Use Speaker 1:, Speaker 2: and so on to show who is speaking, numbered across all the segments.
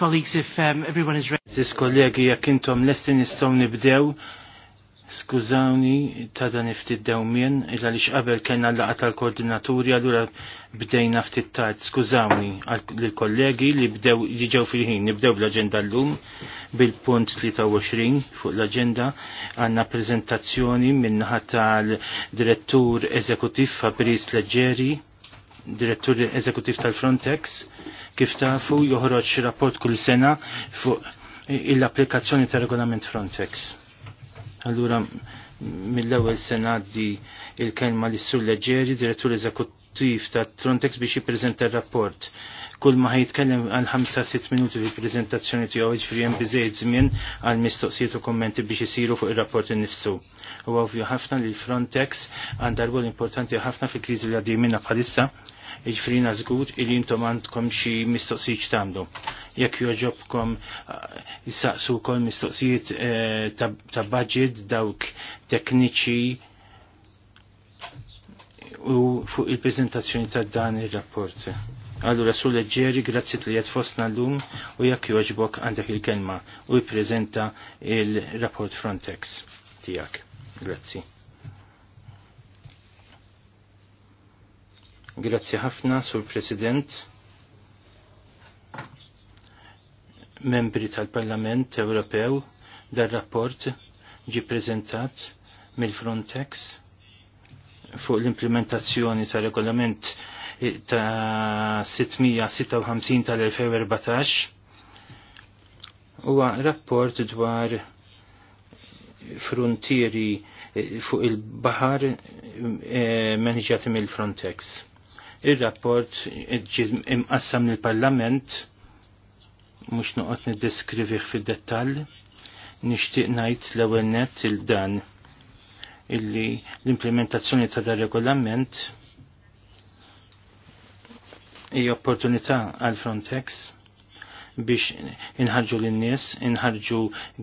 Speaker 1: Colleagues, if um, everyone is ready. Ziz kollegi, jak intom lestin nistaw nibdew, skużawni ta' dan iftit dewmien, illa li xqabel kena laqa tal-koordinaturi, allura bdejna ftit tard. Skużawni l-kollegi li bdew li ġew fil-ħin, nibdew bl agenda l-lum bil-punt 23 fuq l-agenda għanna prezentazzjoni minnaħat tal-direttur eżekutiv Fabrice Leggeri direttur eżekutiv tal-Frontex, kif tafu joħroġ rapport kull sena fuq l-applikazzjoni tal-regolament Frontex. Allura, mill-ewwel sena di il-kelma l sur Leġeri, direttur eżekutiv tal-Frontex biex jippreżenta r-rapport kull ma ħajtkellem għal 5-6 minuti fil prezentazzjoni tiegħu jiġifieri hemm bizzejt żmien għal mistoqsijiet u kommenti biex isiru fuq ir-rapport innifsu. U għavju ħafna li Frontex għandha għol importanti ħafna fil-kriżi li għaddimina bħalissa jiġifieri zgud il jintom għandkom xi mistoqsijiet tagħmlu. Jekk joġobkom jisaqsu eh, wkoll mistoqsijiet eh, ta' budget dawk tekniċi u fuq il-prezentazzjoni ta' dan ir rapport għallu sul leġġeri grazzi li qed fostna llum u jekk joġbok għandek il-kelma u jiprezenta il-rapport Frontex tiegħek. Grazzi. Grazzi ħafna sur President. Membri tal-Parlament Ewropew dar-rapport ġi prezentat mill-Frontex fuq l-implementazzjoni tal-regolament ta' 656 tal-2014 huwa rapport dwar frontieri eh, fuq il-bahar eh, manġati mill-Frontex. Il-rapport imqassam lill-Parlament mhux noqgħod niddeskrivih fid-dettall, nixtieq ngħid l-ewwel net il-dan illi l-implementazzjoni ta' dar regolament i opportunità għal Frontex biex inħarġu l-nies, inħarġu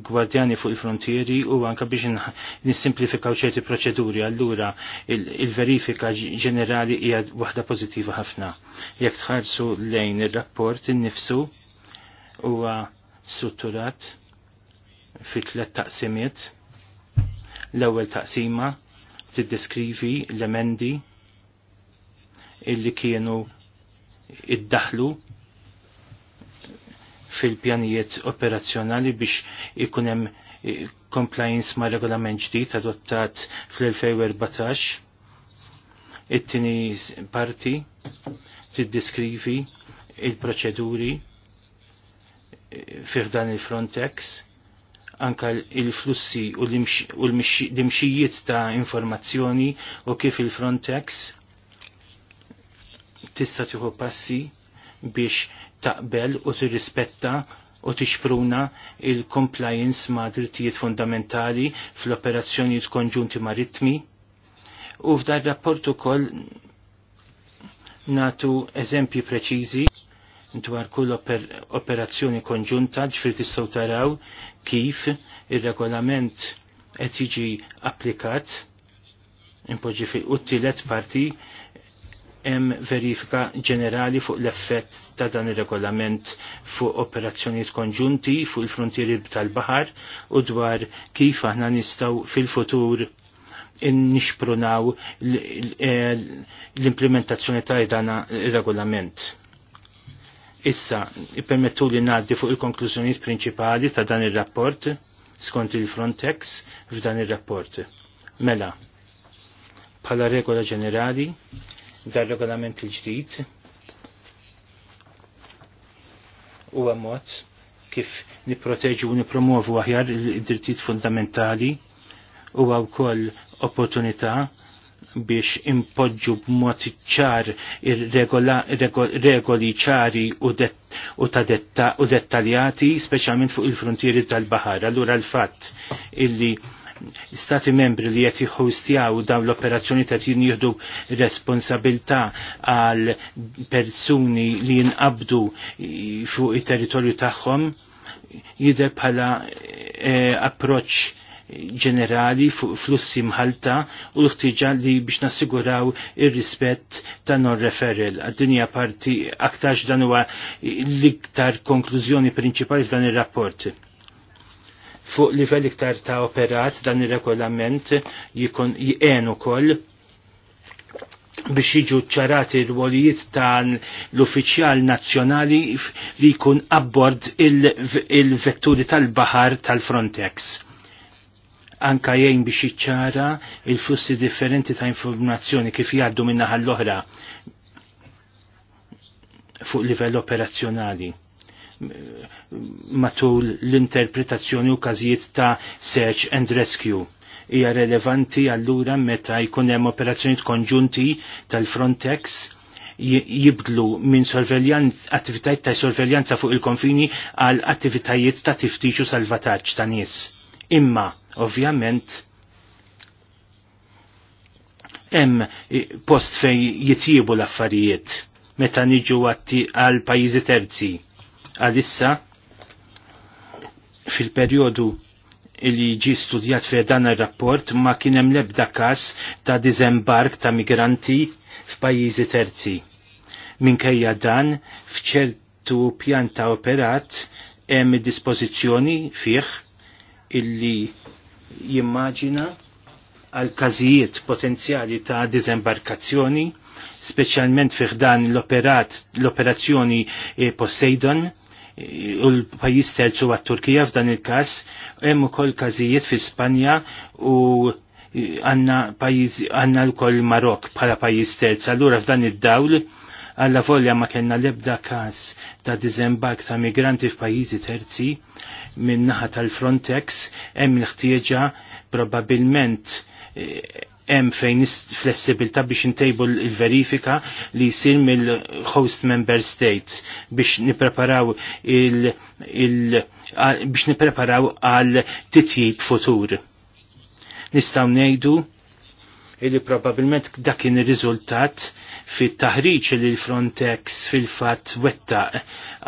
Speaker 1: gwardjani fuq il-frontieri u anka biex nissimplifikaw ċerti proċeduri. Allura il-verifika ġenerali hija waħda pożittiva ħafna. Jekk tħarsu lejn ir-rapport innifsu huwa strutturat fi tliet taqsimiet. L-ewwel taqsima tiddeskrivi l-emendi illi kienu iddaħlu fil-pjanijiet operazzjonali biex ikunem eh, compliance ma' regolament ġdid adottat fl-2014. It-tini parti tiddiskrivi il-proċeduri eh, fiħdan il-Frontex anka il-flussi u l-imxijiet ta' informazzjoni u kif il-Frontex tista' tieħu passi biex taqbel u tirrispetta u tixpruna il-compliance ma' drittijiet fundamentali fl-operazzjonijiet konġunti maritmi. U f'dar rapport ukoll natu eżempji preċiżi dwar kull oper operazzjoni konġunta ġifri tistgħu taraw kif ir-regolament qed jiġi applikat impoġi fi u t-tielet parti hemm verifika ġenerali fuq l-effett ta' dan ir-regolament fuq operazzjonijiet konġunti fuq il-frontieri tal-baħar u dwar kif aħna nistgħu fil-futur nixprunaw l-implementazzjoni ta' dan ir-regolament. Issa, permettu li ngħaddi fuq il-konklużjonijiet prinċipali ta' dan ir-rapport skont il-Frontex f'dan ir-rapport. Mela, bħala regola ġenerali, dar-regolament il-ġdid u mod kif niproteġu u nipromovu aħjar id-drittijiet fundamentali u wkoll opportunità biex impoġġu b'mod ċar regoli ċari u, det, u, detta, u dettaljati, speċjalment fuq il-frontieri tal-bahar. Allura l-fatt illi stati membri li qed jħostjaw dawn l-operazzjoni qed jihdu responsabilità għal persuni li jinqabdu fuq it-territorju tagħhom jidher bħala e, approċċ ġenerali fuq flussi mħalta u l-ħtiġa li biex nassiguraw ir-rispett ta' non-referral. Għad-dinja parti aktarx dan huwa l-iktar konklużjoni prinċipali f'dan ir-rapport fuq livell iktar ta' operat dan ir-regolament jikun jgħen ukoll biex jiġu ċarati l-wolijiet ta' l-uffiċjal nazzjonali li jkun abbord il-vetturi il tal-bahar tal-Frontex. Anka jgħin biex iċċara il-flussi differenti ta' informazzjoni kif jgħaddu minna l oħra fuq livell operazzjonali matul l-interpretazzjoni u każijiet ta' search and rescue hija relevanti allura meta jkun hemm operazzjonijiet konġunti tal-Frontex jibdlu minn attivitajiet ta' sorveljanza fuq il-konfini għal attivitajiet ta' tiftiċu salvataġġ ta' nies. Imma, ovvjament, hemm post fej jitjiebu l-affarijiet meta niġu għal pajjiżi terzi għalissa fil-periodu li ġi studjat fi dan ir-rapport ma kien hemm l-ebda każ ta' diżembark ta' migranti f'pajjiżi terzi. Minkejja dan f'ċertu pjanta operat hemm dispożizzjoni fih illi jimmaġina għal każijiet potenzjali ta' diżembarkazzjoni, speċjalment fih dan l-operazzjoni e Poseidon, u l-pajjiż terċu għat-Turkija f'dan il-każ, hemm ukoll każijiet fi Spanja u għanna pajjiż għanna l-koll Marok bħala pajjiż terz. Allura f'dan id-dawl għalla volja ma kellna lebda kas ta' dizembak ta' migranti f'pajjiżi terzi minn naħa tal-Frontex hemm l-ħtieġa probabbilment eh, hemm fejn flessibilta biex intejbu il-verifika li jsir mill-host member state biex nipreparaw il, il biex nipreparaw għal titjib futur. Nistgħu ngħidu illi probabilment dak kien ir-riżultat fit-taħriġ li l-Frontex fil-fatt wettaq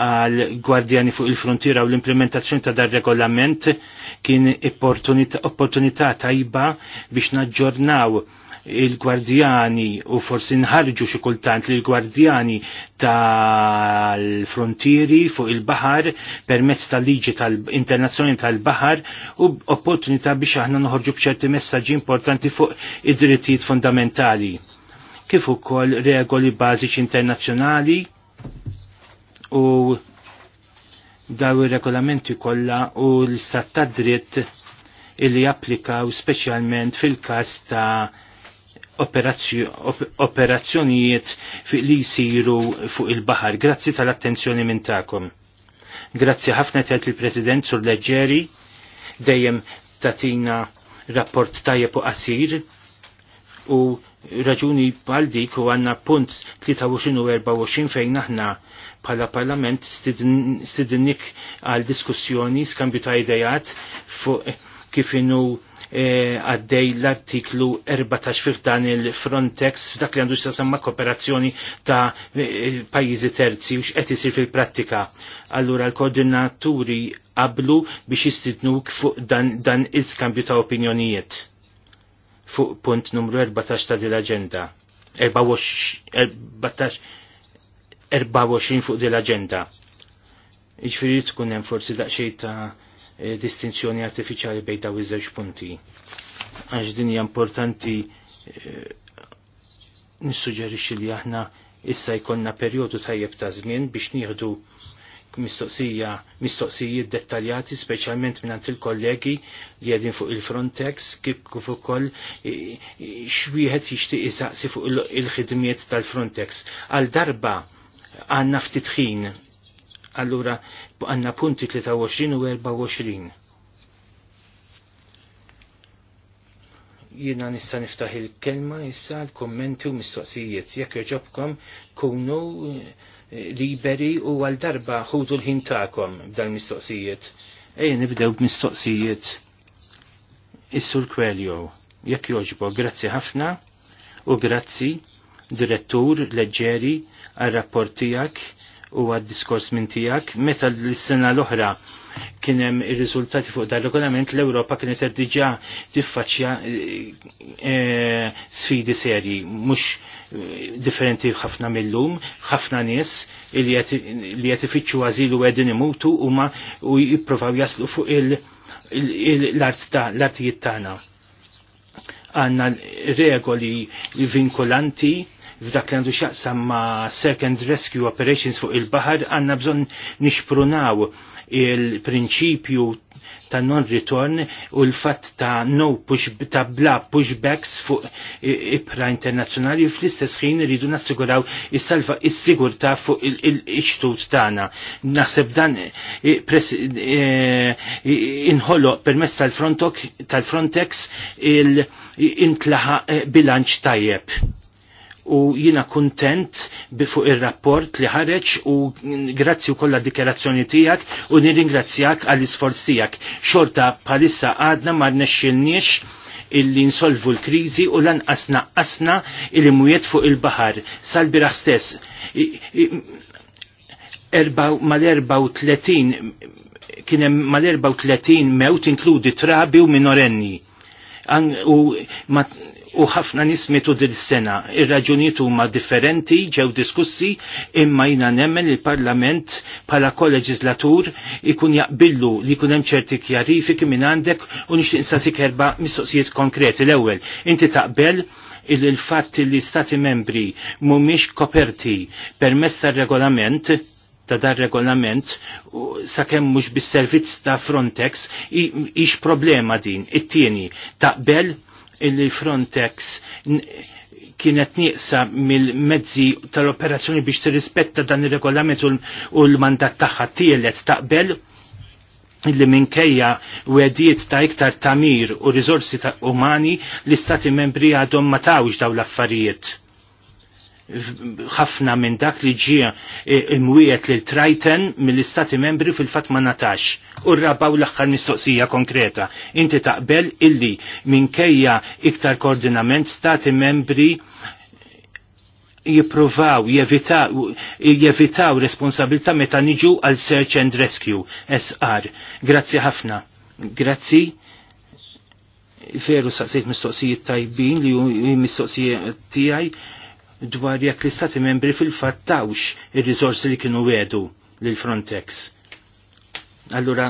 Speaker 1: għal gwardjani fuq il-frontiera u l-implementazzjoni ta' dar regolament kien opportunità tajba biex naġġornaw il-gwardjani u forsi nħarġu xi kultant li l-gwardjani tal-frontieri fuq il-baħar permezz tal-liġi tal-internazzjoni tal-baħar u opportunità biex aħna noħorġu b'ċerti messaġġi importanti fuq id-drittijiet fundamentali kif ukoll regoli bażiċi internazzjonali u daw ir-regolamenti kollha u l-istat ta' dritt illi japplikaw speċjalment fil-każ ta' operazzjonijiet fiq li jisiru fuq il-bahar. Grazzi tal-attenzjoni minn ta'kom. Grazzi ħafna tgħid il-President sur Leġġeri dejjem tatina rapport tajjeb u qasir u raġuni bħal dik u għanna punt 23 24 fejn aħna bħala parlament stidnik għal diskussjoni skambju ta' idejat fuq kif inhu għaddej l-artiklu 14 fih dan il-Frontex f'dak li għandu s-samma kooperazzjoni ta' pajjiżi terzi u x'qed isir fil-prattika. Allura l-koordinaturi qablu biex jistidnuk fuq dan, dan il-skambju ta' opinjonijiet fuq punt numru 14 ta' dil-agenda. 14 24 fuq dil-agenda. Iġfiri tkun hemm forsi daqsxejn ta' Eh, distinzjoni artifiċjali bejn daw iż-żewġ punti. Għax din hija importanti eh, nissuġġerixxi li aħna issa jkollna perjodu tajjeb ta' żmien biex nieħdu mistoqsija, mistoqsijiet dettaljati speċjalment minn il-kollegi li għedin fuq il-Frontex kif kif ukoll xwieħed jixtieq isaqsi fuq il-ħidmiet tal-Frontex. Għal darba għandna ftit ħin Allura għanna punti 23 u 24. Jiena nista niftaħ il-kelma issa l-kommenti u mistoqsijiet. Jekk joġobkom kunu eh, liberi u għal darba ħudu l-ħin tagħkom b'dal-mistoqsijiet. Ej nibdew b'mistoqsijiet. Issu l kwelju. Jekk joġbok, grazzi ħafna u grazzi direttur leġġeri għal rapport tiegħek u għad-diskors minn tijak, meta l-sena l-oħra kienem il-rizultati fuq dar regolament l-Europa kienet diġa tiffaċċja e, sfidi serji, mux eh, differenti ħafna mill-lum, ħafna nies li qed ifittxu għazilu qegħdin imutu huma u jippruvaw jaslu fuq l-artijiet tagħna. Għandna regoli vinkolanti f'dak li għandu xaqsam ma' second and rescue operations fuq il-bahar għanna bżon nixprunaw il-prinċipju ta' non-return u l-fat ta' no push ta' bla pushbacks fuq ibra internazzjonali u fl-istess ħin rridu nassiguraw is-salva is-sigurta fuq il-ixtut tagħna. Naħseb dan eh, eh, inħoloq permezz tal-Frontex tal-Frontex il-intlaħa eh, bilanċ tajjeb u jina kontent fuq il-rapport li ħareġ u grazzi u kolla dikjerazzjoni tijak u nirringrazzjak għall-isforz tijak. Xorta palissa għadna ma rnexxilniex illi nsolvu l-krizi u lanqas asna il mujiet fuq il-bahar. Sal-biraħ stess, mal-34 kienem mal-34 mewt inkludi trabi u minorenni. U u ħafna nismetu din sena. Ir-raġunijiet huma differenti ġew diskussi imma jina nemmen il-Parlament bħala kol-leġislatur ikun jaqbillu li jkun hemm ċerti kjarifiki minn għandek u nixtieq insasik erba' mistoqsijiet konkreti. L-ewwel, inti taqbel il-fatt li stati membri mhumiex koperti permezz tar-regolament ta' dar regolament sakemm mhux bis-servizz ta' Frontex ix problema din. It-tieni taqbel illi Frontex kienet nieqsa mill-mezzi tal-operazzjoni biex tirrispetta dan ir-regolament u l-mandat tagħha tielet taqbel illi minkejja wediet ta' iktar tamir u riżorsi umani l-istati membri għadhom ma tawx daw l-affarijiet ħafna minn dak li ġie e, imwiet lil trajten mill-istati membri fil-fat ma natax. U rrabaw l-axħar mistoqsija konkreta. Inti taqbel illi minkejja iktar koordinament stati membri jipruvaw, jevitaw, jevitaw responsabilta meta niġu għal Search and Rescue, SR. Grazzi ħafna. Grazzi veru saqsejt mistoqsijiet tajbin li mistoqsijiet tijaj dwar jekk l-istati membri fil-fattawx ir risorsi li kienu għedu lil Frontex. Allura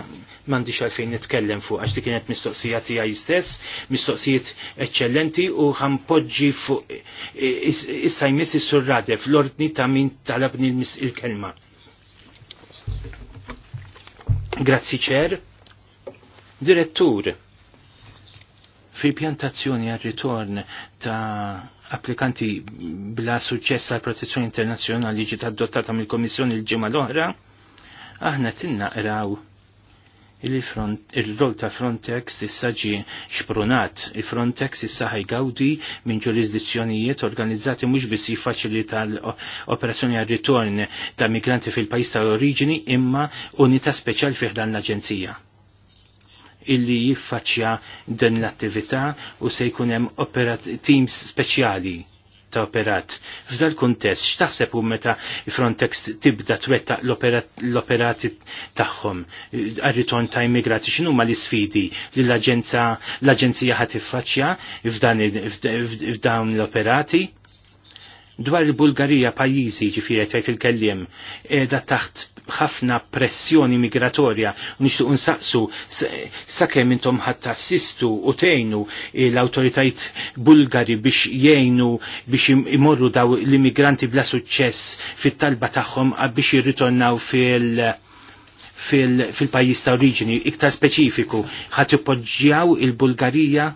Speaker 1: mandi xalfejn nitkellem fuq għax li kienet mistoqsija tiegħi stess, mistoqsijiet eċċellenti u ħampoġġi fuq issa jmiss is-surrade fl-ordni ta' min talabni il-kelma. Grazzi ċer. Direttur, fil-pjantazzjoni għal-ritorn ta' applikanti bla suċċess għal protezzjoni internazzjonali ġiet adottata mill-Komissjoni l-ġimgħa l-oħra, aħna tinnaqraw il-rol ta' Frontex issa ġie xprunat. Il-Frontex issa ħajgawdi minn ġurisdizzjonijiet organizzati mhux biss jiffaċilita l-operazzjoni għal ritorn ta' migranti fil-pajjiż ta' oriġini imma unità speċjal fih dan l-Aġenzija illi jiffaċċja din l-attività u se jkun hemm teams speċjali ta' operat. F'dal kuntest, x'taħseb u meta Frontex tibda twettaq l-operati tagħhom għar ta' immigrati x'inhu ma l-isfidi li l-aġenzija ħad tiffaċċja f'dawn l-operati? Dwar il-Bulgarija pajjiżi ġifieri tgħid il-kellim qiegħda taħt ħafna pressjoni migratorja u nixtieq unsaqsu sakke intom ħadd tassistu u tgħinu l-awtoritajiet Bulgari biex jgħinu biex imorru daw l-immigranti bla suċċess fit-talba tagħhom biex jirritornaw fil- fil-pajjiż ta' oriġini iktar speċifiku ħadd ipoġġjaw il-Bulgarija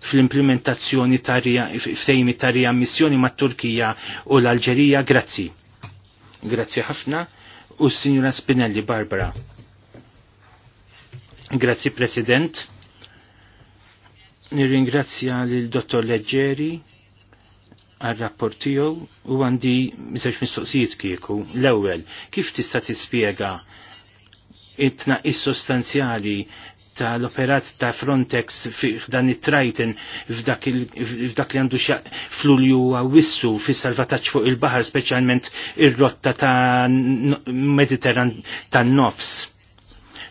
Speaker 1: fl-implementazzjoni tarja fsejmi tarja missjoni ma' Turkija u l-Alġerija. Grazzi. Grazzi ħafna u s-Sinjura Spinelli Barbara. Grazzi President. Nirringrazzja l-Dottor Leggeri għal-rapport tiegħu u għandi miżewġ mistoqsijiet kieku. L-ewwel, kif tista' tispjega it-tnaqqis sostanzjali Ta' l operat ta' Frontex f'dan it-Triton f'dak li għandu flulju għawissu fis salvataċ fuq il-bahar, specialment ir-rotta ta' Mediterran tan nofs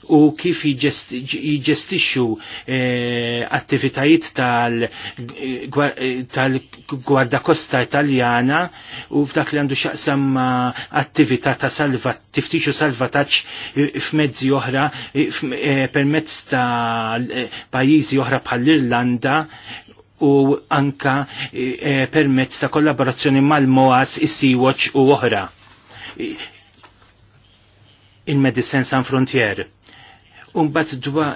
Speaker 1: u kif jġestixxu eh, attivitajiet tal-Gwarda Kosta Italjana u f'dak li għandu xaqsam attività ta' salva, tiftixu salvataċ eh, f'mezzi oħra eh, permezz ta' pajjiżi oħra bħall-Irlanda u anka permezz ta' kollaborazzjoni mal-MOAS, is-Sea-Watch u oħra il-Medicine San Frontier unbat dwa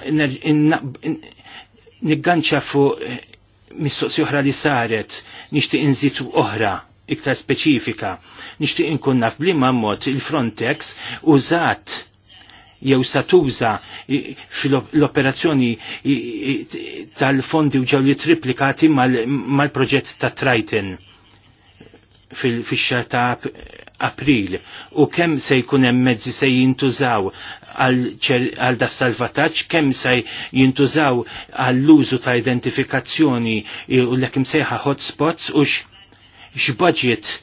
Speaker 1: nigganċa fuq eh, mistoqsi uħra li saret, nixtieq inżitu oħra iktar speċifika. Nixtieq inkun naf bliema mod il-Frontex użat jew satuża fil-operazzjoni tal-fondi u ġew li triplikati mal-proġett ta' Triton fil-fisċa ta' april u kemm se jkun hemm mezzi se jintużaw għal da salvataġġ, kemm se jintużaw għall-użu ta' identifikazzjoni u l-ekim sejħa hotspots u x-budget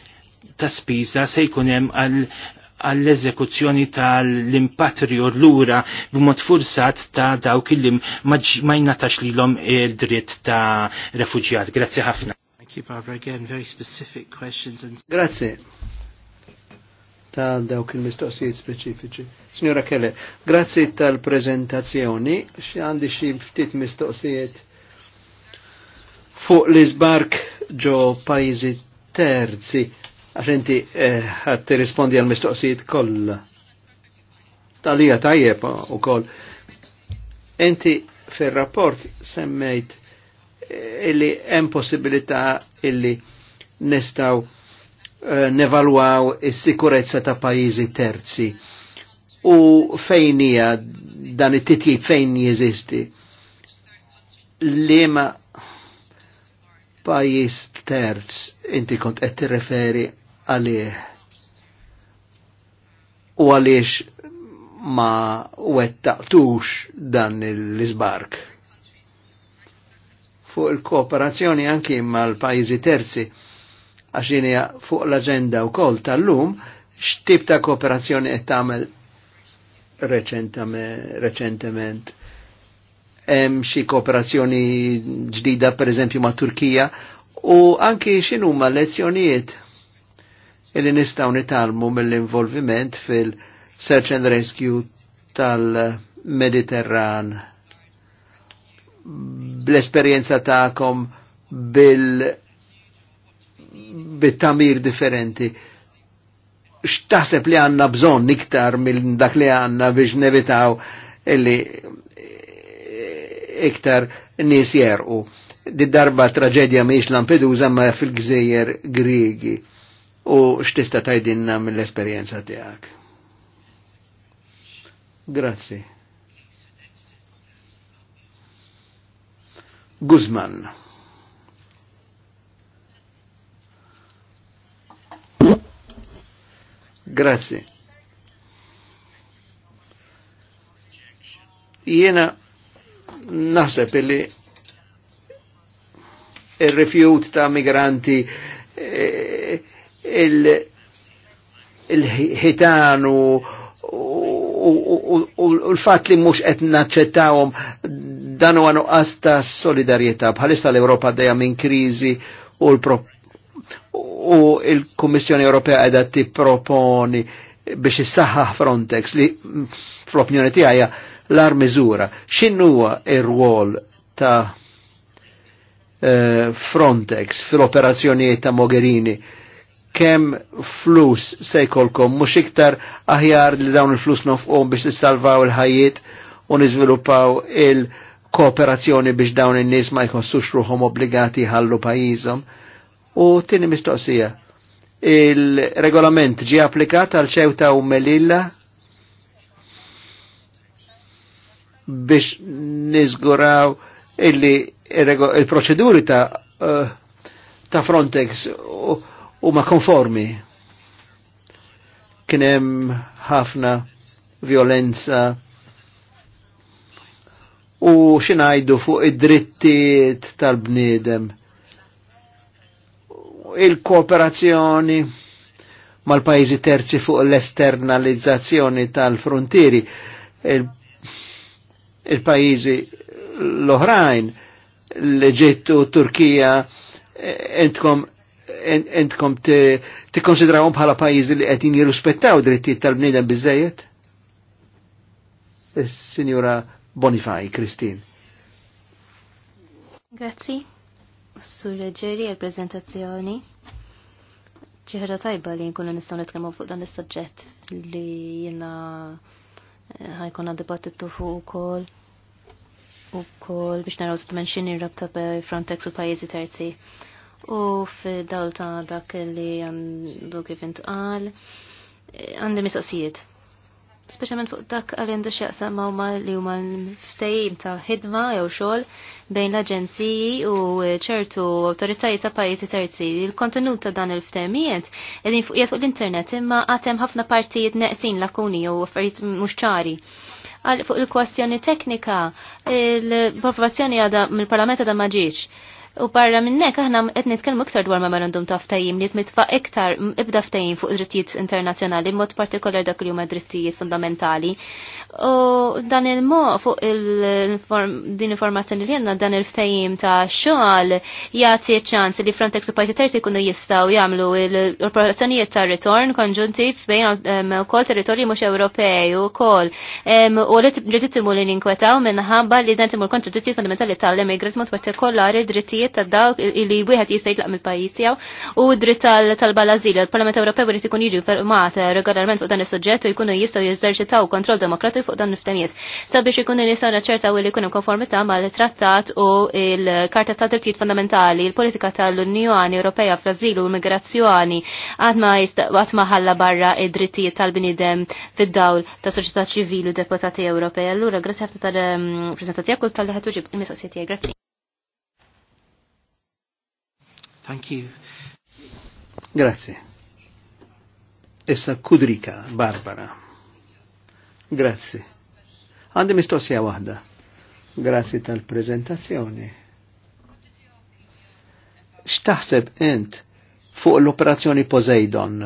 Speaker 1: ta' spiża se jkun hemm għall-eżekuzzjoni tal-impatrio l-lura b'mod fursat ta' dawk il ma jnatax li l-om il-dritt ta' refugjat. Grazie ħafna.
Speaker 2: Thank you, Barbara. Again, very specific questions. And...
Speaker 1: Grazie. Ta' dawk il-mistoqsijiet
Speaker 2: speċifiċi. Signora Keller, grazie tal-prezentazzjoni. Għandi xi ftit mistoqsijiet fuq li sbark ġo pajizi terzi. Għaxenti inti eh, rispondi għal mistoqsijiet kollha. Talija tajjeb u ukoll. Enti fil rapport semmejt illi hemm possibilità illi nistgħu eh, nevalwaw is-sikurezza ta' pajjiżi terzi u fejn hija dan it-titjib fejn jeżisti liema pajjiż terz inti kont qed tirreferi għalih u għaliex ma wettaqtux dan l-isbark fuq il-kooperazzjoni anki mal-pajjiżi terzi għax fuq l u wkoll tal-lum x'tip ta' kooperazzjoni qed tagħmel reċentement. Hemm xi kooperazzjoni ġdida pereżempju ma' Turkija u anki x'inhuma lezzjonijiet li nistgħu nitalmu mill-involviment fil-search and rescue tal-Mediterran bl-esperienza ta'kom bil bit-tamir differenti. X'taħseb li għanna bżonn iktar mill dak li għanna biex nevitaw illi iktar nies jerqu. Di darba traġedja miex Lampedusa ma fil-gżejjer Grigi. U x'tista' tajdinna mill-esperjenza tiegħek. Grazie. Guzman. Grazie. Jena naħseb illi il-refjut ta' migranti eh, il-ħitanu il u l-fat li mux qed naċċettawhom dan huwa nuqqas ta' solidarjetà bħalissa l-Ewropa dejja minn kriżi u l-Kummissjoni Ewropea qiegħda tipproponi biex issaħħaħ Frontex li fl-opinjoni tiegħi l-ar miżura. X'inhuwa ir-rwol ta' eh, Frontex fil-operazzjonijiet ta' Mogherini? kem flus se mux iktar aħjar li dawn il-flus nofqom biex nissalvaw il-ħajiet u nizviluppaw il-kooperazzjoni biex dawn in-nies ma jkonsux ruħom obbligati ħallu pajjiżhom. U tini mistoqsija, il-regolament ġi applikat għal ċewta u melilla biex nizguraw il-proċeduri ta' eh, ta' Frontex u ma konformi. Kienem ħafna violenza u xinajdu fuq id-drittijiet tal-bniedem. Il-kooperazzjoni mal-pajzi terzi fuq l-esternalizzazzjoni tal-frontieri. Il-pajizi il l-oħrajn, l-Eġittu, Turkija, entkom entkom konsidrawom bħala pajjiżi li għetin jirrispettaw drittijiet tal bnidem biżejjed? Eh, Signora Bonifaj, Kristin.
Speaker 3: Grazzi. Sur Ġeri għal-prezentazzjoni. ċiħra tajba li nkunu nistgħu nitkellmu fuq dan is soġġett li jiena eh, ħajkun dibattitu fuq ukoll ukoll biex naraw żgħid menxin ir-rabta Frontex u pajjiżi terzi u f'dawl ta' dak li għandu kif għal, għandi mistoqsijiet. Speċjalment fuq dak għal għandu x'jaqsam ma' li huma l ftejim ta' ħidma jew xogħol bejn l-aġenziji u ċertu awtoritajiet ta' pajjiżi terzi. Il-kontenut ta' dan il-ftehmijiet qegħdin fuq fuq l-internet imma għad hemm ħafna partijiet neqsin lakuni jew affarijiet mhux ċari fuq il-kwestjoni teknika, il-provazzjoni għada mill-parlament għada maġiċ. U barra minnek aħna qed nitkellmu iktar dwar memorandum ta' ftajim li tmitfa' iktar ibda ftajim fuq drittijiet internazzjonali mod partikolar dak li huma drittijiet fundamentali. U dan il-mo fuq din informazzjoni li għandna dan il-ftajim ta' xogħol jagħti ċans li Frontex u pajjiżi terzi jkunu jistgħu jagħmlu l-operazzjonijiet ta' ritorn konġunti bejn ukoll territorji mhux Ewropej ukoll. U li ġrid li ninkwetaw minħabba li dan timur kontra drittijiet fundamentali tal-immigrant mod partikolari drittijiet drittijiet ta' dawk li wieħed jista' jitlaq mill-pajjiż tiegħu u dritt tal-talba l-azil. Il-Parlament Ewropew irid ikun jiġi fermat eh, regolarment fuq dan is-suġġett u jkunu jistgħu jeżerċitaw kontroll demokratiku fuq dan il-ftemijiet. Sabiex ikunu nistgħu naċċertaw li jkun konformità mal-trattat u l-Karta ta' Drittijiet Fundamentali, il-politika tal-Unjoni Ewropea fl-Azil u l-Migrazzjoni għad ma ħalla barra id-drittijiet tal-bnidem fid-dawl ta' soċjetà ċivili u deputati Ewropej. Allura, grazzi ħafna tal-prezentazzjak mm, u tal-ħatuġib il-mistoqsijiet. Grazzi.
Speaker 1: Thank you.
Speaker 2: Grazie. Issa Kudrika, Barbara. Grazie. Għandi mistoqsija waħda. Grazie tal-prezentazzjoni. X'taħseb int fuq l-operazzjoni Poseidon?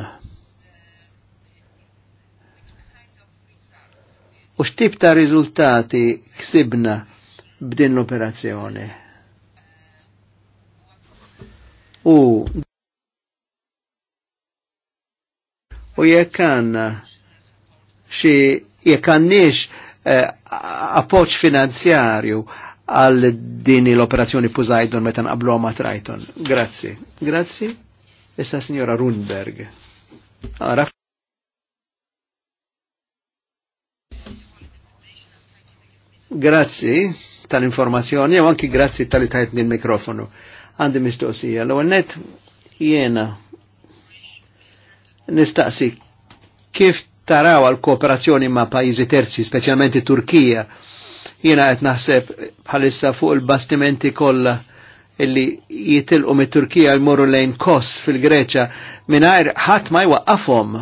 Speaker 2: U x'tib ta' riżultati ksibna b'din l-operazzjoni? u u jekk għandna xi jekk għandniex eh, appoġġ finanzjarju għal din l-operazzjoni Poseidon meta nqablu ma' Triton. Grazzi. Grazzi. Issa signora Rundberg. Araf. Grazzi tal-informazzjoni u anki grazzi tal-li tajtni l-mikrofonu għandi mistoqsija. L-ewwel net jiena nistaqsi kif taraw għal kooperazzjoni ma' pajjiżi terzi, speċjalment Turkija. Jiena qed naħseb bħalissa fuq il-bastimenti kollha illi jitilqu mit-Turkija jmorru lejn Kos fil-Greċa mingħajr ħadd ma jwaqqafhom.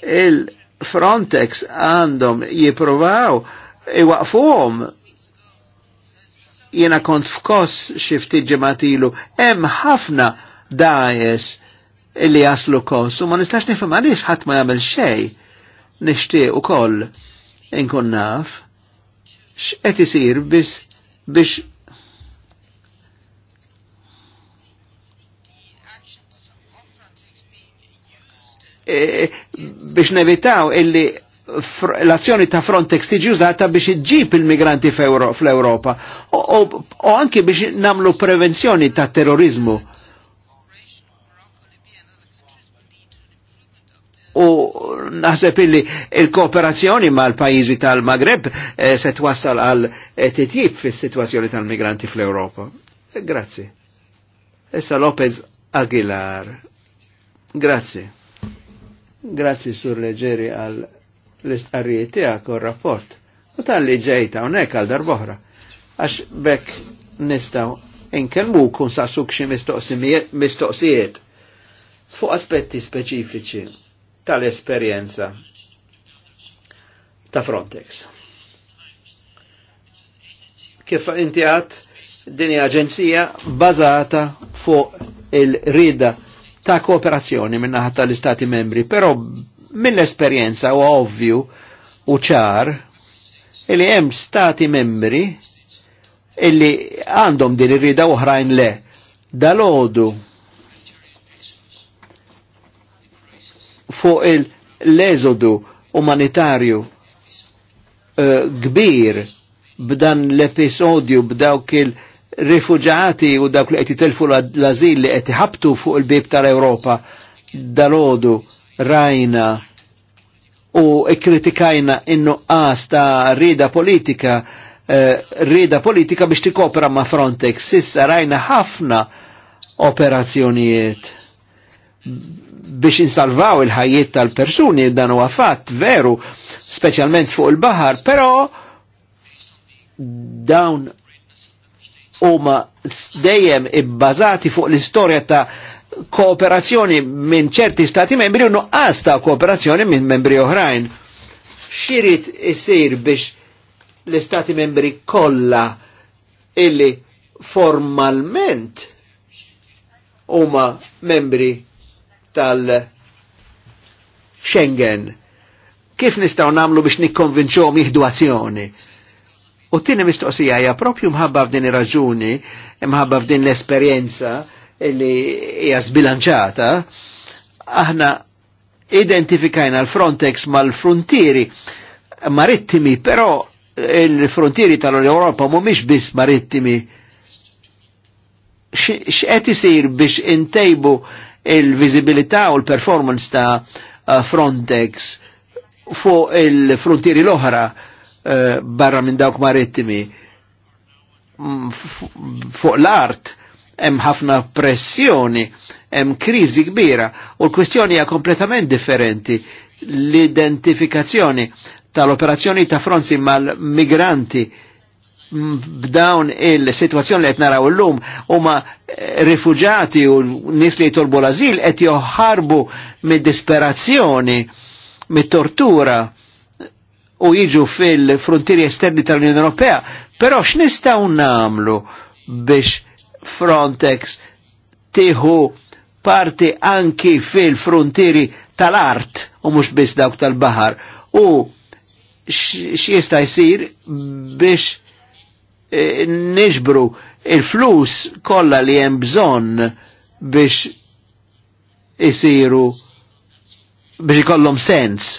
Speaker 2: Il-Frontex għandhom jipruvaw iwaqfuhom jena kont f'kos xifti ġematilu, hemm ħafna dajes illi jaslu kos, u ma nistax nifem għalix ħadd ma jagħmel xejn. Nixtieq ukoll inkun naf x'qed isir biex bis, eh, biex nevitaw illi l-azzjoni ta' Frontex tiġi użata biex iġġib il-migranti fl-Europa u anki biex namlu prevenzjoni ta' terrorizmu. U naħseb illi il-kooperazzjoni ma' l-pajizi tal-Magreb eh, se twassal għal eh, titjib fis situazzjoni tal-migranti fl-Europa. Eh, Grazie. Essa Lopez Aguilar. Grazie. Grazie sur leggeri al l-istqarrijiet tiegħek u rapport U tal-li ġejta hawnhekk għal darboħra. Għax bekk nistgħu inkellmu kun saqsuk xi mistoqsijiet fuq aspetti speċifiċi tal-esperjenza ta' Frontex. Kif inti għat dini aġenzija bazata fuq il-rida ta' kooperazzjoni minnaħat tal-Istati membri, pero mill-esperjenza u ovvju u ċar illi hemm stati membri illi għandhom din irrida oħrajn le dalodu fuq il-leżodu umanitarju eh, kbir b'dan l-episodju b'dawk il-rifuġati u dawk li qed jitelfu l-azil li qed iħabtu fuq il-bib tal-Ewropa dalodu rajna u kritikajna innu qas ta' rida politika eh, rida politika biex tikopra ma' Frontex. sissa rajna ħafna operazzjonijiet biex insalvaw il-ħajiet tal-persuni dan huwa fatt veru, speċjalment fuq il-baħar, però dawn huma dejjem ibbażati fuq l-istorja ta' kooperazzjoni minn ċerti stati membri u nuqqas ta' kooperazzjoni minn membri oħrajn. Xirit isir biex l-istati membri kolla illi formalment huma membri tal-Schengen. Kif nistaw namlu biex nikkonvinċuhom jihdu azzjoni? U tini mistoqsija hija propju mħabba f'din ir-raġuni, mħabba f'din l-esperjenza, li hija sbilanċata, aħna identifikajna l-Frontex mal-frontieri marittimi, però il-frontieri tal-Europa mhumiex biss marittimi. X'qed isir biex intejbu il-viżibilità u l-performance ta' uh, Frontex fuq il-frontieri l-oħra uh, barra minn dawk marittimi mm, fuq l-art hemm ħafna pressjoni, hemm kriżi kbira u l-kwestjoni hija kompletament differenti. L-identifikazzjoni tal-operazzjoni ta' fronzi mal-migranti b'dawn il-situazzjoni li qed naraw illum huma eh, rifuġati u nies li jtolbu l-azil qed joħarbu mid-disperazzjoni, mit-tortura u jiġu fil-frontieri esterni tal-Unjoni Ewropea, però x'nistgħu nagħmlu biex Frontex tiħu parti anki fil-frontieri tal-art u mhux biss dawk tal-baħar u x'jista' jsir biex e, niġbru il-flus kollha li hemm bżonn biex isiru biex ikollhom sens.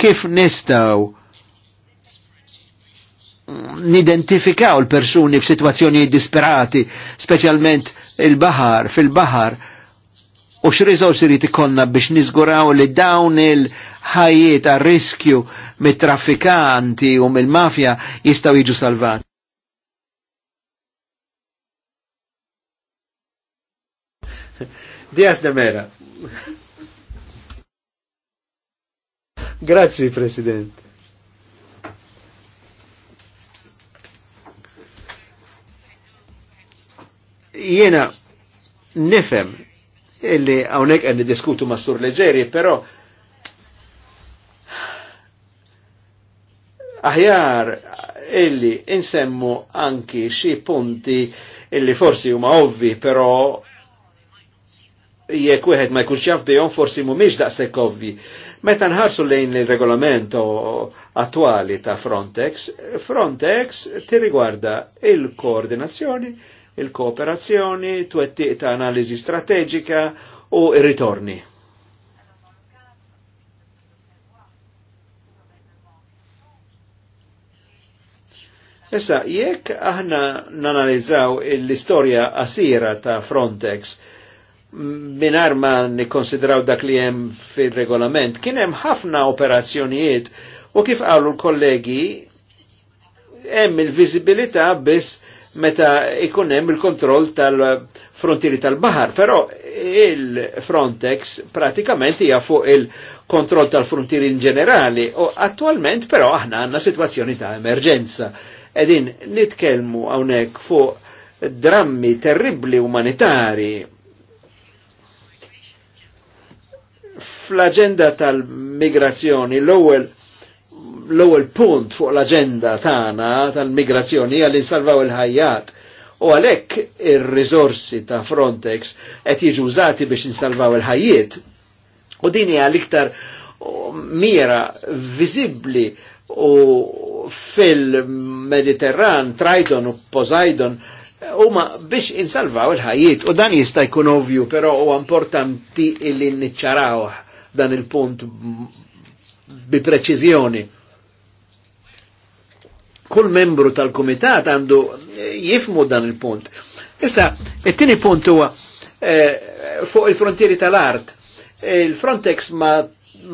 Speaker 2: Kif nistgħu nidentifikaw l-persuni f'sitwazzjoni disperati, specialment il-bahar, fil-bahar, u x-rizorsi li tikonna biex nizguraw li dawn il-ħajiet għal riskju mit-traffikanti u mill-mafja jistaw jiġu salvati. Dias de Mera. Grazie, President. Jena nifem illi għawnek għan diskutu ma' sur leġeri, pero aħjar illi insemmu anki xie punti illi forsi huma ovvi, pero jekk wieħed ma jkunx jaf bihom forsi mhumiex daqshekk ovvi. Meta nħarsu lejn il-regolament attwali ta' Frontex, Frontex tirrigwarda il-koordinazzjoni il-kooperazzjoni, twettiq ta' analiżi strateġika u ritorni Issa, jekk aħna nanalizzaw l-istorja asira ta' Frontex, minar ma nikonsidraw dak li hemm fil-regolament, kien hemm ħafna operazzjonijiet u kif qalu l-kollegi, hemm il-viżibilità biss meta ikun hemm il-kontroll tal-frontieri tal bahar però il-Frontex pratikament hija fuq il-kontroll tal-frontieri in ġenerali u attualment però aħna għandna sitwazzjoni ta' emerġenza. Edin nitkellmu hawnhekk fuq drammi terribli umanitari fl-agenda tal-migrazzjoni l-ewwel l-ewwel punt fuq l-aġenda tagħna tal-migrazzjoni għal insalvaw il-ħajjat. U għalhekk ir-riżorsi ta' Frontex qed jiġu użati biex insalvaw il-ħajjiet. U din hija l-iktar mira viżibbli u fil-Mediterran, Triton u Poseidon, huma biex insalvaw il ħajjiet u dan jista' jkun ovvju, però huwa importanti li nniċċaraw dan il-punt bi preċiżjoni kull membru tal-komitat għandu eh, jifmu dan il-punt. Issa, it-tieni punt huwa eh, fuq il-frontieri tal-art. Eh, Il-Frontex ma,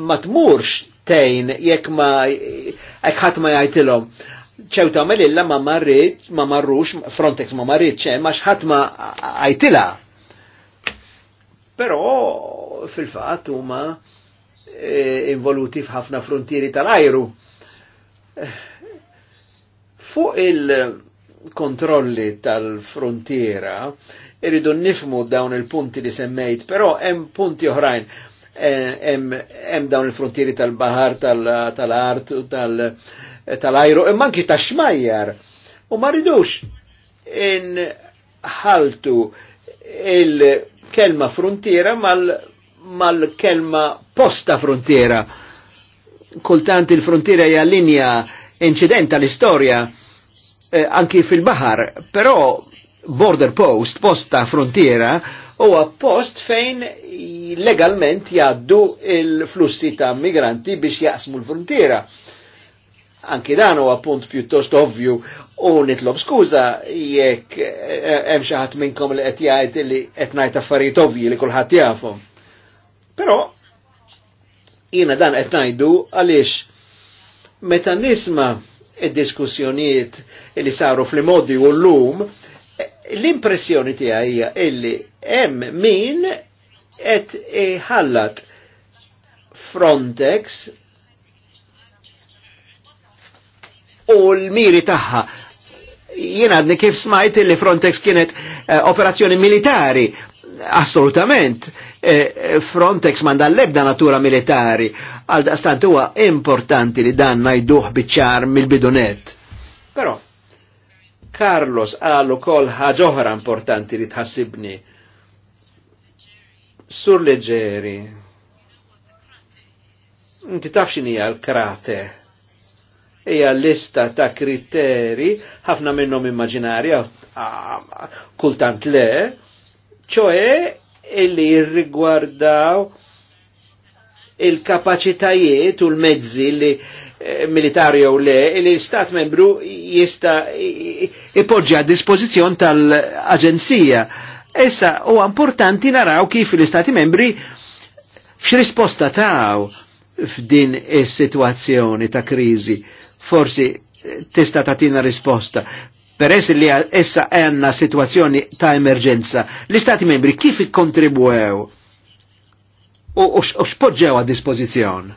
Speaker 2: ma tmurx tejn jekk ma jekk ma jgħidilhom ċew ta' melilla ma marriċ, ma marrux Frontex ma marriċ, hemm għax ħadd ma għajtilha. Però fil-fatt huma involuti f'ħafna frontieri tal-ajru. Fuq il-kontrolli tal-frontiera, irridu nifmu dawn il-punti li semmejt, però hemm punti oħrajn eh, hemm dawn il-frontieri tal-bahar, tal-art, tal-ajru, imma anki ta' xmajjar. U ma ridux inħaltu il-kelma frontiera mal-kelma posta frontiera. Kultant il-frontiera hija linja incident tal-istorja eh, anki fil-bahar, però border post, post ta' frontiera, huwa post fejn legalment jaddu il-flussi ta' migranti biex jaqsmu l-frontiera. Anki dan huwa punt pjuttost ovvju u nitlob skuża jekk eh, hemm xi ħadd minnkom li qed jgħid li qed ngħid affarijiet ovvji li kulħadd jafhom. Però jiena dan qed ngħidu għaliex meta nisma' id-diskussjonijiet li saru fl-modi u l-lum, l-impressjoni ti għajja illi hemm min qed ħallat Frontex u l-miri tagħha. Jien għadni kif smajt illi Frontex kienet eh, operazzjoni militari assolutament E, e, Frontex manda l-ebda natura militari, għal stant huwa importanti li dan najduħ biċċar mill-bidunet. Però, Carlos għallu kol ħaġoħra importanti li tħassibni. Sur leġeri, inti tafxini għal-krate hija lista ta' kriteri, ħafna minnom immaġinarja, kultant le, ċoe illi jirrigwardaw il-kapacitajiet u l-mezzi li eh, militari u le, li l-Stat membru jista ipoġġi għad dispożizzjon tal-Aġenzija. Issa u importanti naraw kif l-Istati membri x'risposta taw f'din is situazzjoni ta' kriżi. Forsi eh, tista' tagħtina risposta peress li essa għanna situazzjoni ta' emerġenza, l-Istati membri kif ikkontribwew u xpoġġew għad dispożizzjon?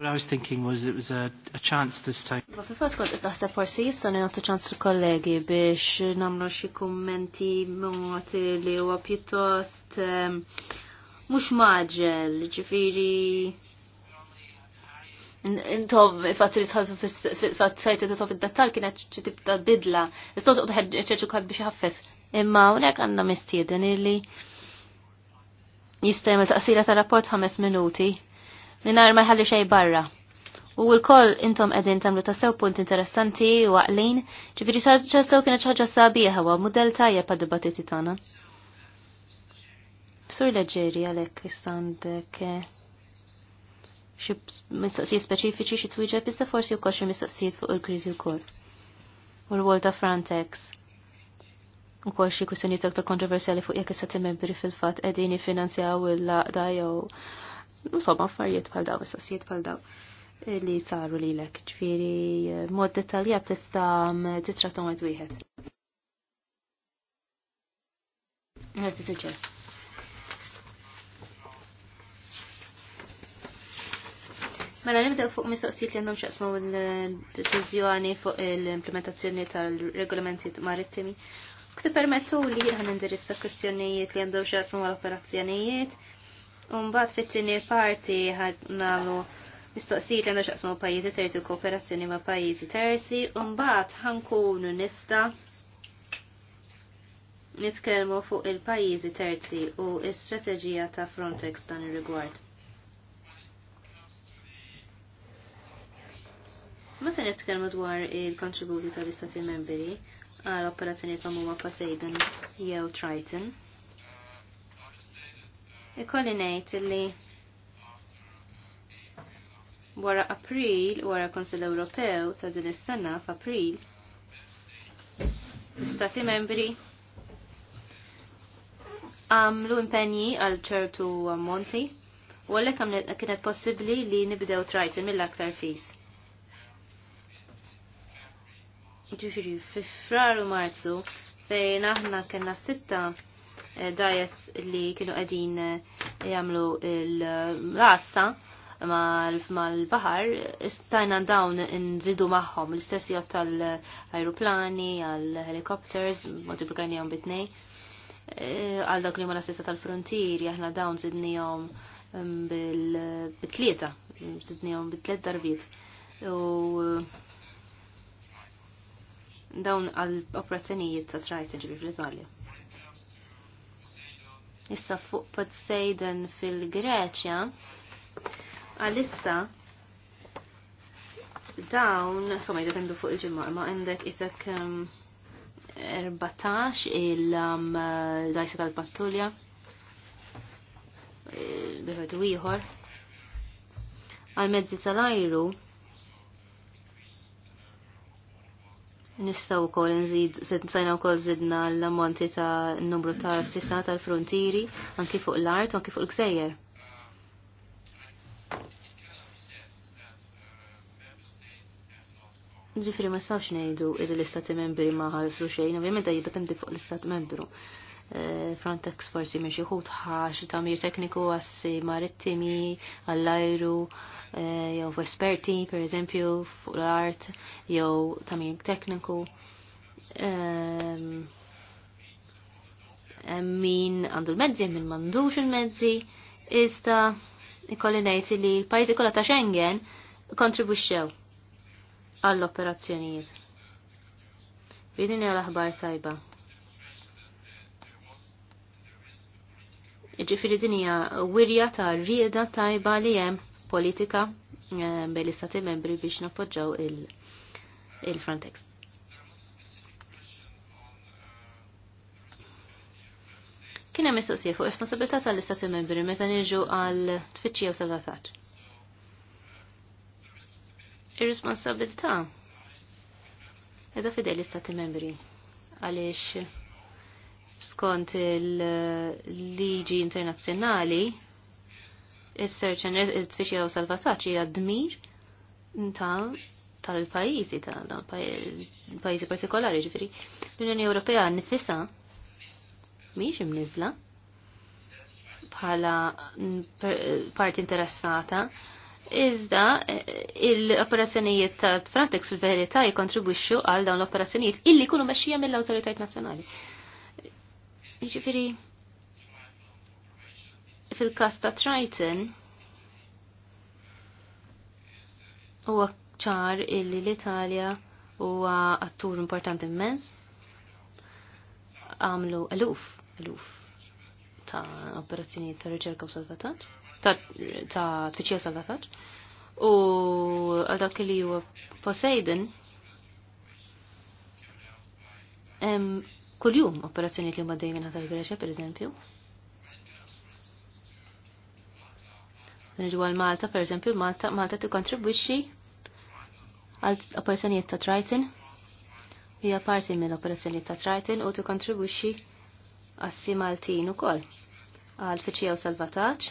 Speaker 1: What I was thinking was it was a, a chance this time.
Speaker 3: Ma fil-fat kont taħseb forsi jista' nagħtu ċans kollegi biex nagħmlu xi kummenti mod li huwa pjuttost ehm, mhux maġel, ġifieri intom fattri tħazu fil-sajtu t fil-dattal kienet ċitib ta' bidla. Istot tħed ċeċu kħad biex ħaffef. Imma unek għanna mistieden illi jistajmel taqsira ta' rapport 5 minuti. Minar ma jħalli xej barra. U l-koll intom edin tamlu ta' sew punt interessanti u għaklin, ġifiri ċastaw kienet ċaġa sabiħa u model tajja pa' dibattiti tana. Sur leġeri għalek istandek. Eh, xi mistoqsijiet speċifiċi xi twieġeb iżda forsi wkoll xi mistoqsijiet fuq il-kriżi wkoll. U l-wol ta' Frontex. Ukoll xi kwistjonijiet aktar kontroversjali fuq jekk is-sati membri fil-fatt qegħdin jiffinanzjaw il-laqda jew insomma affarijiet bħal daw, mistoqsijiet bħal daw li saru lilek. Ġifieri mod dettaljat tista' titrattom għed wieħed. Għet Mela nibdew fuq mistoqsijiet li għandhom xaqsmu l-deċiżjoni fuq l-implementazzjoni tal-regolamenti marittimi. Kti permettu li għan indirizza kwistjonijiet li għandhom xaqsmu mal-operazzjonijiet. Umbat fit-tini parti nagħmlu mistoqsijiet li għandhom xaqsmu pajizi terzi u kooperazzjoni ma' pajizi terzi. Umbat ħankunu nista nitkelmu fuq il-pajizi terzi u l-strategija ta' Frontex dan ir-rigward. se nitkellmu dwar il-kontributi tal-istati membri għal operazzjonijiet ta' mumma Poseidon jew Triton, ikolli ngħid li wara April wara Konsil Ewropew ta' din is-sena f'April l-istati membri għamlu impenji għal ċertu ammonti u għalhekk kienet possibbli li nibdew Triton mill-aktar fis ġifiri fi u marzu fejn aħna kena sitta eh, dajes li kienu għedin eh, jamlu l-għassa mal-bahar, istajna dawn nżidu maħħom l-istess jott tal-aeroplani, għal-helikopters, multiplikani għom bitnej, eh, għal dak li ma l tal frontier aħna dawn zidnijom mm, bil-tlieta, zidnijom bil-tliet darbiet. U dawn għal operazzjonijiet ta' trajta ġibi fl-Italja. Issa fuq Poseidon fil-Greċja, għalissa dawn, somma jdependu fuq il-ġimma, ma għandek isek 14 um, il-dajsa um, tal-pattulja, eh, biħed u għal-mezzi tal-ajru, Nistaw kol nżid, sajna kol zidna l-ammonti ta' numru ta' sissa tal-frontieri, anki fuq l-art, anki fuq l-gżejjer. Ġifri ma stawx nejdu id l-istati membri ma ħalsu xejn, ovvijament da jiddependi fuq l-istat membru. Eh, Frontex forsi miex jħut ħax tamir tekniku għassi marittimi għall-ajru eh, jew esperti per eżempju fuq l-art jew tamir tekniku min għandu l-mezzi min mandux il-mezzi iżda ikolli ngħid li l-pajjiżi kollha ta' Schengen kontribwixxew għall-operazzjonijiet. Bidini għal aħbar tajba. Ġifiri dinija wirja ta' rieda tajba li hemm politika eh, bej l-istati membri biex nappoġġaw il-Frontex. Kien hemm mistoqsija fuq responsabilità tal-istati membri meta nirġu għal tfittxija u salvataġġ. Ir-responsabilità edha fidel l-istati membri għaliex skont il-liġi internazzjonali il search and il-tfixja u salvataġġ hija dmir ta' tal-pajjiżi tal-pajjiżi partikolari ġifiri, L-Unjoni Ewropea nifisha miex imniżla bħala parti interessata Iżda l-operazzjonijiet ta' Frontex fil-verità jikontribwixxu għal dawn l-operazzjonijiet illi jkunu mexxija mill-awtoritajiet nazzjonali. Ġifiri, fil-kas ta' Triton, huwa ċar illi l-Italja huwa attur importanti immens. Għamlu eluf, eluf ta' operazzjonijiet ta' riċerka u salvataġġ, ta' tfittxija u salvataġġ. U għal dak li huwa Poseidon, kuljum operazzjoniet li huma dejjem ħata l-Greċja pereżempju. Nġu għal Malta, pereżempju, Malta, Malta tikkontribwixxi għal operazzjonijiet ta' Triton hija parti mill operazzjonijiet ta' Triton u tikkontribwixxi għassi Maltin ukoll għal fiċċija u salvataġġ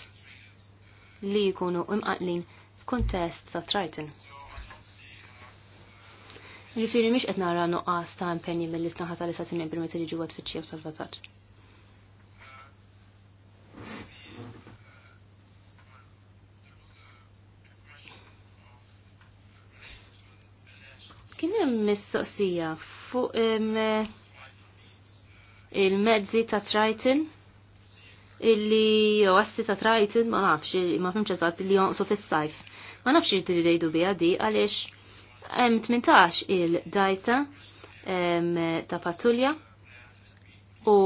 Speaker 3: li jkunu imqatlin f'kuntest ta' Triton. Ġifiri miex qed nara nuqqas ta' impenji mill-istaħħa tal-istati membri meta li għad fiċċija u salvataġġ. Kien hemm mistoqsija fuq il-mezzi ta' Triton illi għassi ta' Triton ma nafx ma fimx eżatt li jonqsu fis-sajf. Ma nafx irtidi dejdu biha di għaliex Hemm 18 il-dajsa ta' pattulja u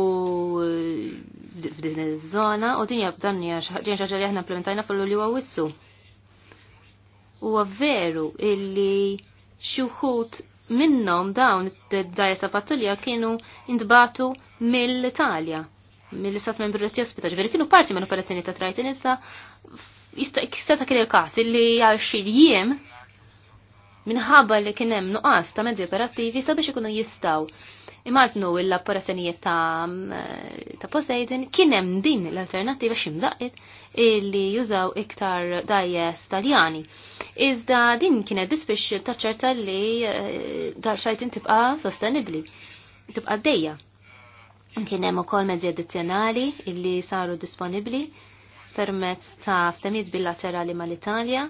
Speaker 3: f'din iż-żona u dinja b'dan hija xi ħaġa li aħna implementajna fil-lulju għawissu. Huwa veru illi xi wħud minnhom dawn id dajja ta' pattulja kienu intbatu mill-Italja mill-istat membri li jospita ġveri kienu parti minn operazzjoni ta' trajtin issa jista' kien il-każ illi għal xirjiem minħabba li kien hemm nuqqas ta' mezzi operattivi sabiex ikunu jistgħu imatnu l-apparazzjonijiet ta', eh, ta Poseidon kien hemm din l-alternattiva ximdaqit illi jużaw iktar dajjes taljani. Iżda din kienet biss biex taċċerta li eh, dar xajtin tibqa' sostenibbli, tibqa' dejja. Kien hemm ukoll mezzi addizzjonali illi saru disponibbli permezz ta' ftemiet bilaterali mal-Italja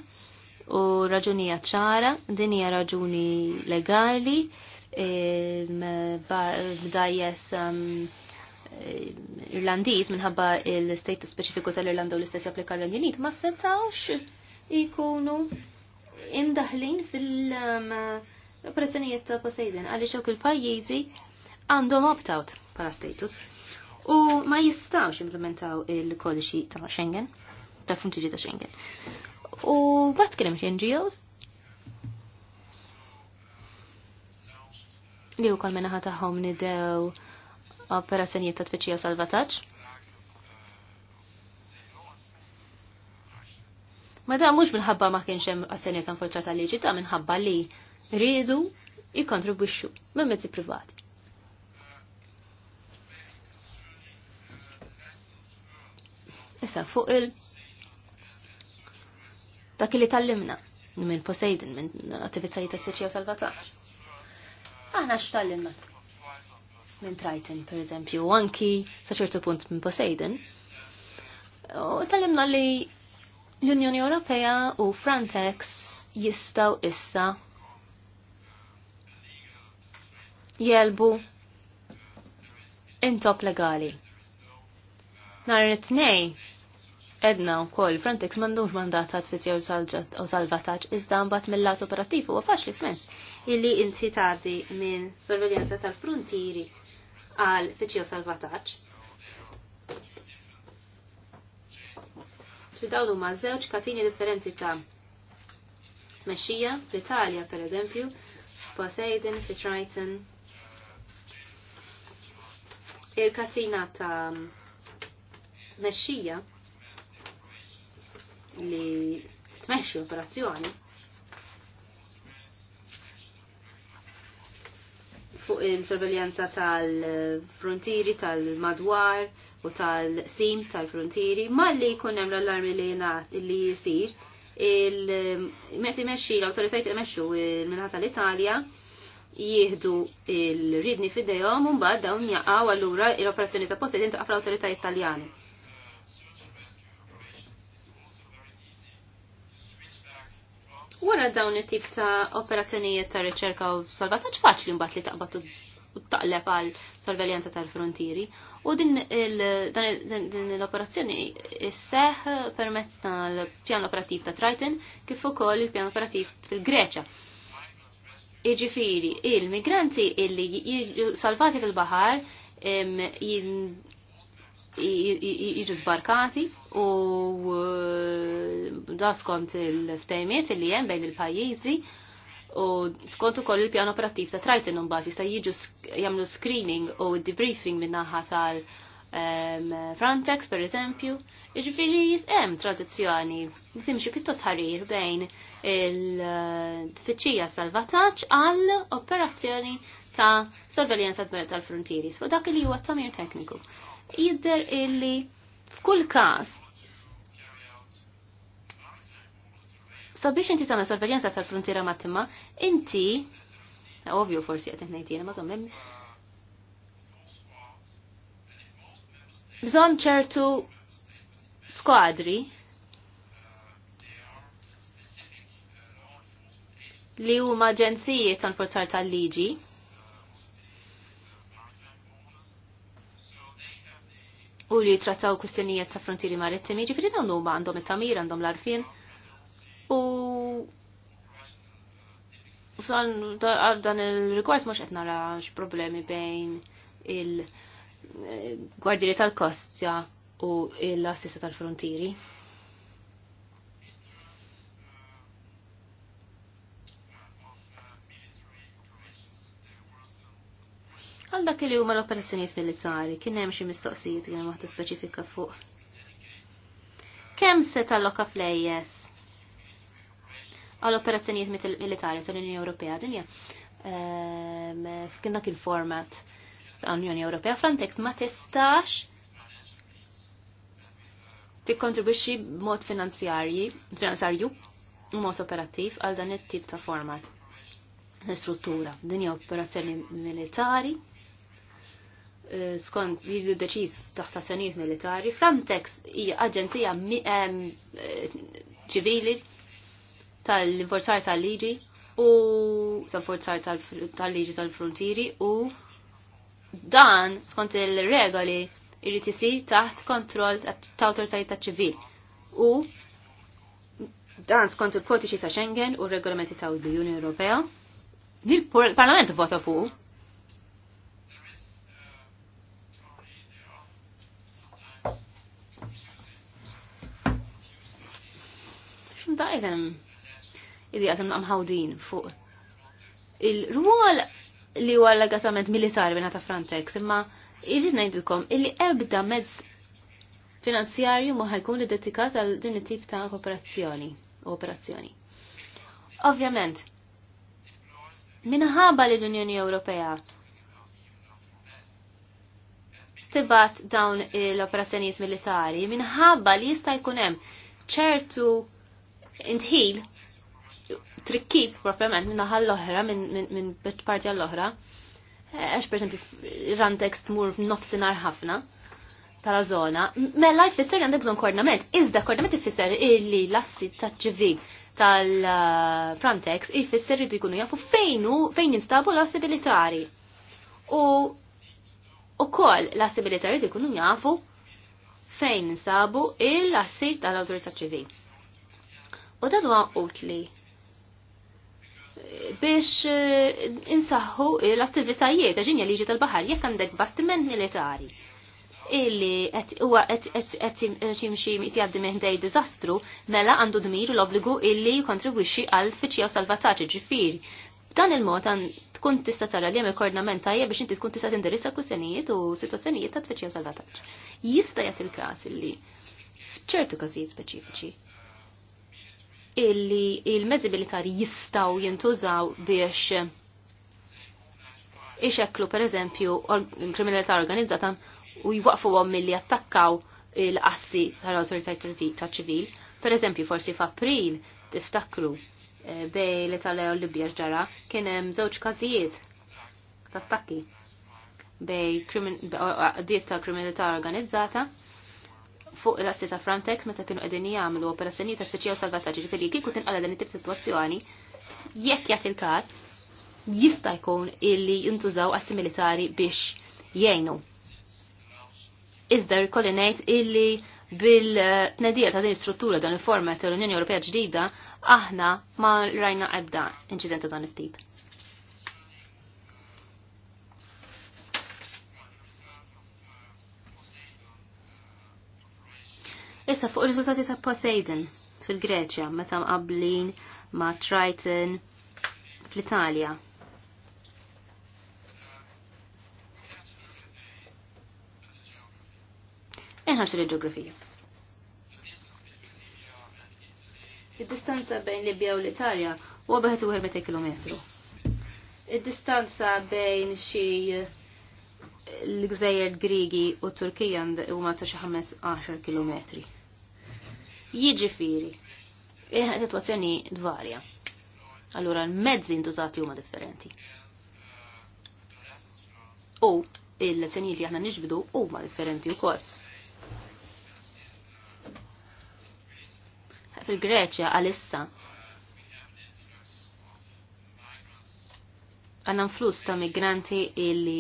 Speaker 3: u raġunija ċara, din hija raġuni legali, b'dajjes Irlandiż minħabba l-status speċifiku tal-Irlanda u l-istess japplika l Unit ma setawx ikunu imdaħlin fil-operazzjonijiet ta' Poseidon għaliex hawn il-pajjiżi għandhom opt-out bħala status u ma jistawx implementaw il-kodiċi ta' Schengen, tal-funtiġi ta' Schengen u bat kienem NGOs. Li u kol minnaħa taħħom nidew operazzjonijiet ta' tfittxija u salvataġġ. Ma da mux minħabba ma kienx hemm assenjiet ta' forza ta' liġi ta' minħabba li rridu jikkontribwixxu minn mezzi privati. Issa fuq il dak li tallimna minn Poseidon, minn attivitajiet ta' tfittxija u salvataġġ. Aħna x'tallimna minn Triton, per eżempju, u anki sa' ċertu punt minn Poseidon. U tallimna li l-Unjoni Ewropea u Frontex jistaw issa jelbu intop legali. Nar it Edna u koll Frontex mandux mandat ta' tfittja u salvataġġ iżda mbat mill-lat operattiv huwa faċli f'mess illi inti tgħaddi minn sorveljanza tal-frontieri għal tfittja u salvataġġ. Fidawlu ma' żewġ katini differenti ta' tmexxija fl-Italja pereżempju, Poseidon fi Triton. Il-katina ta' mexxija li tmexxi operazzjoni fuq il-sorveljanza tal-frontieri, tal-madwar u tal-sim tal-frontieri, ma li jkun hemm l-allarmi li jisir il-meti meċi, l-autoritajt meċu il-minħata l-Italja jihdu il-ridni fidejom un bad dawn jaqaw għallura l operazzjoni ta' posti jidin taqaf l-autoritajt italjani. Wara dawn it-tip ta' operazzjonijiet ta' riċerka u salvataġġ faċli mbagħad li taqbad u taqleb għal sorveljanza tal-frontieri. U din l-operazzjoni isseħ permezz tal-pjan operattiv ta' Triton kif ukoll il-pjan operattiv fil-Greċja. Iġifieri, il-migranti illi salvati fil baħar jiġu zbarkati u uh, da skont il-ftejmiet li jem bejn il-pajjiżi u skont ukoll il-pjan operattiv ta' trajtin imbagħad jista' jiġu jagħmlu screening u debriefing minn naħa tal Frontex per eżempju, jiġifieri hemm tranzizzjoni li timxi pittos ħarir bejn il-tfittxija uh, salvataġġ għal operazzjoni ta' sorveljanza tal frontieris u dak li huwa tamir tekniku jidder illi f'kull każ sabiex inti tagħmel sorveġenza tal-frontiera mat-timma, inti ovvju forsi qed ngħidina ma' żomm bżon ċertu skwadri li huma aġenzijiet tal-forzar tal-liġi u li trattaw kustjonijiet ta' frontieri marittimi, ġifiri dawn huma għandhom it-tamir, għandhom l-arfin. U san dan il-rigward mhux qed nara problemi bejn il eh, gwardiri tal-kostja u l-assista tal-frontieri. Għal dak li huma l-operazzjonijiet militari kien hemm xi mistoqsijiet kien waħda speċifika fuq. Kemm se talloka flejjes għall operazzjonijiet militari tal-Unjoni Ewropea dinja f'kien ehm, dak il-format tal-Unjoni Ewropea Frontex ma tistax tikkontribwixxi b'mod finanzjarji, finanzjarju, mod operattiv għal dan it-tip ta' format l-istruttura. Din hija operazzjoni militari Eh, skont li jiġu deċiż taħt azzjonijiet militari, Frontex hija aġenzija eh, ċivili tal-forzar tal-liġi u tal-forzar tal-liġi tal-frontieri u dan skont il-regoli irrid isir taħt kontroll ta' awtoritajiet ċivil u dan skont il-kodiċi ta' Schengen u r-regolamenti ta' l-Unjoni Ewropea. Il-Parlament vota fuq idem. ilem illi għatem namħawdin fuq il-rwol li huwa l-legatament militari minna ta' Frontex, imma irrid ngħidilkom illi ebda mezz finanzjarju ma ħajkun dedikat għal din it-tip ta' kooperazzjoni u operazzjoni. Ovvjament, minħabba li l-Unjoni Ewropea tibat dawn l-operazzjonijiet militari minħabba li jista' jkun hemm ċertu intħil trikkib propjament minna naħa l-oħra, minn parti għall-oħra. Għax per esempio rantex tmur f'nofsinhar ħafna tala zona, mela jfisser għandek bżon koordinament. Iżda koordinament jfisser illi l-assi ta' ċivi tal-Frontex jfisser li jkunu jafu fejnu fejn jinstabu l-assi militari. U u kol l-assi militari jkunu jafu fejn jinstabu l-assi tal autorita ċivil. U dan huwa utli biex eh, insaħħu l-attivitajiet ta' ġinja liġi tal-baħar jekk għandek bastiment militari illi qed eh, jimxi jgħaddi minn dej diżastru mela għandu dmir u l-obbligu illi jikontribwixxi għal tfittxija u salvataġġ ġifieri. B'dan il-mod tkun tista' tara li hemm il-koordinament tajjeb biex inti tkun tista' tindirizza kwistjonijiet u sitwazzjonijiet ta' tfittxija u salvataġġ. Jista' jagħti il-każ illi f'ċertu każijiet speċifiċi illi il-mezzi militari jistaw jintużaw biex ixeklu per eżempju kriminalità organizzata u jwaqfu għom mill-li attakkaw il-qassi tal-autoritajt ta' ċivil. Per eżempju, forsi f'April tiftakru eh, bej li tal u Libja ġara kien hemm żewġ każijiet ta' attakki bej qdiet ta' kriminalità organizzata fuq il-assi ta' Frontex meta kienu qegħdin jagħmlu operazzjonijiet ta' tfittxija u salvataġġ ġifieri kieku tinqala din it-tip sitwazzjoni jekk jagħti il-każ jista' jkun illi jintużaw assi militari biex jgħinu. Iżda jkolli ngħid illi bil-tnedija ta' din struttura dan il-format tal-Unjoni Ewropea ġdida aħna ma rajna ebda inċidenta dan it-tip. Issa fuq ir-riżultati ta' Poseidon fil-Greċja meta mqablin ma' Triton fl-Italja. Inħarx il-ġeografija. Id-distanza bejn Libja u l-Italja huwa għabħet u meta kilometru. Id-distanza bejn xi l-Gżejjer Grigi u Turkija huma ta' xie 15 kilometri. Jiġifieri, eh, situazzjoni dvarja. Allura l-mezzi intużati huma differenti. U il-lezzjonijiet li aħna niġbidu huma differenti wkoll. Fil-Greċja għalissa għanna flus ta' migranti illi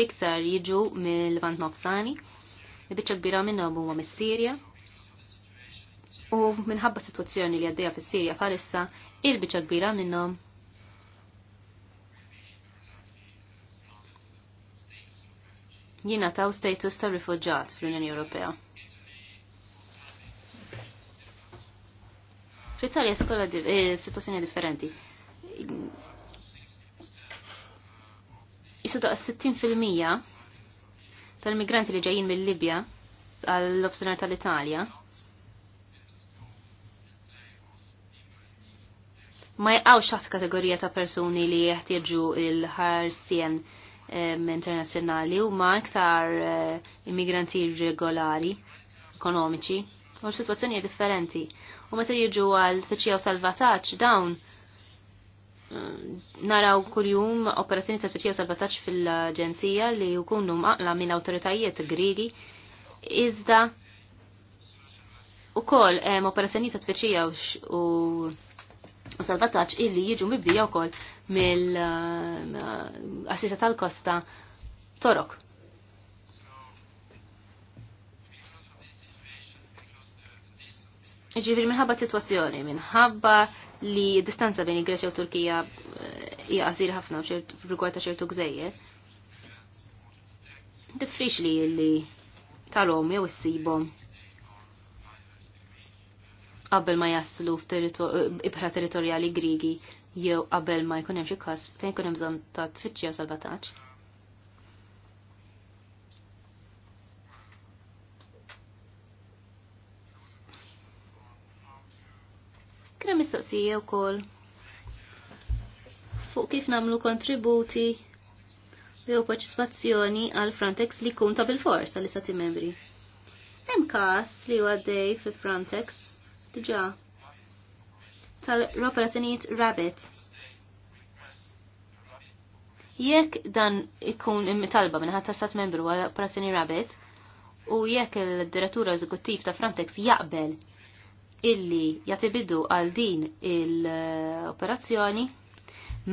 Speaker 3: diktar jiġu mill-Levant Nofsani, li bieċa kbira minnhom huma mis-Sirja, U minħabba situazzjoni li għaddeja fis-Sirja bħalissa, il-biċa kbira minnhom jina taw status ta' rifugġat fl-Unjoni Ewropea. Fl-Italja skola eh, situazzjoni differenti. Jisu da' 60% tal-migranti li ġejjin mill-Libja għall-ofsenar tal-Italja ma jgħawx taħt kategorija ta' persuni li jeħtieġu il-ħarsien ehm, internazzjonali u ma iktar eh, immigranti regolari, ekonomiċi, u situazzjoni differenti. U meta jiġu għal tfittxija u salvataġġ dawn eh, naraw kuljum operazzjoni ta' tfittxija u salvataġġ fil-aġenzija li jkunu maqla minn awtoritajiet Griegi iżda u kol ehm, operazzjoni ta' tfittxija u u salvataġġ illi jiġu mibdija wkoll mill-assisa eh, tal-kosta torok. Ġifir minħabba situazzjoni, minħabba li distanza bejn il-Greċja u Turkija eh, hija qasir ħafna rigward ta' ċertu gżejjer. Diffiċli li tal jew issibhom qabel ma jaslu ibħra territorjali Grigi jew qabel ma jkun hemm xi każ fejn jkun hemm bżonn ta' tfittxija salvataġġ. Kien hemm mistoqsija wkoll fuq kif namlu kontributi jew parċispazzjoni għal Frontex li kun ta' bil-fors għal istati membri. Hemm każ li huwa dej fi Frontex diġa tal-operazzjonijiet Rabbit. Jekk dan ikun imtalba minn ħadd stat membru għal operazzjoni Rabbit u jekk il-direttura eżekuttiv ta' Frontex jaqbel illi jagħti għal din il-operazzjoni,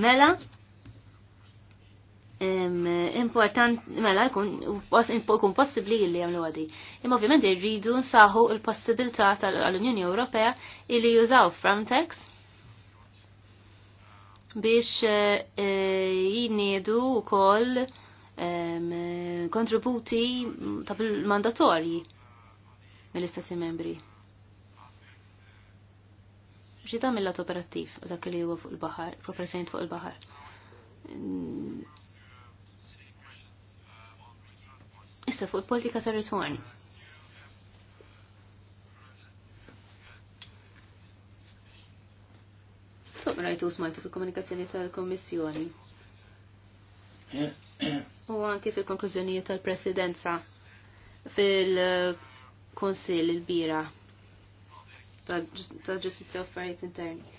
Speaker 3: mela important, mela, jkun possibli li għamlu għadi. Imma ovvijament irridu nsaħu il-possibilità tal-Unjoni Ewropea li jużaw Frontex biex eh, jinniedu u koll kontributi ta' mandatorji mill-Istati membri. Ġita mill-lat operattiv dak li huwa fuq il-bahar, fuq il-bahar Issa fuq il-politika ta' ritorni. Toq rajtu smajtu fil-komunikazzjoni tal komissjoni U anki fil-konklużjonijiet tal-Presidenza fil-Konsil il-bira tal-ġustizja affarijiet interni,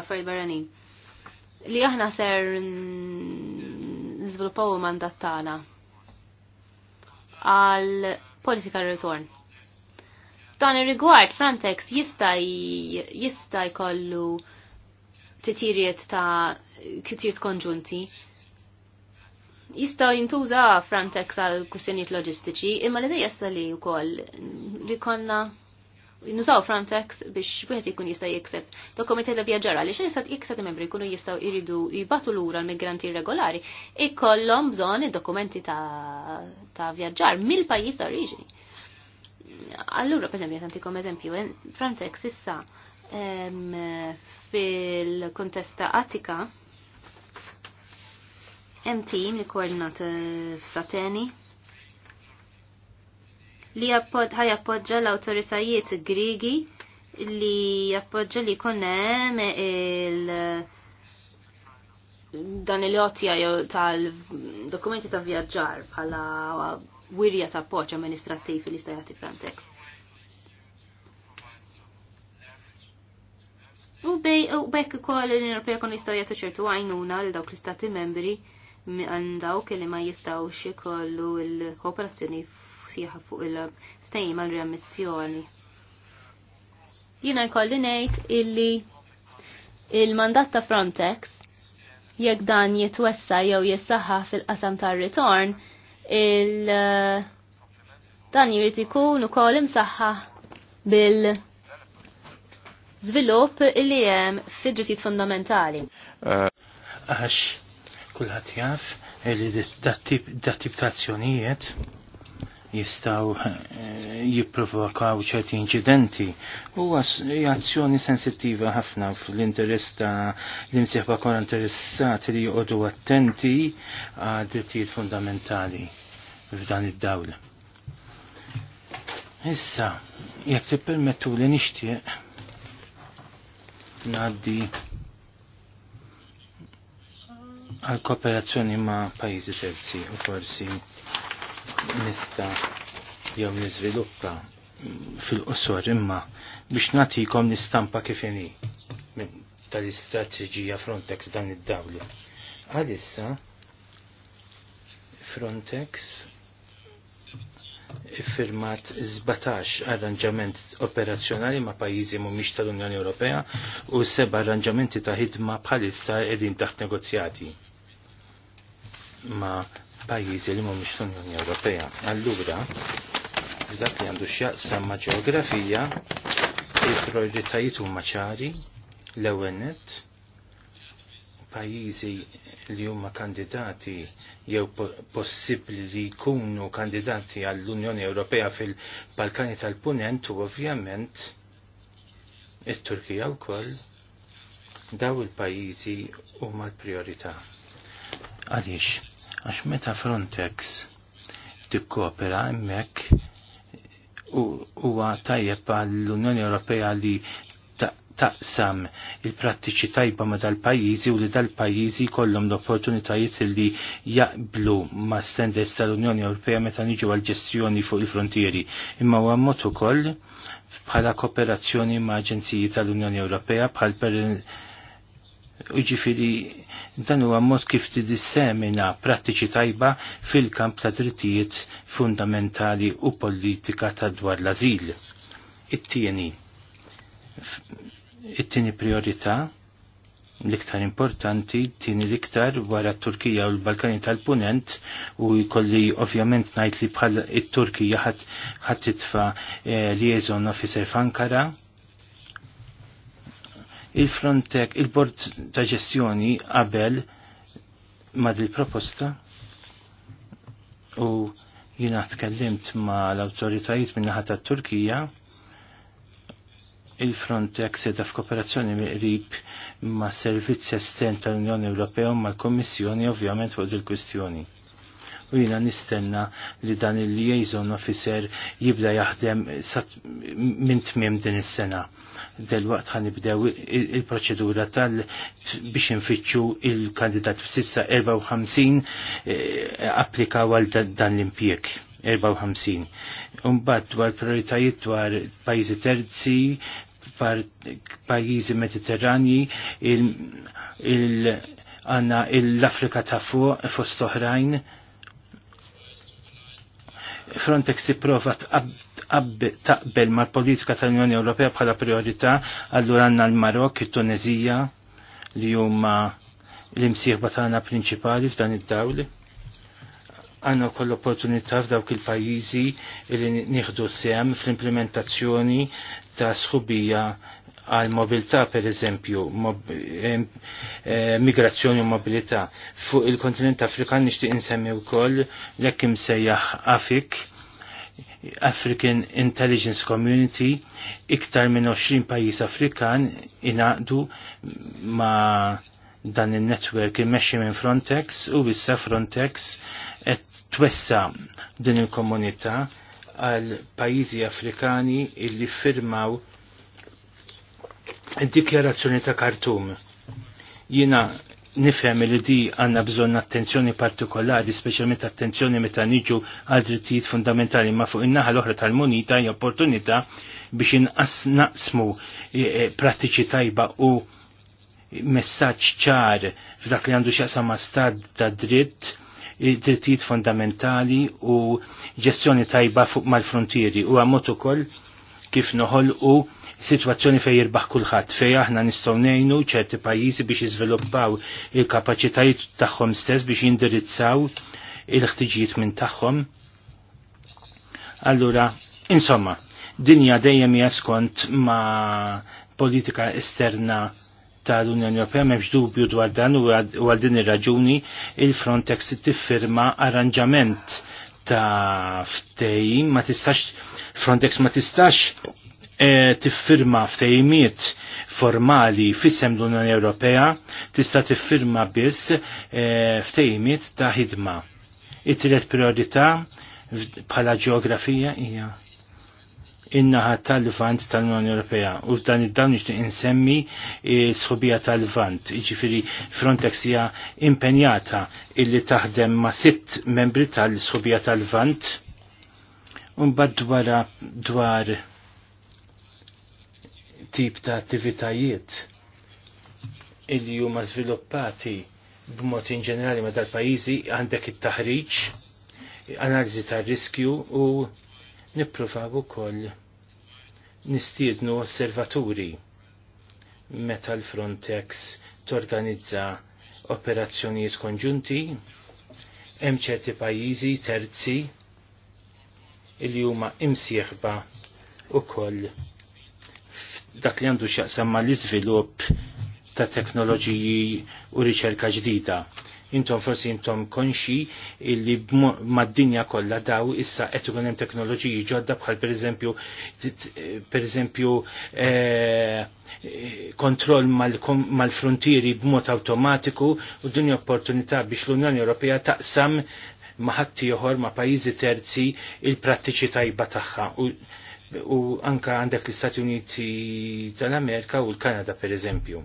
Speaker 3: affarijiet barranin. Li aħna ser nizviluppaw mandat tagħna għal political return. Dan ir-rigward Frontex jista' jista' jkollu titjiriet ta' kitjiriet konġunti. Jista' jintuża Frontex għal kwistjonijiet loġistiċi, imma li jista' li wkoll li konna nużaw Frontex biex wieħed ikun jista' jikseb dokumenti ta' vjaġġar għaliex jista' jikseb membri jkunu jistgħu jridu jibatu lura l-migranti irregolari ikollhom bżonn id-dokumenti ta' vjaġġar mill-pajjiż ta' oriġini. Allura, per eżempju, tantikom eżempju, eh, Frontex issa fil-kontesta Attika hemm tim li koordinat eh, f'Ateni li ħajappoġġa l-autoritajiet Grigi li jappoġġa li konem il dan il-jotja tal-dokumenti ta' vjaġġar bħala wirja ta' poċ amministrattiv fil istajati Frontex. U bekk ukoll l-Unjoni kon jistgħu ċertu għajnuna l dawk l-istati membri għan dawk li ma jistgħux ikollu l-kooperazzjoni sieħa fuq il-ftajim għal-remissjoni. Jina jkolli ngħid illi il-mandat ta' Frontex jekk dan jitwessa jew jissaħħa fil-qasam tar ritorn il dan jrid ikun ukoll imsaħħa bil żvilupp li hemm fid fundamentali.
Speaker 1: Għax kullħat jaf li dat tip ta' azzjonijiet jistaw eh, jipprovokaw ċerti inċidenti u azzjoni sensittiva ħafna fl-interess ta' l-imsieħba kol interessati li jgħodu attenti għad drittijiet fundamentali f'dan id-dawl. Issa, jekk tippermettu li nixtieq ngħaddi għal kooperazzjoni ma' pajjiżi terzi u forsi nista jew nizviluppa fil-qosor imma biex natikom nistampa kif inhi tal-istrateġija Frontex dan id-dawli. Għalissa Frontex firmat 17 arranġament operazzjonali ma' pajjiżi mhumiex tal-Unjoni Ewropea u seba' arranġamenti ta' ħidma bħalissa qegħdin taħt negozjati ma' pajjiżi li mhumiex l-Unjoni Ewropea. Allura, dak li għandu x'jaqsam ma' ġeografija, il-prioritajiet huma ċari, l-ewwel nett, pajjiżi li huma kandidati jew possibbli li jkunu kandidati għall-Unjoni Ewropea fil-Balkani tal-Punent u ovvjament it-Turkija wkoll daw il-pajjiżi huma l-priorità. Għaliex? Għax meta Frontex tikkopera hemmhekk huwa tajjeb għall-Unjoni Ewropea li taqsam il-prattiċi tajba ma dal-pajizi u li dal-pajizi kollom l-opportunitajiet li jaqblu ma standards tal-Unjoni Ewropea meta niġu għal-ġestjoni fuq il-frontieri. Imma u mod ukoll bħala kooperazzjoni ma' aġenziji tal-Unjoni Ewropea bħal per Uġifiri, dan huwa mod kif tidissemina prattiċi tajba fil-kamp ta' drittijiet fundamentali u politika ta' dwar l-azil. It-tieni. It-tieni priorità l-iktar importanti, t-tieni l-iktar wara t-Turkija u l-Balkani tal-Punent u jkolli ovvjament najt li bħal it-Turkija ħat titfa eh, liaison officer f'Ankara il frontek il-Bord ta' ġestjoni qabel ma' dil-proposta u jina tkellimt ma' l-autoritajiet minnaħa ta' Turkija il-Frontex frontek edha f'kooperazzjoni miqrib ma' servizz estern tal-Unjoni Ewropea u mal-Kommissjoni ovvjament fuq il-kwistjoni. U jina nistenna li dan il-liaison officer jibda jaħdem minn tmiem din is-sena. Delwaqt ħan nibdew il-proċedura tal biex infittxu il-kandidat f'sissa 54 eh, applikaw għal dan l-impjek. 54. Umbat dwar prioritajiet dwar pajjiżi terzi, pajjiżi Mediterrani, għanna l-Afrika ta' fuq, fost oħrajn. Frontex provat taqbel mal-politika tal-Unjoni Ewropea bħala priorità allura għandna l-Marok, it-Tunezija li huma l-imsieħba tagħna prinċipali f'dan id-dawl. Għanna koll opportunità f'dawk il-pajjiżi li nieħdu sem fl-implementazzjoni ta' sħubija għal mobilità per eżempju, eh, migrazzjoni u mobilità. Fuq il-kontinent Afrikan nixtieq insemmi wkoll l ekim imsejjaħ Afik African Intelligence Community iktar minn 20 pajjiż Afrikan inaqdu ma' dan il-network immexxi minn Frontex u issa Frontex qed twessa din il-komunità għal pajjiżi Afrikani illi firmaw id-dikjarazzjoni ta' Kartum. Jina nifhem li di għanna bżonn attenzjoni partikolari, speċjalment attenzjoni meta niġu għal drittijiet fundamentali, ma fuq in-naħa l-oħra tal munita hija opportunità biex inqas naqsmu e, e, prattiċi tajba u messaġġ ċar f'dak li għandu x'jaqsam ma' stad ta' dritt e, drittijiet fundamentali u ġestjoni tajba fuq mal-frontieri u għamot ukoll kif noħolqu situazzjoni fej jirbaħ kulħadd fej aħna nistgħu ngħinu ċerti pajjiżi biex jiżviluppaw il-kapaċitajiet tagħhom stess biex jindirizzaw il-ħtiġijiet minn tagħhom. Allura, insomma, dinja dejjem hija skont ma' politika esterna tal-Unjoni Ewropea m'hemmx dubju dwar dan u għal din ir-raġuni il-Frontex tiffirma arranġament ta' ftej ma tistax Frontex ma tistax E, tiffirma ftejmiet formali fissem l-Unjoni Ewropea tista' tiffirma biss e, ftejmiet ta' ħidma. It-tielet priorità bħala ġeografija hija in-naħa tal lvant tal-Unjoni Ewropea. U dan id-dan nixtieq insemmi e, sħubija tal lvant Jiġifieri Frontex hija impenjata illi taħdem ma' sitt membri tal-sħubija tal-Levant. Unbad dwar dwar tip ta' attivitajiet illi huma żviluppati b'mod in ġenerali ma' tal-pajjiżi għandek it-taħriġ, analiżi tar-riskju u nippruvaw ukoll nistiednu osservaturi meta l-Frontex torganizza operazzjonijiet konġunti, hemm ċerti pajjiżi terzi il huma imsieħba ukoll dak li għandu xaqsamma ma l ta' teknoloġiji u riċerka ġdida. Intom forsi intom konxi illi mad-dinja kollha daw issa qed ikun hemm teknoloġiji ġodda bħal pereżempju pereżempju eh, kontroll mal-frontieri b'mod awtomatiku u din opportunità biex l-Unjoni Ewropea taqsam ma ħadd ma' pajjiżi terzi il-prattiċi tajba tagħha u anka għandek l-Istati Uniti tal-Amerika u l-Kanada per eżempju.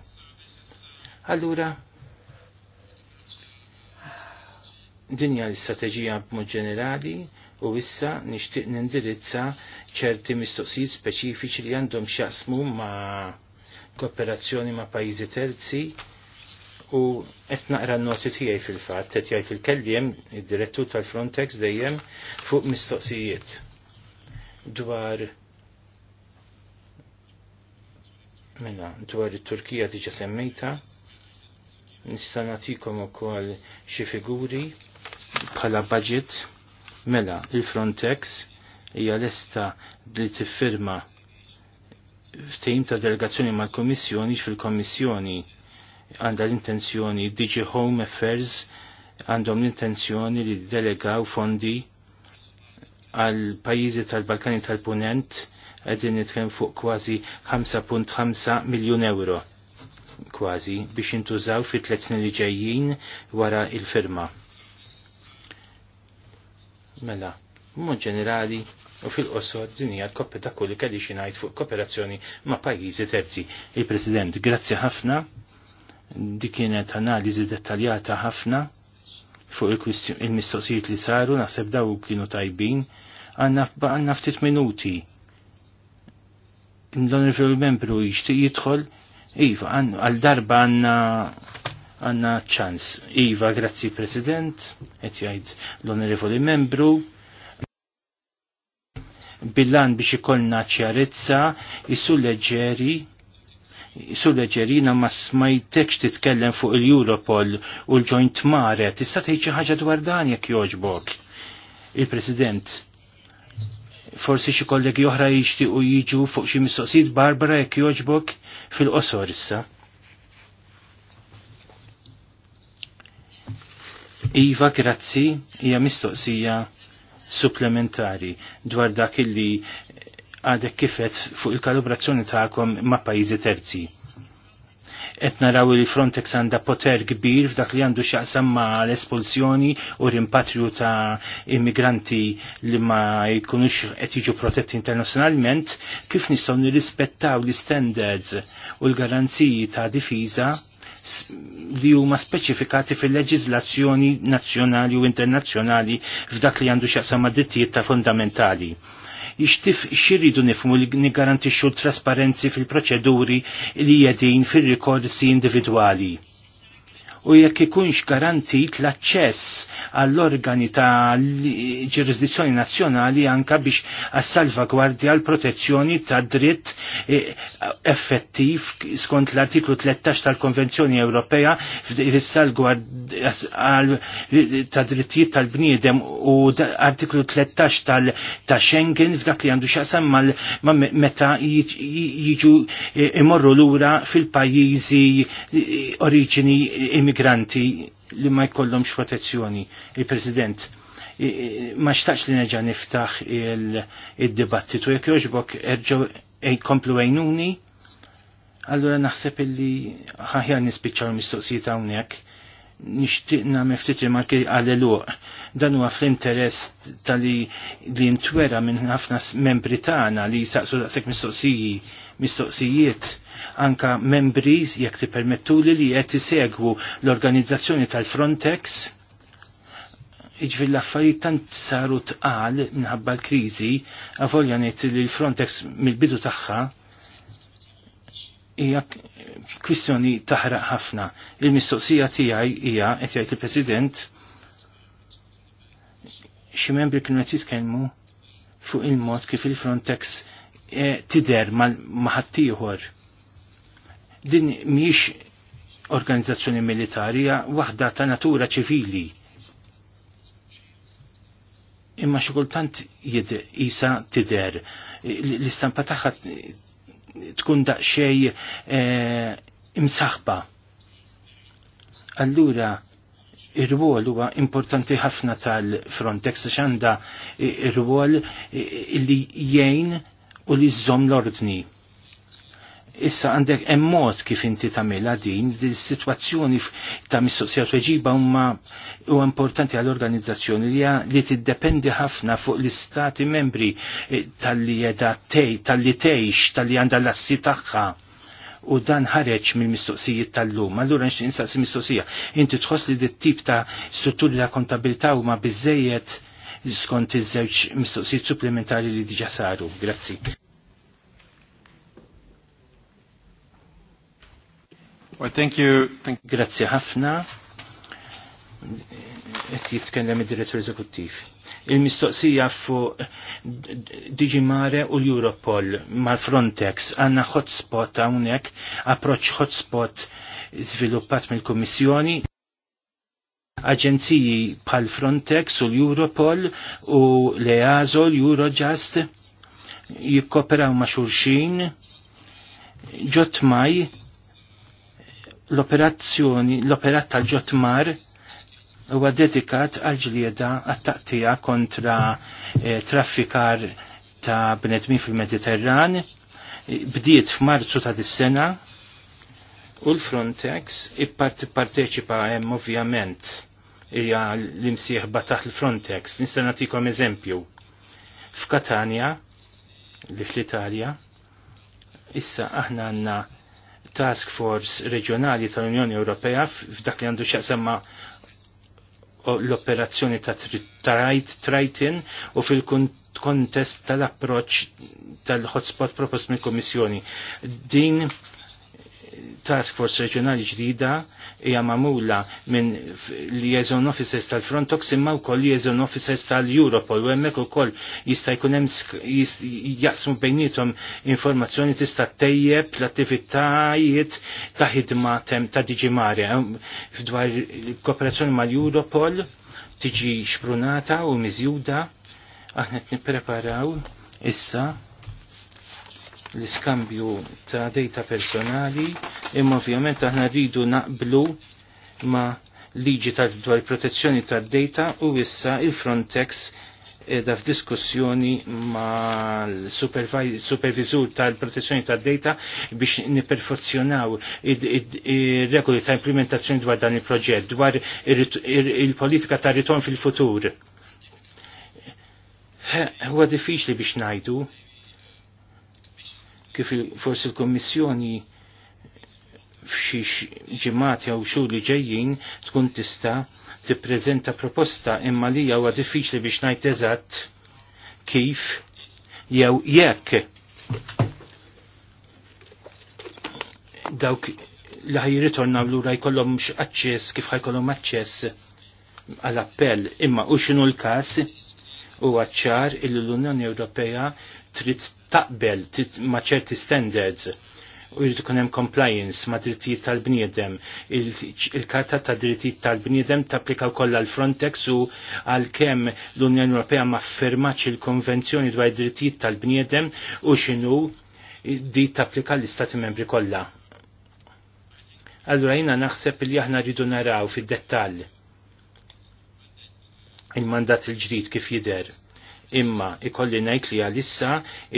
Speaker 1: Allura, dinja l-istrateġija b'mod ġenerali u issa nixtieq nindirizza ċerti mistoqsijiet speċifiċi li għandhom x'jaqsmu ma' kooperazzjoni ma' pajjiżi terzi u qed naqra n-noti tiegħi fil-fatt qed jgħid il-kelliem id-direttur tal-Frontex dejjem fuq mistoqsijiet dwar Mela, dwar it-Turkija diġa semmejta, nista' nagħtikom ukoll xi figuri bħala budget. Mela, il-Frontex hija lesta li tiffirma ftehim ta' delegazzjoni mal-Komissjoni fil-Komissjoni għandha l-intenzjoni DG Home Affairs għandhom l-intenzjoni li delegaw fondi għal pajjiżi tal-Balkani tal-Punent għedin nitkellem fuq kważi 5.5 miljun euro kważi biex intużaw fi tliet snin li ġejjin wara il-firma. Mela, mod ġenerali u fil-qosor din hija l-koppi ta' kulli kelli xinajt fuq kooperazzjoni ma' pajjiżi terzi. Il-President, grazzi ħafna. Di kienet analiżi dettaljata ħafna fuq il-mistoqsijiet li saru, naħseb daw kienu tajbin, għanna ftit minuti l il membru jixtieq jidħol, iva, għal darba għandna għanna ċans. Iva, grazzi President, et jgħid l-onorevoli membru. Billan biex ikollna ċarezza, jissu leġeri, jissu leġeri na ma smajtekx titkellem fuq il-Europol u l joint mare, tista' tgħid xi ħaġa dwar dan jekk jogħġbok. Il-President, forsi xi kollegi oħra jixtiequ jiġu fuq xi mistoqsijiet Barbara jekk jogħġbok fil-qosor issa. Iva, grazzi, hija mistoqsija supplementari dwar dak illi għadek kifet fuq il-kalibrazzjoni ta'kom ma' pajjiżi terzi qed raw li Frontex għandha poter kbir f'dak li għandu x'jaqsam ma' l-espulsjoni u rimpatriju ta' immigranti li ma jkunux qed jiġu protetti internazzjonalment, kif nistgħu nirrispettaw l-standards u l-garanziji ta' difiża li huma speċifikati fil leġiżlazzjoni nazzjonali u internazzjonali f'dak li għandu xaqsam drittijiet ta' fundamentali jixtif xirridu nifmu li nigarantixxu trasparenzi fil-proċeduri li jedin fil-rikorsi individwali u jekk ikunx garantit l-aċċess għall-organi ta' ġurisdizzjoni nazzjonali anka biex għas-salvagwardja l-protezzjoni ta' dritt e, effettiv skont l-artiklu 13 tal-Konvenzjoni Ewropea ta' drittijiet tal-bniedem u artiklu 13 tal-Schengen f'dak li għandu xaqsam ma' meta jiġu e, imorru lura fil-pajjiżi e, oriġini migranti li ma jkollhomx protezzjoni. Il-President ma xtax li neġa niftaħ il-dibattitu jekk joġbok erġgħu jkomplu għajnuni, allura naħseb illi ħaħja nispiċċaw mistoqsijiet hawnhekk nishtiqna meftiti ma ki għaleluq. Dan huwa fl-interess tal-li li ntwera minn ħafna membri tagħna li jisaqsu daqshekk mistoqsiji mistoqsijiet anka membri jekk tippermettuli li qed isegwu l-organizzazzjoni tal-Frontex iġvill l-affarijiet tant saru tqal minħabba l-kriżi avolja ngħid li l-Frontex mill-bidu tagħha kwistjoni taħraq ħafna. Il-mistoqsija tiegħi hija qed jgħid il-President xi membri kienu qed jitkellmu fuq il-mod kif il-Frontex eh, tider maħattijħor. Din miex organizzazzjoni militari waħda ta' natura ċivili. Imma xikultant jisa tider. L-istampa taħħa tkun xej eh, imsaħba. Allura, il rwol huwa importanti ħafna tal-Frontex għax għandha eh, ir-rwol eh, li jgħin u li żżomm l-ordni issa għandek emmot kif inti tamela din, di situazzjoni ta' mistoqsija tweġiba huma u importanti għall-organizzazzjoni li li tiddependi ħafna fuq l-istati membri eh, tal-li jeda tej, tal-li tejx, tal-li għanda l-assi tagħha u dan ħareġ mill-mistoqsijiet tal-lum. Allura nix insaqsi mistoqsija. Inti tħoss li dit-tip ta' strutturi ta' kontabilità huma biżejjed skont iż-żewġ mistoqsijiet supplementari li diġa saru. Grazzi. Well, thank you. Grazie ħafna. Qed jitkellem id-direttur eżekuttiv. Il-mistoqsija fuq Digimare u l-Europol mal-Frontex għandna hotspot hawnhekk, approċċ hotspot żviluppat mill-Kummissjoni aġenziji pal Frontex u l-Europol u l-EASO, l-Eurojust jikkoperaw ma' xulxin ġot maj L-operazzjoni, l-operat tal-ġotmar huwa dedikat għal ġlieda għattaqtija kontra eh, traffikar ta' bnedmin fil-Mediterran bdiet f'Marzu ta' dis-sena u l-Frontex ipparteċipa hemm ovvjament hija l-imsieħba taħt l-Frontex. Nista' nagħtikom eżempju. F'Katania li fl-Italja issa aħna għandna task force reġjonali tal-Unjoni Ewropea f'dak li għandu xaqsemma l-operazzjoni ta' trajt trajtin u fil-kontest tal-approċ tal-hotspot propost mill-Komissjoni. Din task force reġjonali ġdida hija magħmula minn liaison officers tal-Frontox imma wkoll liaison officers tal-Europol u hemmhekk ukoll jista' jkun hemm jaqsmu bejniethom informazzjoni tista' tejjeb l-attivitajiet ta' ħidma ta' diġi Marja dwar kooperazzjoni mal-Europol tiġi xprunata u miżjuda aħna qed nippreparaw issa l-iskambju ta' data personali imma ovvjament aħna rridu naqblu ma' liġi ta' dwar protezzjoni tad data u issa il-Frontex edha f'diskussjoni ma' l-supervizur tal-protezzjoni tad data biex niperfezzjonaw il-regoli ta' implementazzjoni dwar dan il-proġett, dwar il-politika ta' ritorn fil-futur. Huwa diffiċli biex najdu kif forsi l-Kommissjoni f'xi ġimati jew xhur li ġejjin tkun tista' tippreżenta proposta imma li huwa diffiċli biex ngħid eżatt kif jew jekk dawk li ħajritornaw lura jkollhom aċċess kif ħajkollhom aċċess għall-appell imma u x'inhu l-każ huwa ċar il l-Unjoni Ewropea trid taqbel ma' ċerti standards u jrid ikun hemm compliance ma' drittijiet tal-bniedem. Il-Karta ta' drittijiet tal-bniedem tapplika wkoll għal Frontex u għal kemm l-Unjoni Ewropea ma firmax il-Konvenzjoni dwar id drittijiet tal-bniedem u x'inhu di tapplika l-Istati membri kollha. Allura jina naħseb li aħna rridu naraw fid-dettall il-mandat il-ġdid kif jidher imma ikolli ngħid li għalissa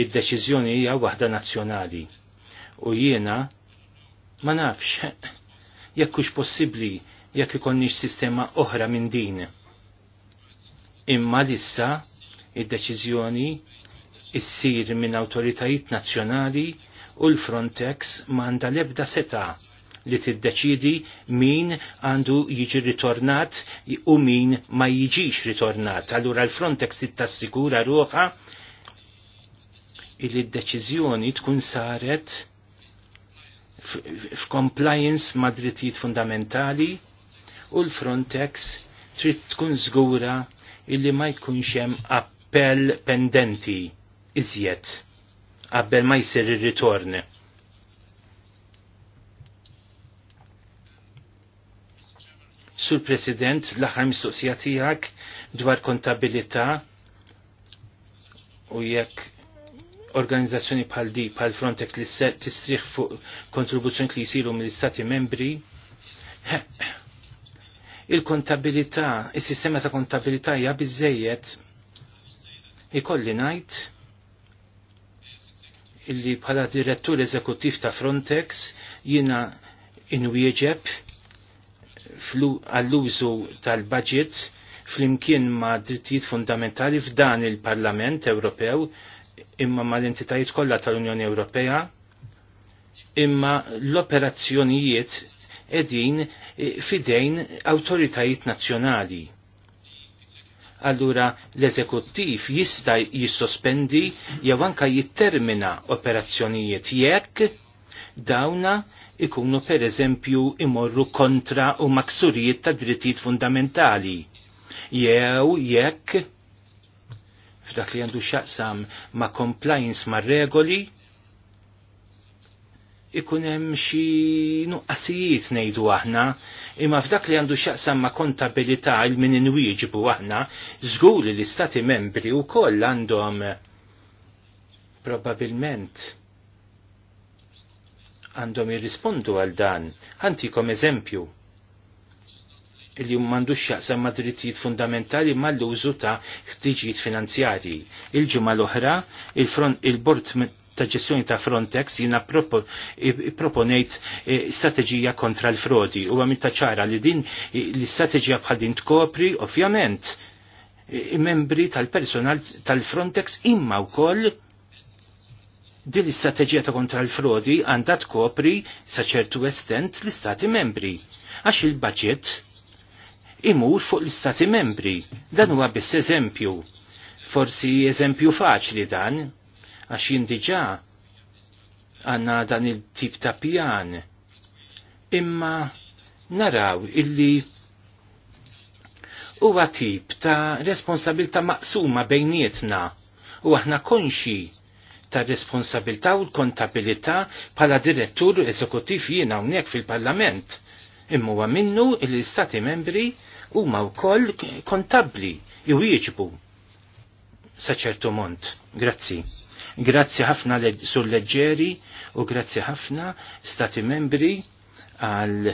Speaker 1: id-deċiżjoni hija waħda nazzjonali. U jiena ma nafx jekk hux possibbli jekk ikonniex sistema oħra minn din. Imma lissa id-deċiżjoni issir minn awtoritajiet nazzjonali u l-Frontex manda lebda seta' li tiddeċidi min għandu jiġi ritornat u min ma jiġix ritornat. Allura l-Frontex tassikura ruħa il d-deċiżjoni tkun saret f'compliance ma' drittijiet fundamentali u l-Frontex trid tkun żgura illi ma jkunx hemm appell pendenti iżjed qabel ma jsir ir-ritorn Sur President, l-aħħar mistoqsija tiegħek dwar kontabilità u jekk organizzazzjoni bħal di bħal Frontex li tistrieħ fuq kontribuzzjoni li jsiru mill-Istati membri. Il-kontabilità, is-sistema ta' kontabilità hija biżejjed ikolli ngħid illi bħala direttur eżekuttiv ta' Frontex jiena inwieġeb għall-użu tal-budget flimkien ma' drittijiet fundamentali f'dan il-Parlament Ewropew imma mal-entitajiet kollha tal-Unjoni Ewropea imma l-operazzjonijiet edin fidejn autoritajiet nazzjonali. Allura l-eżekuttiv jista' jissospendi jew anka jittermina operazzjonijiet jekk dawna ikunu per eżempju imorru kontra u maksurijiet ta' drittijiet fundamentali. Jew jekk f'dak li għandu xaqsam ma' compliance ma' regoli ikun hemm xi nuqqasijiet ngħidu aħna, imma f'dak li għandu xaqsam ma' kontabilità il min inwieġbu aħna, żgur li l-istati membri wkoll għandhom probabilment għandhom jirrispondu għal dan. Ħantikom eżempju Il-jum mandu xaqsa ma' drittijiet fundamentali ma' l-użu ta' ħtiġijiet finanzjarji. il ġumma l-oħra, il-bord ta' ġestjoni ta' Frontex jina proponejt e, strateġija kontra l-frodi u għamil ta' ċara li din l strategija bħal din tkopri, ovvjament, membri tal-personal tal-Frontex imma u koll Din l-istrateġija ta' kontra l-frodi għandha tkopri sa ċertu estent l-Istati membri għax il-budget imur fuq l-Istati membri. Dan huwa biss eżempju. Forsi eżempju faċli dan, għax jindiġa għanna dan il-tip ta' pjan. Imma naraw illi huwa tip ta' responsabilta maqsuma bejnietna u aħna konxi ta' responsabilità u l-kontabilità pala direttur eżekutif jiena hawnhekk fil-Parlament. Imma huwa minnu l-Istati membri huma wkoll kontabbli ju jieġbu sa mont. Grazzi. Grazzi ħafna sul leġġeri u grazzi ħafna Stati membri għal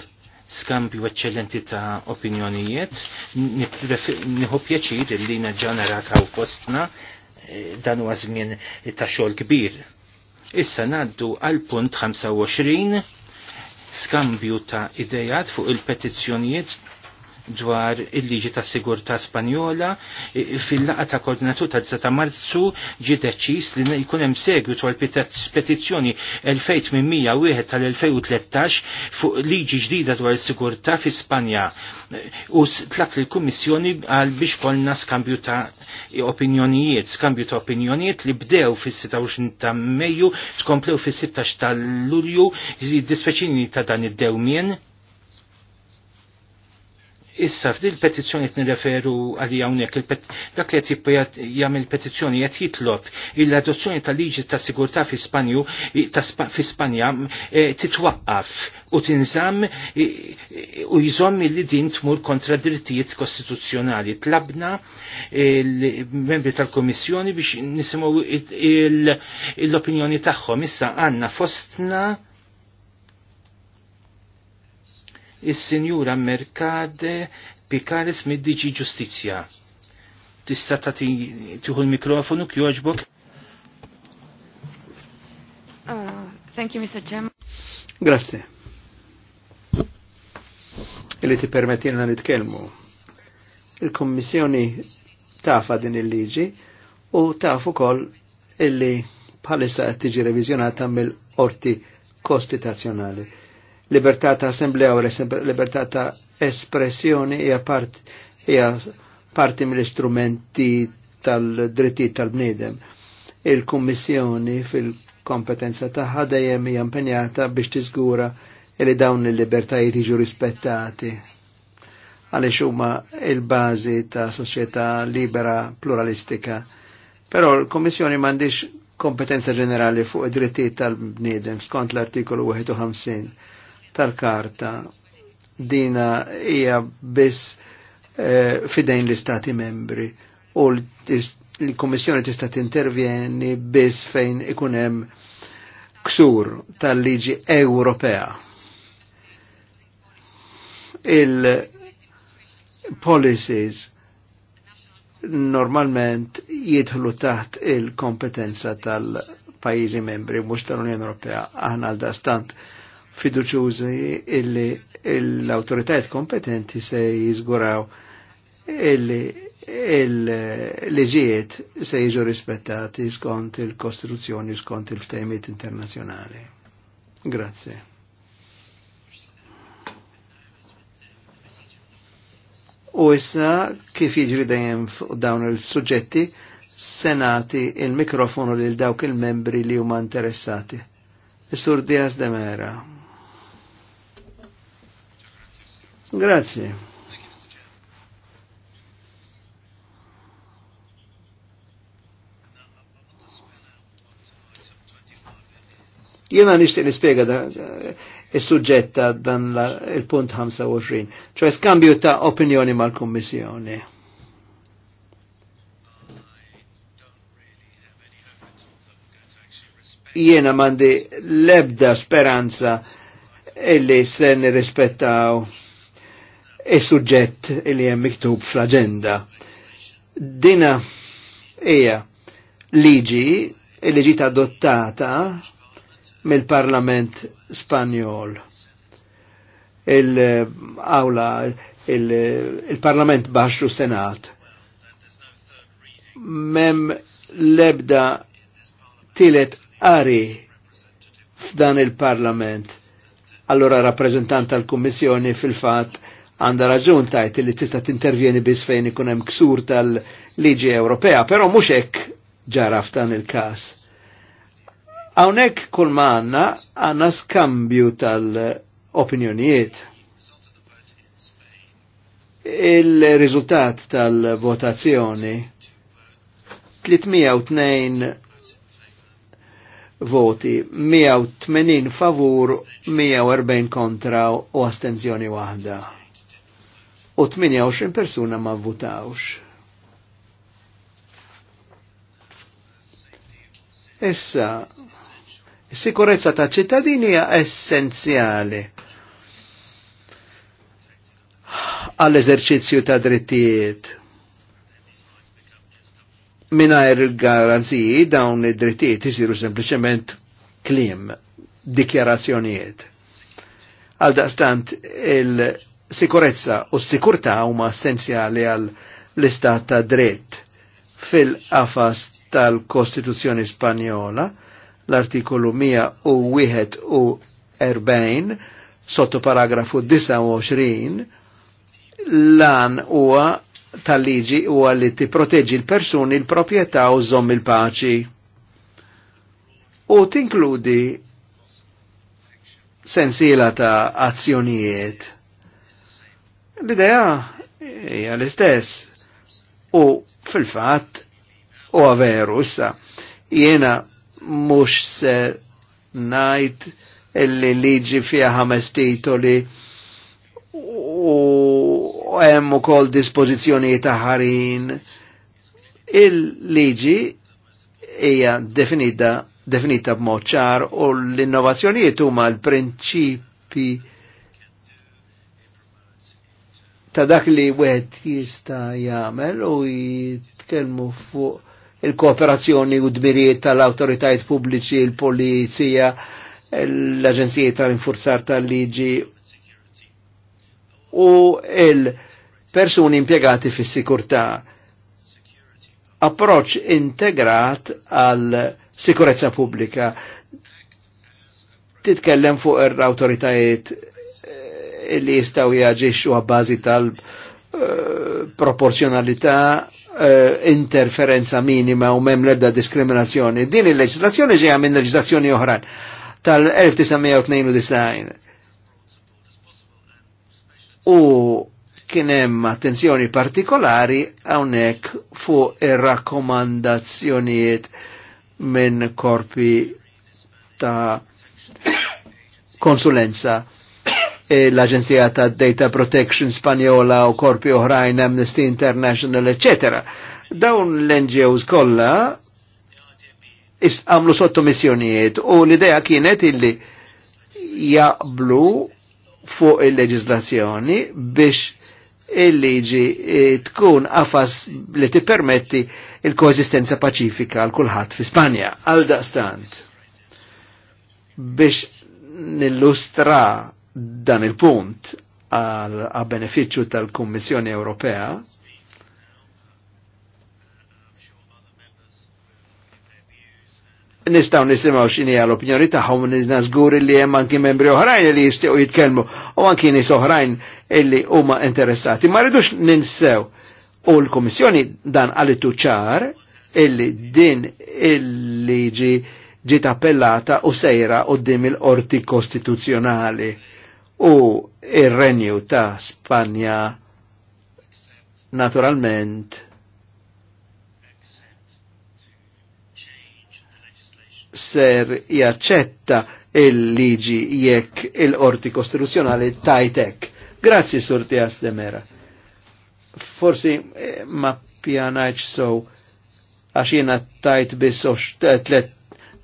Speaker 1: skambju eccellenti ta' opinjonijiet. Niħu pjaċir il-lina ġanara kaw postna dan huwa żmien ta' xogħol kbir. Issa ngħaddu għal punt 25 skambju ta' idejat fuq il-petizzjonijiet dwar il-liġi ta' sigurta Spanjola fil-laqa ta' koordinatu ta' 10 marzu ġi deċis li jkun hemm segwitu għal petizzjoni 2801 tal-2013 fuq liġi ġdida dwar is-sigurta fi Spanja u tlaq li l-Kummissjoni għal biex kolna skambju ta' opinjonijiet, skambju ta' opinjonijiet li bdew fis-26 ta' Mejju tkomplew fis-16 ta' Lulju dispeċini ta' dan id-dewmien Issa f'dil petizzjoni qed referu għalli hawnhekk dak li qed jagħmel petizzjoni qed jitlob il adozzjoni tal-liġi ta' sigurtà fi Spanju fi Spanja eh, titwaqqaf u tinżamm u jżomm li din tmur kontra drittijiet kostituzzjonali. Tlabna il-membri eh, tal-Komissjoni biex nisimgħu l-opinjoni tagħhom. Issa għandna fostna il sinjura Mercade Pikaris mid-Diġi Ġustizzja. Tista' tagħti tieħu l-mikrofonu kjoġbok. Uh, thank you, Mr. Chairman.
Speaker 2: Grazie. Illi ti permettilna nitkellmu. Il-Kommissjoni tafa din il-liġi u taf ukoll illi bħalissa qed tiġi reviżjonata mill-Qorti kostitazzjonali libertà ta' assemblea u libertà ta' espressjoni hija part hija parti mill-istrumenti tal-drittijiet tal-bniedem. Il-Kummissjoni fil-kompetenza ta' dejjem hija impenjata biex tiżgura li dawn il-libertajiet jiġu rispettati għaliex huma il-bażi ta' soċjetà libera pluralistika. Però l-Kommissjoni m'għandix kompetenza ġenerali fuq id-drittijiet tal-bniedem skont l-artikolu 51 tal-karta dina hija biss eh, fidejn l-istati membri u l-Kommissjoni tista' tintervjeni biss fejn ikun hemm ksur tal-liġi Ewropea. Il-policies normalment jidħlu taħt il-kompetenza tal-pajizi membri mhux tal-Unjoni Ewropea aħna għal dastant stant fiduċuzi illi l autoritajt kompetenti se jizguraw illi il leġiet se jiġu rispettati skont il-Kostituzzjoni, skont il-ftejmiet internazjonali. Grazie. U issa kif jiġri dajem dawn il-suġġetti, senati il-mikrofonu lil dawk il-membri li huma interessati. Is-Sur Dias de Mera. Grazie. Jena nishtiq nispiega da eh, il-sujġett ta' dan il-punt 25, ċoħe skambju ta' opinjoni mal-Kommissjoni. Jena mandi lebda speranza illi se nirrispettaw rispettaw il-sujġett e li hemm miktub fl agenda Dina hija liġi liġi ġiet adottata mill-Parlament Spanjol. Il-Awla, il-Parlament il Baxxu Senat. Mem lebda tilet qari f'dan il-Parlament. Allora rappresentant tal-Kummissjoni fil fat għanda raġun tajt li tista' tintervjeni biss fejn ikun hemm ksur tal-liġi Ewropea, però mhux hekk ġara f'dan il-każ. Hawnhekk kull ma għandna għandna skambju tal-opinjonijiet. Il-riżultat tal-votazzjoni 302 voti, 180 favur, 140 kontra u astenzjoni waħda u 28 persuna ma votawx. Issa, sikurezza ta' ċittadini hija essenzjali għall-eżerċizzju ta' drittijiet. Minajr il-garanziji dawn id-drittijiet isiru sempliċement klim, dikjarazzjonijiet. Għal daqstant il- sikurezza u s-sikurta huma essenzjali għal l-istat ta' dritt fil-qafas tal-Kostituzzjoni Spanjola l-artikolu 141 sotto paragrafu 29 lan huwa tal-liġi huwa li tipproteġġi l-persuni l-proprjetà u żomm il-paċi. U tinkludi sensiela ta' azzjonijiet L-idea hija l-istess u fil-fatt u għaveru issa jiena mhux se ngħid illi liġi fija ħames titoli u hemm ukoll dispożizzjonijiet ħarin. Il-liġi hija definita definita b'mod ċar u l-innovazzjonijiet huma l-prinċipi ta' dak li wieħed jista' jagħmel u jitkellmu fuq il-kooperazzjoni u dmirijiet tal-awtoritajiet pubbliċi, il-polizija, l-aġenzijiet tal-infurzar tal-liġi u il-persuni impiegati fis-sikurtà. Approċ integrat għal sikurezza pubblika titkellem fuq l-autoritajiet li jistaw jaġixxu għabbażi tal-proporzjonalità eh, eh, interferenza minima u mem lebda diskriminazzjoni. Din il-leġislazzjoni ġeja minn leġislazzjoni oħran tal-1992. U kienem attenzjoni partikolari għonek fuq ir-rakkomandazzjonijiet minn korpi ta' konsulenza l-Aġenzija ta' Data Protection Spanjola u korpi oħrajn Amnesty International, etc. Dawn l-NGOs kollha għamlu sottomissjonijiet u l-idea kienet illi jaqblu fuq il leġizlazzjoni biex il-liġi eh, tkun għafas li tippermetti il-koesistenza paċifika għal kulħadd fi Spanja. Għal daqstant biex nillustra dan il-punt għal beneficju tal-Kummissjoni Ewropea nistaw nisimaw xini għal opinjoni taħħom nizna zgur li jemman anki membri oħrajn li jistiju jitkelmu u anki nis oħrajn illi huma interessati. Ma rridux ninsew u l kommissjoni dan għalitu ċar illi din illi ġi ġiet appellata u sejra u dim il-orti kostituzjonali u ir-renju ta' Spanja naturalment ser jaċċetta il-liġi jekk il-qorti kostituzzjonali tajtek. Grazzi surti għastemera. Forsi eh, ma pjanajċ so għaxina tajt biss eh, tlet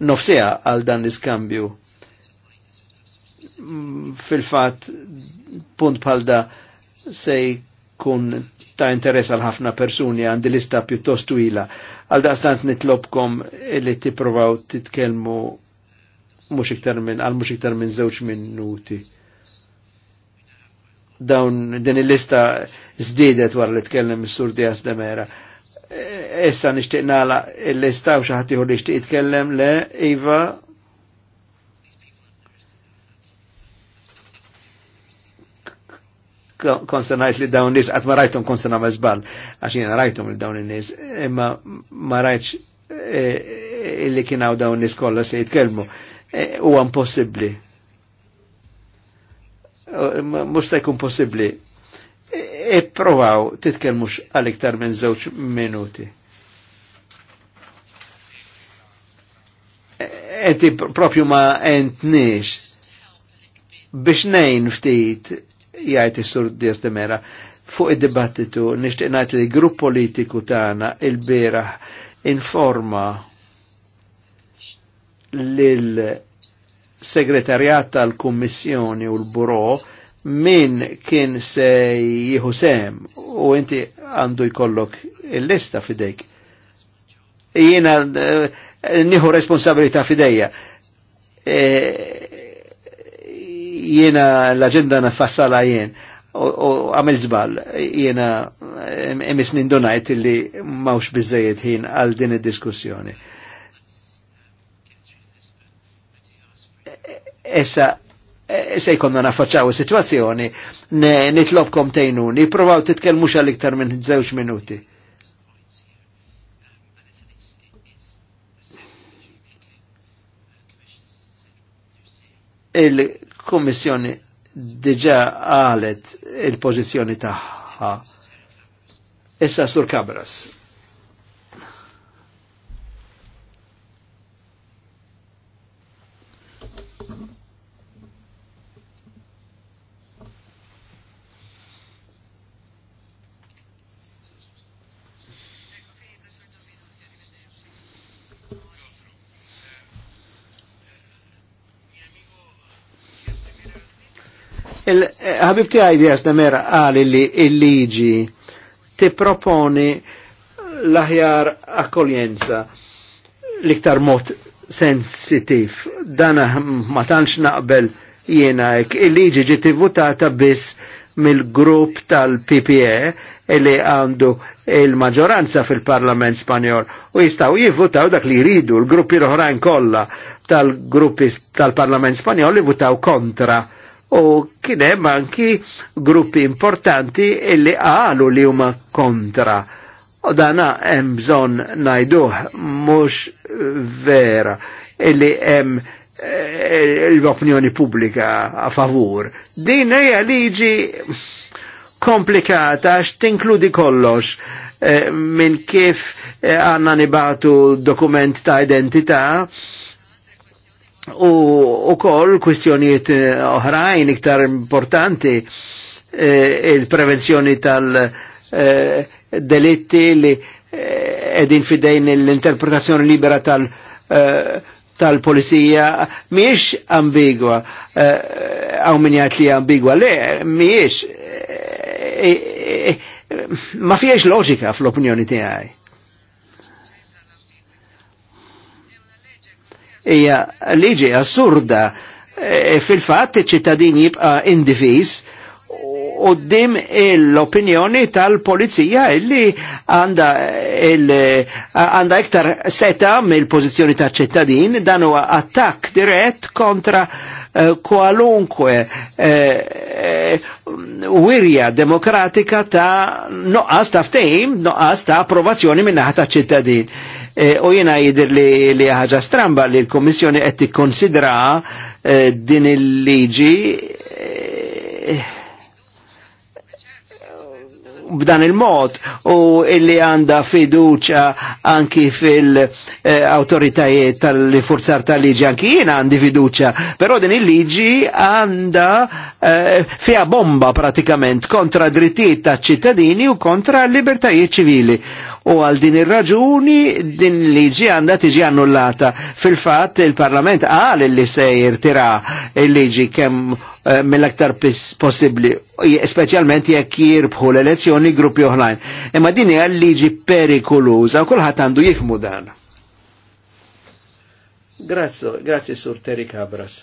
Speaker 2: nofsija għal dan l-iskambju fil-fat punt palda sej se jkun ta' interess għal ħafna persuni għandi lista pjuttost twila. Għal daqstant nitlobkom li tipprovaw titkelmu mux iktar minn għal mux iktar minn żewġ minuti. Dawn din il-lista żdiedet wara li tkellem is-Sur Dias Demera. Essa Issa nixtieq nagħlaq il-lista u xi ħadd li jitkellem le Iva konsa li dawn nis, għat ma rajtum konsa namel zbal, għax jena rajtum li dawn nis, imma ma rajtx e, e, illi kienaw dawn nis kolla se jitkelmu, e, u għan possibli. Mux se jkun possibli. E provaw titkelmux għal-iktar minn zewċ minuti. Eti propju ma entnix biex nejn ftit jgħajt sur Dias de Mera, fuq id-dibattitu nixtieq ngħid li grupp politiku tagħna il-beraħ informa lil segretarjat tal-Kummissjoni u l-Buro min kien se jieħu sem u inti għandu jkollok il-lista fidejk. Jiena eh, nieħu responsabilità fidejja. Eh, jiena l-agenda nafassala jien u għamil zbal jiena emis nindunajt li mawx bizzejiet ħin għal din id-diskussjoni. Essa se jkonna naffaċċaw is-sitwazzjoni, nitlobkom tejnuni, provaw titkellmu għal iktar minn żewġ minuti. il kummissjoni diġa għalet il-pozizjoni taħħa. Issa sur kabras. il eh, ti tiegħi Dias Demera qal li il-liġi tipproponi l-aħjar akkoljenza l-iktar mod sensitif. Dan ma tantx naqbel jiena il-liġi ġiet votata biss mill-grupp tal-PPE li għandu il-maġoranza fil-Parlament Spanjol u jistaw jivvutaw dak li jridu l-gruppi l-oħrajn kollha tal-gruppi tal-Parlament Spanjol li votaw kontra u kienem anki gruppi importanti illi għalu li huma kontra. U dana hemm bżonn ngħiduh mhux vera illi hemm eh, l-opinjoni pubblika a favur. Din hija liġi komplikata għax tinkludi kollox eh, minn kif eh, għanna nibatu dokument ta' identità u, u koll kwistjonijiet eh, oħrajn iktar importanti eh, il-prevenzjoni tal-delitti eh, li eh, edin fidejn l-interpretazzjoni libera tal- eh, tal-polizija miex ambigwa għaw minjat li ambigwa le miex ma fiex loġika fl-opinjoni tiegħi hija liġi assurda e, fil-fatt iċ-ċittadin jibqa' indivis dim l-opinjoni tal-polizija illi għanda għanda iktar seta mill-pożizzjoni ta' ċittadin dan huwa attakk dirett kontra eh, kwalunkwe eh, wirja demokratika ta' noqas ta' ftehim, noqas ta' approvazzjoni minnaħa ta' ċittadin Eh, u jena jidir li li ħaġa stramba li l-Komissjoni qed tikkonsidra eh, din il-liġi eh, b'dan il-mod u illi għanda fiduċa anki fil-autoritajiet tal-forzar tal-liġi, anki jina għandi fiduċa, però din il-liġi għanda fija bomba pratikament kontra drittijiet ta' ċittadini u kontra libertajiet ċivili u għal din ir-raġuni din liġi għandha tiġi annullata. Fil-fatt il-Parlament qal li se jirtira il-liġi kemm eh, mill-aktar possibbli, speċjalment jekk jirbħu l-elezzjoni gruppi oħrajn. Imma din hija liġi perikoluża u kulħadd għandu jifmu dan. Grazzo, grazzi sur Terry Cabras.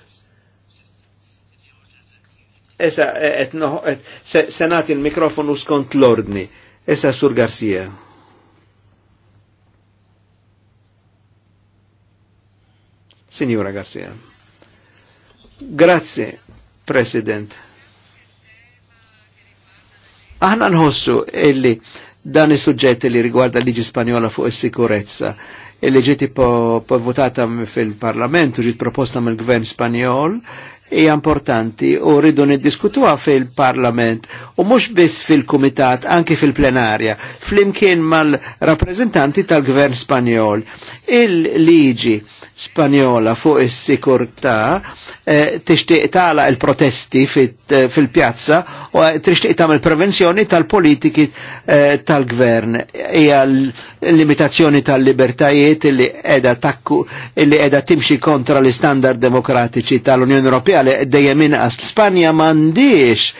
Speaker 2: Esa, et, eh, no, eh, et, senat il-mikrofonu skont l-ordni. Esa sur Garcia. Signora Garcia. Grazie, President. Aħna nħossu illi dan is-suġġett li rigwarda liġi Spanjola fuq is-sikurezza il illi ġiet votata fil-Parlament u proposta mill-Gvern Spanjol hija importanti u rridu niddiskutuha fil-Parlament u mhux biss fil-Kumitat anki fil-plenarja flimkien mal-rappreżentanti tal-Gvern Spanjol. Il-liġi Spanjola fuq is-sikurtà Eh, tixtieq tagħlaq il-protesti eh, fil-pjazza u eh, tixtieq tagħmel prevenzjoni tal-politiki tal-gvern. Hija l-limitazzjoni tal-libertajiet li qiegħda takku li qiegħda timxi kontra l-istandard demokratiċi tal-Unjoni Ewropea li dejjem inqas l-Spanja m'għandix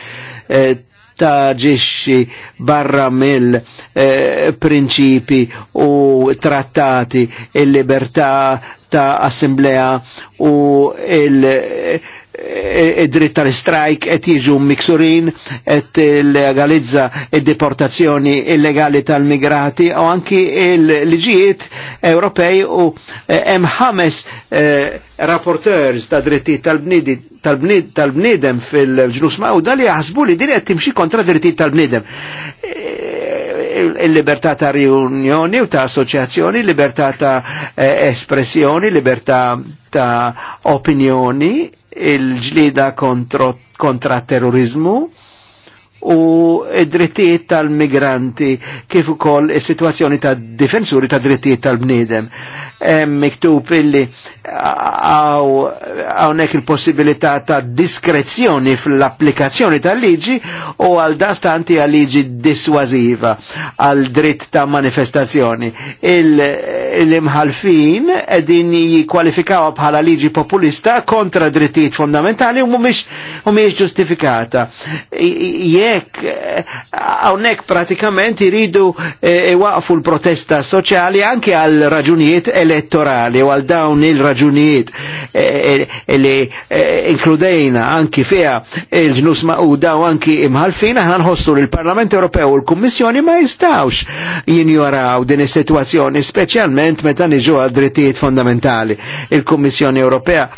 Speaker 2: taġiċi barra mill eh, u trattati il-libertà ta' assemblea u il- eh, id-dritt tal-strajk qed jiġu miksurin qed legalizza id-deportazzjoni illegali tal-migrati u anki il-liġijiet Ewropej u eh, hemm ħames eh, rapporteurs ta' drittijiet tal-bnidi tal-bnidem fil-ġnus mawda li jaħsbu li din qed timxi kontra drittijiet tal-bnidem il-libertà ta' riunjoni u ta' assoċjazzjoni, libertà ta' eh, espressjoni, libertà ta' opinjoni, il-ġlida kontra terrorizmu u id-drittijiet tal-migranti kif ukoll is-sitwazzjoni tad difensuri tad drittijiet tal-bniedem miktub illi għawnek il-possibilità ta' diskrezzjoni fl-applikazzjoni tal-liġi u għal dastanti għal liġi diswaziva għal dritt ta' manifestazzjoni. Il-imħalfin edin jikwalifikaw bħala liġi populista kontra drittijiet fondamentali u mumiex ġustifikata. Jekk għawnek pratikament jridu e, e, waqfu l-protesta soċjali anke għal raġunijiet ele elettorali u għal dawn il-raġunijiet eh, eh, eh, li inkludejna anki fija il-ġnus maquda u anki imħalfin aħna nħossu li l-Parlament Ewropew u l-Kummissjoni ma jistawx jinjoraw din is-sitwazzjoni speċjalment meta niġu għal drittijiet fondamentali. Il-Kummissjoni Ewropea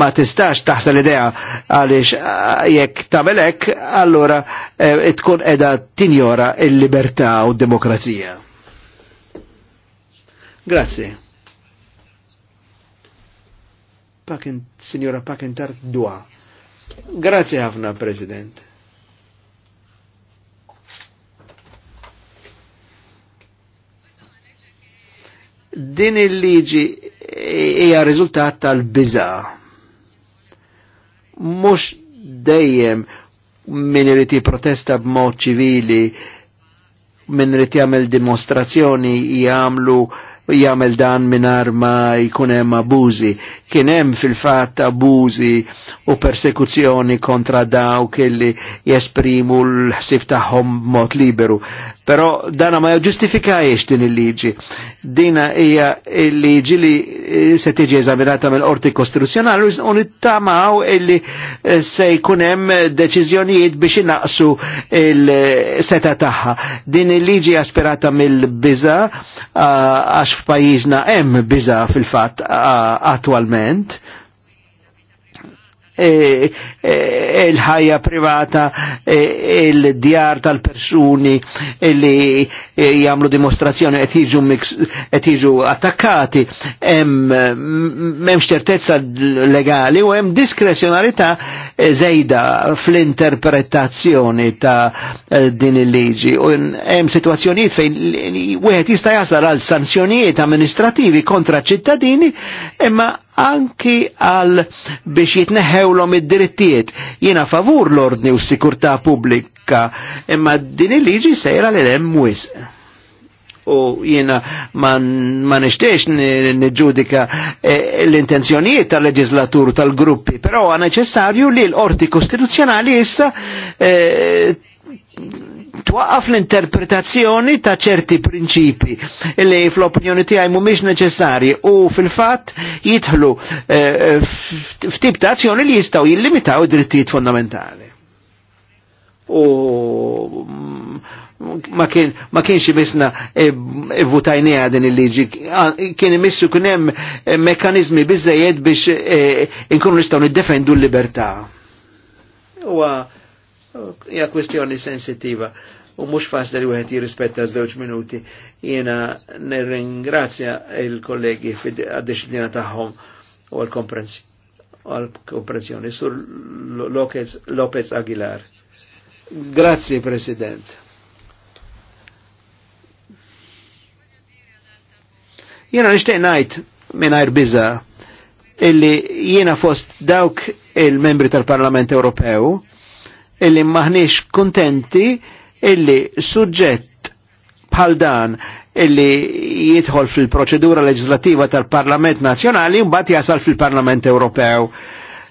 Speaker 2: ma tistax taħsa l-idea għaliex jekk tagħmel hekk allura tkun qiegħda tinjora il-libertà u d-demokrazija. Grazie. Paken, signora Pakentar Dua. Grazie ħafna, President. Din il-liġi hija riżultat tal-biża. Mhux dejjem min irid protesta b'mod ċivili, min irid jagħmel dimostrazzjoni jagħmlu uh, jagħmel dan mingħajr ma jkun hemm abużi. Kien hemm fil-fatt abuzi u persekuzzjoni kontra dawk illi jesprimu l ħsif tagħhom mod liberu. Però dana ma ġustifikajiex din il-liġi. Dina hija il-liġi li eh, se tiġi eżaminata mill-Qorti Kostituzzjonali u nittamaw illi eh, se jkun hemm deċiżjonijiet biex inaqsu il-seta tagħha. Din il-liġi aspirata mill-biża eh, għax f'pajjiżna hemm biża fil-fatt attwalment il-ħajja privata, il-djar tal-persuni li jamlu dimostrazzjoni et jiġu attakkati, m'hemmx ċertezza legali u hemm diskrezjonalità zejda fl-interpretazzjoni ta' din il-liġi. U hemm situazzjonijiet fejn wieħed jista' jasal għal sanzjonijiet amministrativi kontra ċittadini imma anki għal biex jitneħewlhom id-drittijiet. Jiena favur l-ordni u s-sikurtà pubblika, imma din il-liġi sejra li l hemm wisq u jiena ma nishtiex nġudika eh, l-intenzjonijiet tal-leġislatur tal-gruppi, però għana ċessarju li l-orti kostituzjonali issa eh, twaqaf l-interpretazzjoni ta' ċerti prinċipi li fl-opinjoni għaj mhumiex neċessarji u fil-fatt jidħlu eh, f'tip ta' azzjoni li jistgħu jillimitaw id-drittijiet fondamentali. U mm, ma kienx jibisna votajnija din il-liġi kien imissu kunem hemm mekkaniżmi biżejjed biex eh, inkunu nistgħu niddefendu l-libertà hija kwestjoni sensitiva u mhux faċli li wieħed jirrispetta żewġ minuti. Jiena nirringrazzja il-kollegi għad-disciplina tagħhom u għal-komprensjoni. Sur Lopez, Aguilar. Grazie, President. Jiena nixtieq ngħid mingħajr biża illi jiena fost dawk il-membri tal-Parlament Ewropew illi maħniex kontenti illi suġġett bħal dan illi jidħol fil-proċedura leġislativa tal-Parlament Nazzjonali mbagħad jasal fil-Parlament Ewropew.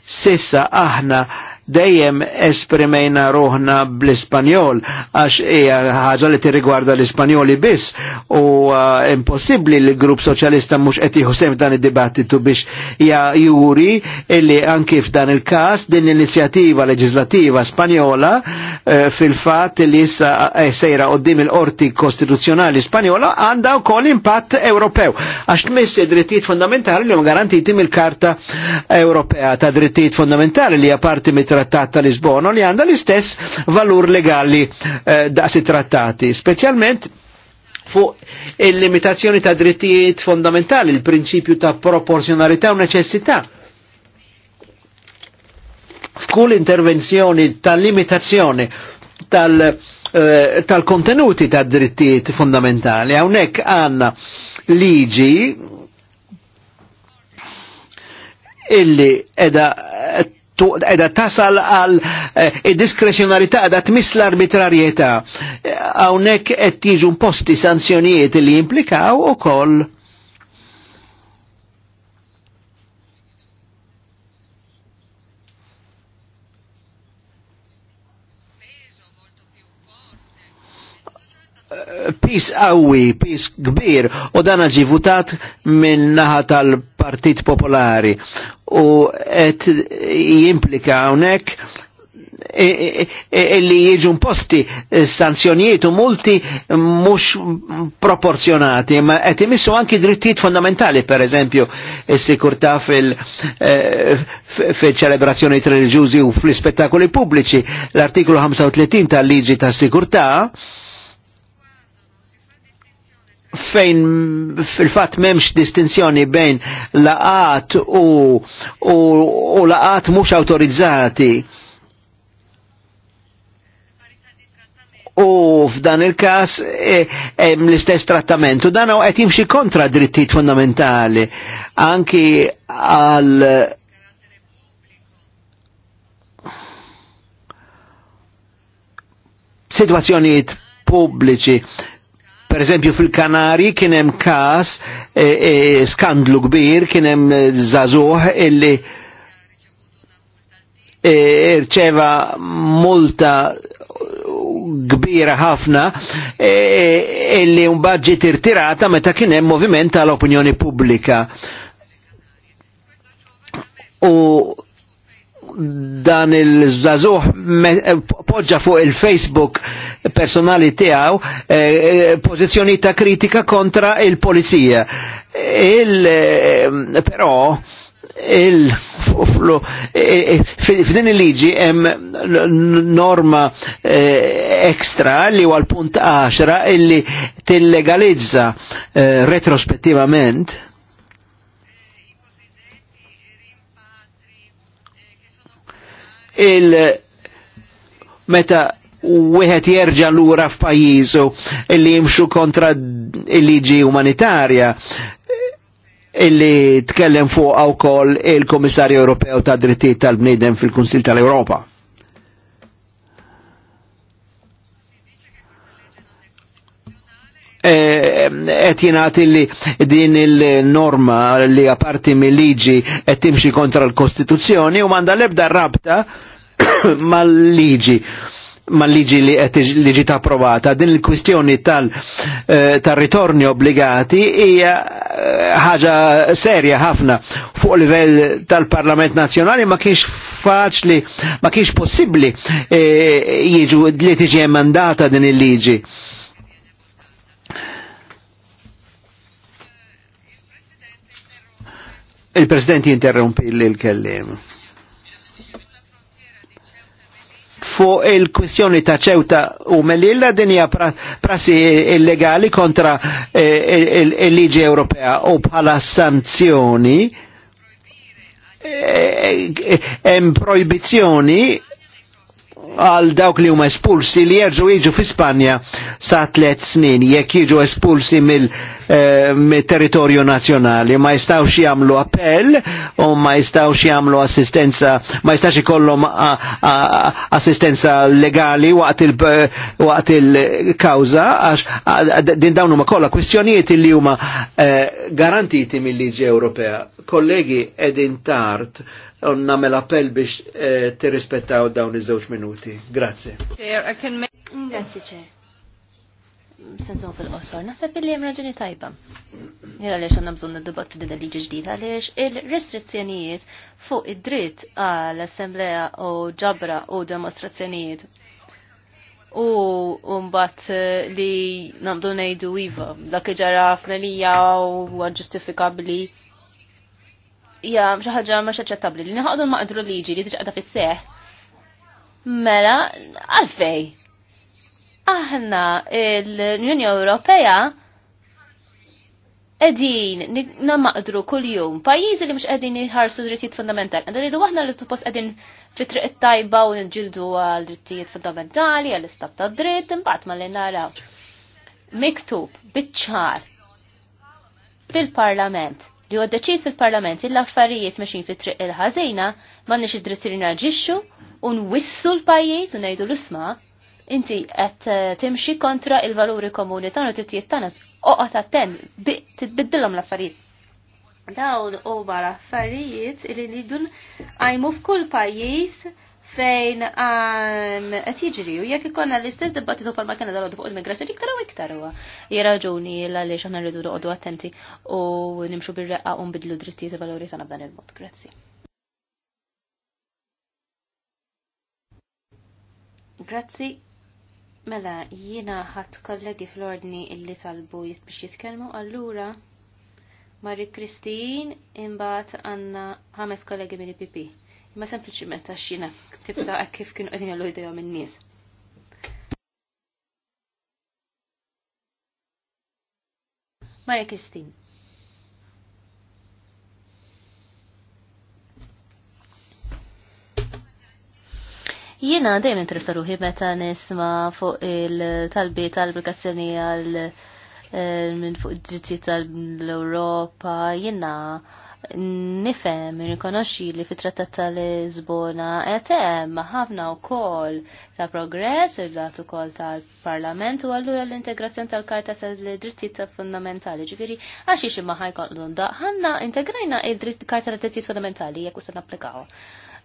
Speaker 2: Sissa aħna dejjem esprimejna ruħna bl-Ispanjol, għax hija ħaġa li tirrigwarda l-Ispanjoli biss u uh, impossibbli li l-grupp soċjalista mhux qed jieħu sem dan id-dibattitu biex ja juri illi anki f'dan il-każ din l-inizjattiva leġislativa Spanjola uh, fil-fatt li issa uh, eh, sejra qoddim il-qorti kostituzzjonali Spanjola għandha wkoll impatt Ewropew għax tmiss id-drittijiet fundamentali li huma garantiti mill-Karta Ewropea ta' drittijiet fundamentali li hija parti mit trattat ta' Lisbona li għanda l-istess valur legali eh, da' si trattati, specialment fuq il-limitazzjoni ta' drittijiet fondamentali, il-prinċipju ta' proporzjonalità u neċessità. F'kull intervenzjoni tal-limitazzjoni eh, tal-kontenuti tal ta' drittijiet fondamentali, hawnhekk għandna liġi illi edha edha tasal għal eh, diskrezzjonarità edha tmiss l arbitrarieta eh, Hawnhekk qed jiġu posti sanzjonijiet li jimplikaw ukoll pis qawwi, pis kbir u dan ġi votat minn naħa tal-Partit Popolari u et jimplika għonek illi e, e, e, jieġu posti sanzjonijiet u multi mux proporzjonati, ma qed imissu anki drittijiet fondamentali, per eżempju, is-sikurtà fil-ċelebrazzjoni religjuzi u fil-spettakoli pubbliċi. l artiklu 35 tal-liġi tas sikurta, fejn fil-fat memx distinzjoni bejn laqat u, u, u laqat mux autorizzati. u f'dan il-kas hemm e, l-istess trattament. U dan qed jimxi kontra drittijiet fundamentali anki għal situazzjonijiet pubbliċi Per eżempju fil-Kanari kien hemm każ e, e, skandlu kbir kien hemm żagħżugħ e, illi e, irċeva e, multa kbira ħafna e, illi un budget irtirata meta kien hemm moviment tal-opinjoni pubblika. U dan il-żazuħ eh, poġġa fuq il-Facebook personali tiegħu eh, eh, pożizzjoni ta' kritika kontra il-polizija. Il, però il f'din il-liġi hemm norma extra ekstra li huwa l-punt 10 illi tillegalizza retrospettivament il meta wieħed jerġa' lura f'pajjiżu illi jimxu kontra il-liġi umanitarja illi tkellem fuq wkoll il-Komissarju Ewropew ta' Drittijiet tal-Bniedem fil-Kunsil tal-Ewropa. qed eh, eh, jingħati li din il-norma li aparti mill-liġi qed timxi kontra l-Kostituzzjoni u m'għandha l-ebda rabta mal-liġi mal-liġi li qed liġi ta' approvata. Din il-kwistjoni tal-ritorni tal eh, obbligati hija ħaġa serja ħafna fuq livell tal-Parlament Nazzjonali ma kienx faċli, ma kienx possibbli jiġu li tiġi emendata din il-liġi. Il-President jinterrompi l-kellim. Fu il-kwistjoni ta' ċewta u melilla dinja prassi illegali kontra eh, il-liġi Ewropea u bħala sanzjoni em eh, eh, projbizzjoni għal dawk li huma espulsi li jerġu jiġu fi Spanja sa tliet snin jekk jiġu espulsi mill-territorju eh, nazzjonali ma jistgħux jagħmlu appell u ma jistgħux jagħmlu assistenza ma jistax ikollhom assistenza legali waqt il il-kawża għax din dawn huma kollha kwistjonijiet li huma eh, garantiti mill-liġi Ewropea. Kollegi edin tard namel appell biex eh, tirrispettaw dawn iż-żewġ minuti. Grazie.
Speaker 3: Grazie, ċer. Senżon fil-qosor, nasab li jem raġuni tajba. Jera lex għanna bżon id-dibatti din liġi ġdida lex il-restrizzjonijiet fuq id-dritt għall-assemblea u ġabra u demonstrazzjonijiet u mbatt eh, li namdu nejdu iva, dak ġara f'melija u għadġustifikabli. ġustifikabli ja, xi ħaġa mhux aċċettabbli li nieħaqdu maqdru liġi li tiġqada fis-seħ. Mela, għalfej. Aħna l-Unjoni Ewropea Edin, namaqdru kull-jum, pajizi li mux edin jħarsu drittijiet fundamentali, għandan idu għahna li tupos edin fitri it-tajba u nġildu għal drittijiet fundamentali, għal istat ta' dritt, mbaħt ma li naraw. Miktub, bitċar, fil-parlament, li u deċiż fil-Parlament il affarijiet mexin fit triq il-ħażejna m'għandniex id-dritt li naġixxu u nwissu l-pajjiż u ngħidu l-isma' inti qed eh, timxi kontra il-valuri komuni tagħna u u tagħna oqgħod attent titbiddilhom l-affarijiet. Dawn huma l-affarijiet li jridu għajmu f'kull pajjiż fejn um, qed jiġri u jekk ikollna l-istess dibattitu bħalma kien dal fuq il-migrazzjoni iktar u iktar huwa. Hija raġuni għaliex aħna rridu noqogħdu attenti u nimxu bir-reqqa u nbidlu drittijiet u valuri tagħna b'dan il-mod. Grazzi. Grazzi. Mela, jiena ħadd kollegi fl-ordni illi talbu biex jitkellmu allura Mari Kristin imbagħad għandna ħames kollegi mill-PP ma sempliċiment għax jiena tibta kif kienu qegħdin jagħmlu idejhom in-nies. Maria Kristin. Jiena dejjem interessa ruħi meta nisma' fuq il-talbi tal-applikazzjoni għal eh, minn fuq id-drittijiet tal-Ewropa, Jena nifem, nikonoxi li fit trattat tal-Lisbona etem ħafna u kol ta' progress, il l-għatu kol tal-parlament u għallura l-integrazzjon tal-karta tal-dritti ta' fundamentali. Ġifiri, għaxi maħaj ħajkon da ħanna integrajna il-karta tal-dritti fundamentali jek u s applikaw.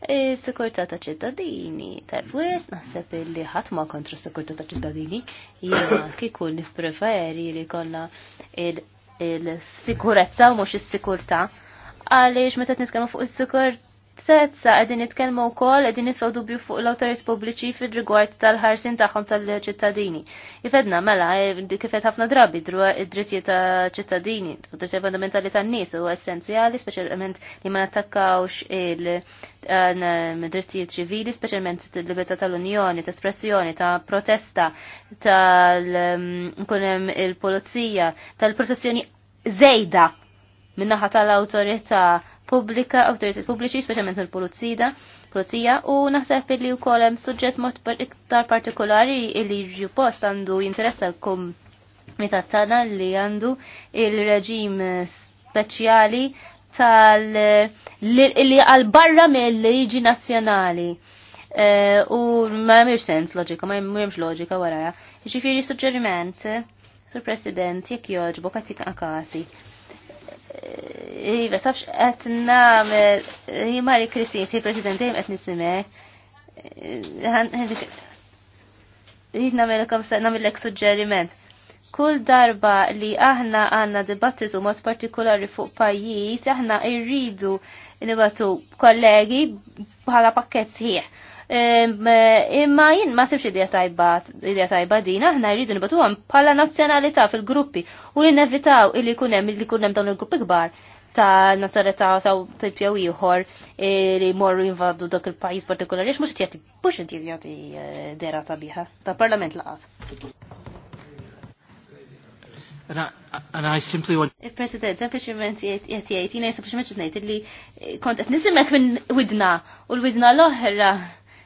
Speaker 3: Is-sikurtà ta' ċittadini, ta' fwis naħseb li ħatma kontra s-sikurtà ta' ċittadini, jena kikun nif-preferi li konna il-sikurezza u mux il-sikurtà għaliex meta nitkellmu fuq is-sikurtezza qegħdin nitkellmu wkoll qegħdin nitfgħu dubju fuq l-awtoritajiet pubbliċi fid rigward tal-ħarsin tagħhom tal-ċittadini. Ifedna mela eh, kifet ħafna drabi id-drittijiet ta' ċittadini, id-drittijiet fundamentali tan-nies u essenzjali, speċjalment li ma nattakkawx il-drittijiet eh, ċivili, speċjalment il-libertà tal-unjoni, ta' espressjoni, ta' protesta, tal-kunem mm, il-polizija, tal-protezzjoni zejda minnaħa tal-autorità pubblika, autoritet pubbliċi, speċjalment mill-pulizija, pulizija u naħseb li wkoll hemm suġġett mod iktar partikolari li post għandu jinteressa l-kum tana li għandu il-reġim speċjali tal li għal barra mill-liġi nazzjonali. E, u ma jemmirx sens loġika, ma jemmirx loġika waraja. Ġifiri suġġeriment, Sur President, jekk joġbu katika akasi Iva, sabx, għet namel, jimari Kristiet, hi president, jim għet nisimek. Jih namel kom namel l-ek suġġeriment. Kull darba li aħna għanna dibattitu mod partikolari fuq pajjiż, aħna irridu nibatu kollegi bħala pakket sħiħ Imma jien ma sibx idea tajba, idea tajba din, aħna jridu nibatu għam pala nazjonalità fil-gruppi u eh, li nevitaw illi kunem li kunem dan il-gruppi gbar ta' nazjonalità ta' tipjaw ieħor li morru jinvadu dak il pajis partikolari, mhux qed jati, bux qed jati dera biħa, ta' parlament laqas.
Speaker 1: And I, and I simply want...
Speaker 3: president sempliciment jett jajt, jina sempliciment jett li eh, kont qed nisimek minn widna u l-widna l-oħra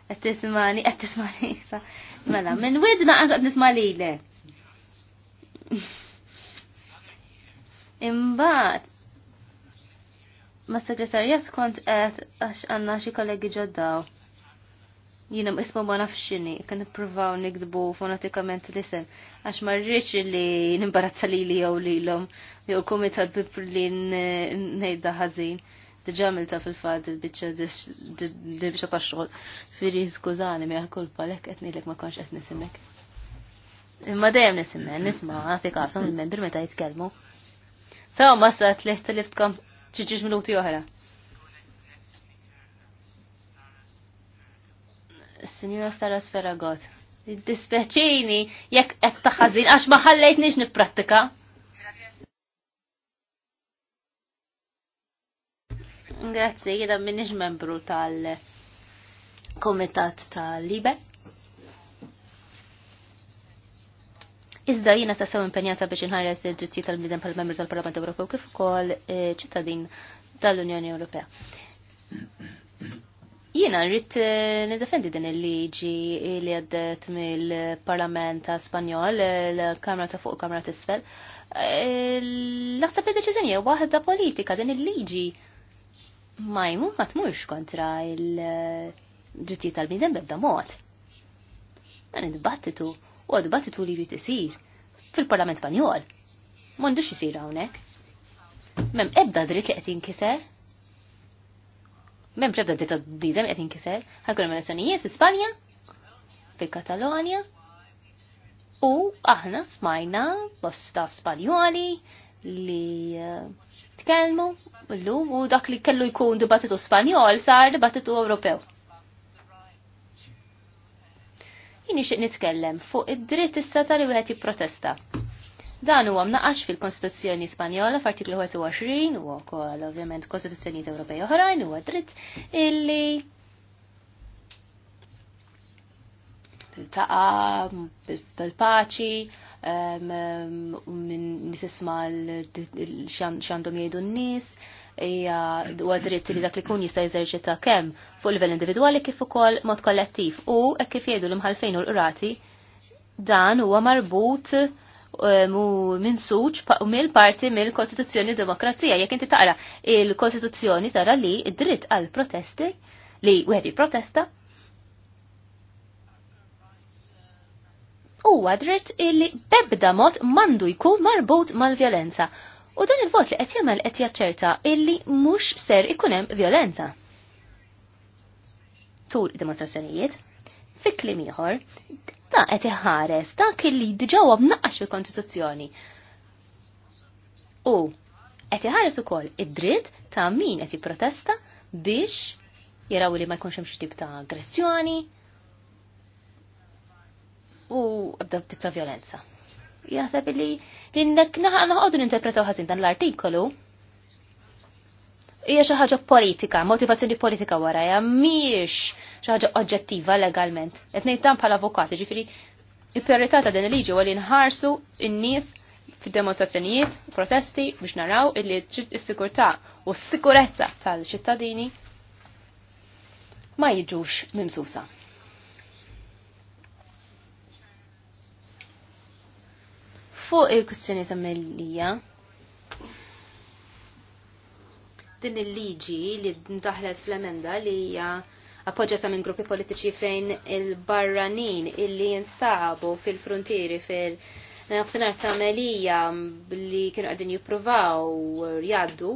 Speaker 3: Qed tismani, qed tismani sa. Mela, minn widna għandu nisma' lilek. Imbagħad ma' segretarja skont qed għax għandna xi kollegi ġoddaw. Jiena ismu ma nafx x'inhi, kien nippruvaw nikdbu fonetikament l-isem għax ma rridx li nimbarazza lili jew lilhom jew l-kumitat bibli ngħidha ħażin diġa milta fil fad il-bicċa dil-bicċa ta' xogħol. Firri skużani miħa kulpa lek etni lek ma konx etni simmek. Imma dajem nisimme, nisma' għati qasom il-membri meta jitkelmu. Taw ma sa tliet tlift kam ġiġiġ minuti uħra. Signora Sara Sferagot. Id-dispeċini jek qed taħażin għax ma ħallejtniex nipprattika. Grazzi, jena minix membru tal-komitat tal-Libe. Iżda jina ta' sew impenjata biex inħares il-ġitti tal-bniedem pal membru tal-Parlament Ewropew kif ukoll eh, ċittadin tal-Unjoni Ewropea. Jiena rrid eh, nidefendi din il-liġi li għaddet mill-Parlament Spanjol, l-Kamra ta' fuq u Kamra ta' eh, Naħseb li deċiżjoni waħda politika din il-liġi ma ma tmurx kontra il-drittijiet tal-bnidem bebda mod. Dan id-dibattitu u dibattitu li jrid isir fil-Parlament Spanjol. M'għandux isir hawnhekk. Mem ebda dritt li qed jinkiser. Mem ebda dritt għad-didem qed jinkiser. Ħajkun hemm elezzjonijiet fi Spanja, fil-Katalonja, u aħna smajna bosta Spanjoli li eh, nitkellmu llum u dak li kellu jkun dibattitu Spanjol sar dibattitu Ewropew. Jini xieq nitkellem fuq id-dritt issa li wieħed jipprotesta. Dan huwa mnaqax fil-Kostituzzjoni Spanjola f'artiklu 21 u wkoll ovvjament Kostituzzjonijiet Ewropej oħrajn huwa dritt illi bil-taqa, bil-paċi, minn nisisma l-xandom jgħidu n-nis, hija u dritt li dak li kun jista' jeżerċita kemm fuq livell individwali kif ukoll mod kollettiv u hekk kif jgħidu l-imħalfejn u l-qrati dan huwa marbut mu minn suċ mill parti mill kostituzzjoni demokrazija jekk inti taqra il-Kostituzzjoni tara li id-dritt għal protesti li wieħed protesta huwa dritt illi bebda mod mandu jkun marbut mal-vjolenza. U dan il-vot li qed jagħmel qed jaċċerta illi mhux ser ikun hemm vjolenza. Tul dimostrazzjonijiet, fi kliem ieħor, da qed iħares dak li diġawa b'naqqax fil-Kostituzzjoni. U qed iħares ukoll id-dritt ta' min qed jipprotesta biex jaraw li ma jkunx hemm xi tip ta' aggressjoni, u ebda tip ta' violenza. Jaħseb li dinnek naħa naħqdu ninterpretaw ħażin dan l-artikolu hija xi ħaġa politika, motivazzjoni politika wara hija mhijiex xi ħaġa oġġettiva legalment. Qed ngħid dan bħala avukat, jiġifieri il-priorità ta' din il-liġi huwa nħarsu in nies fid-demonstrazzjonijiet, protesti biex naraw illi s-sikurtà u s-sikurezza tal-ċittadini ma jiġux mimsusa. fuq il-kustjoni ta' mellija. Din il-liġi li ndaħlet fl-emenda li hija appoġġata minn gruppi politiċi fejn il-barranin illi jinsabu fil-frontieri fil-, -fil nafsinhar ta' melija li kienu qegħdin jippruvaw jgħaddu.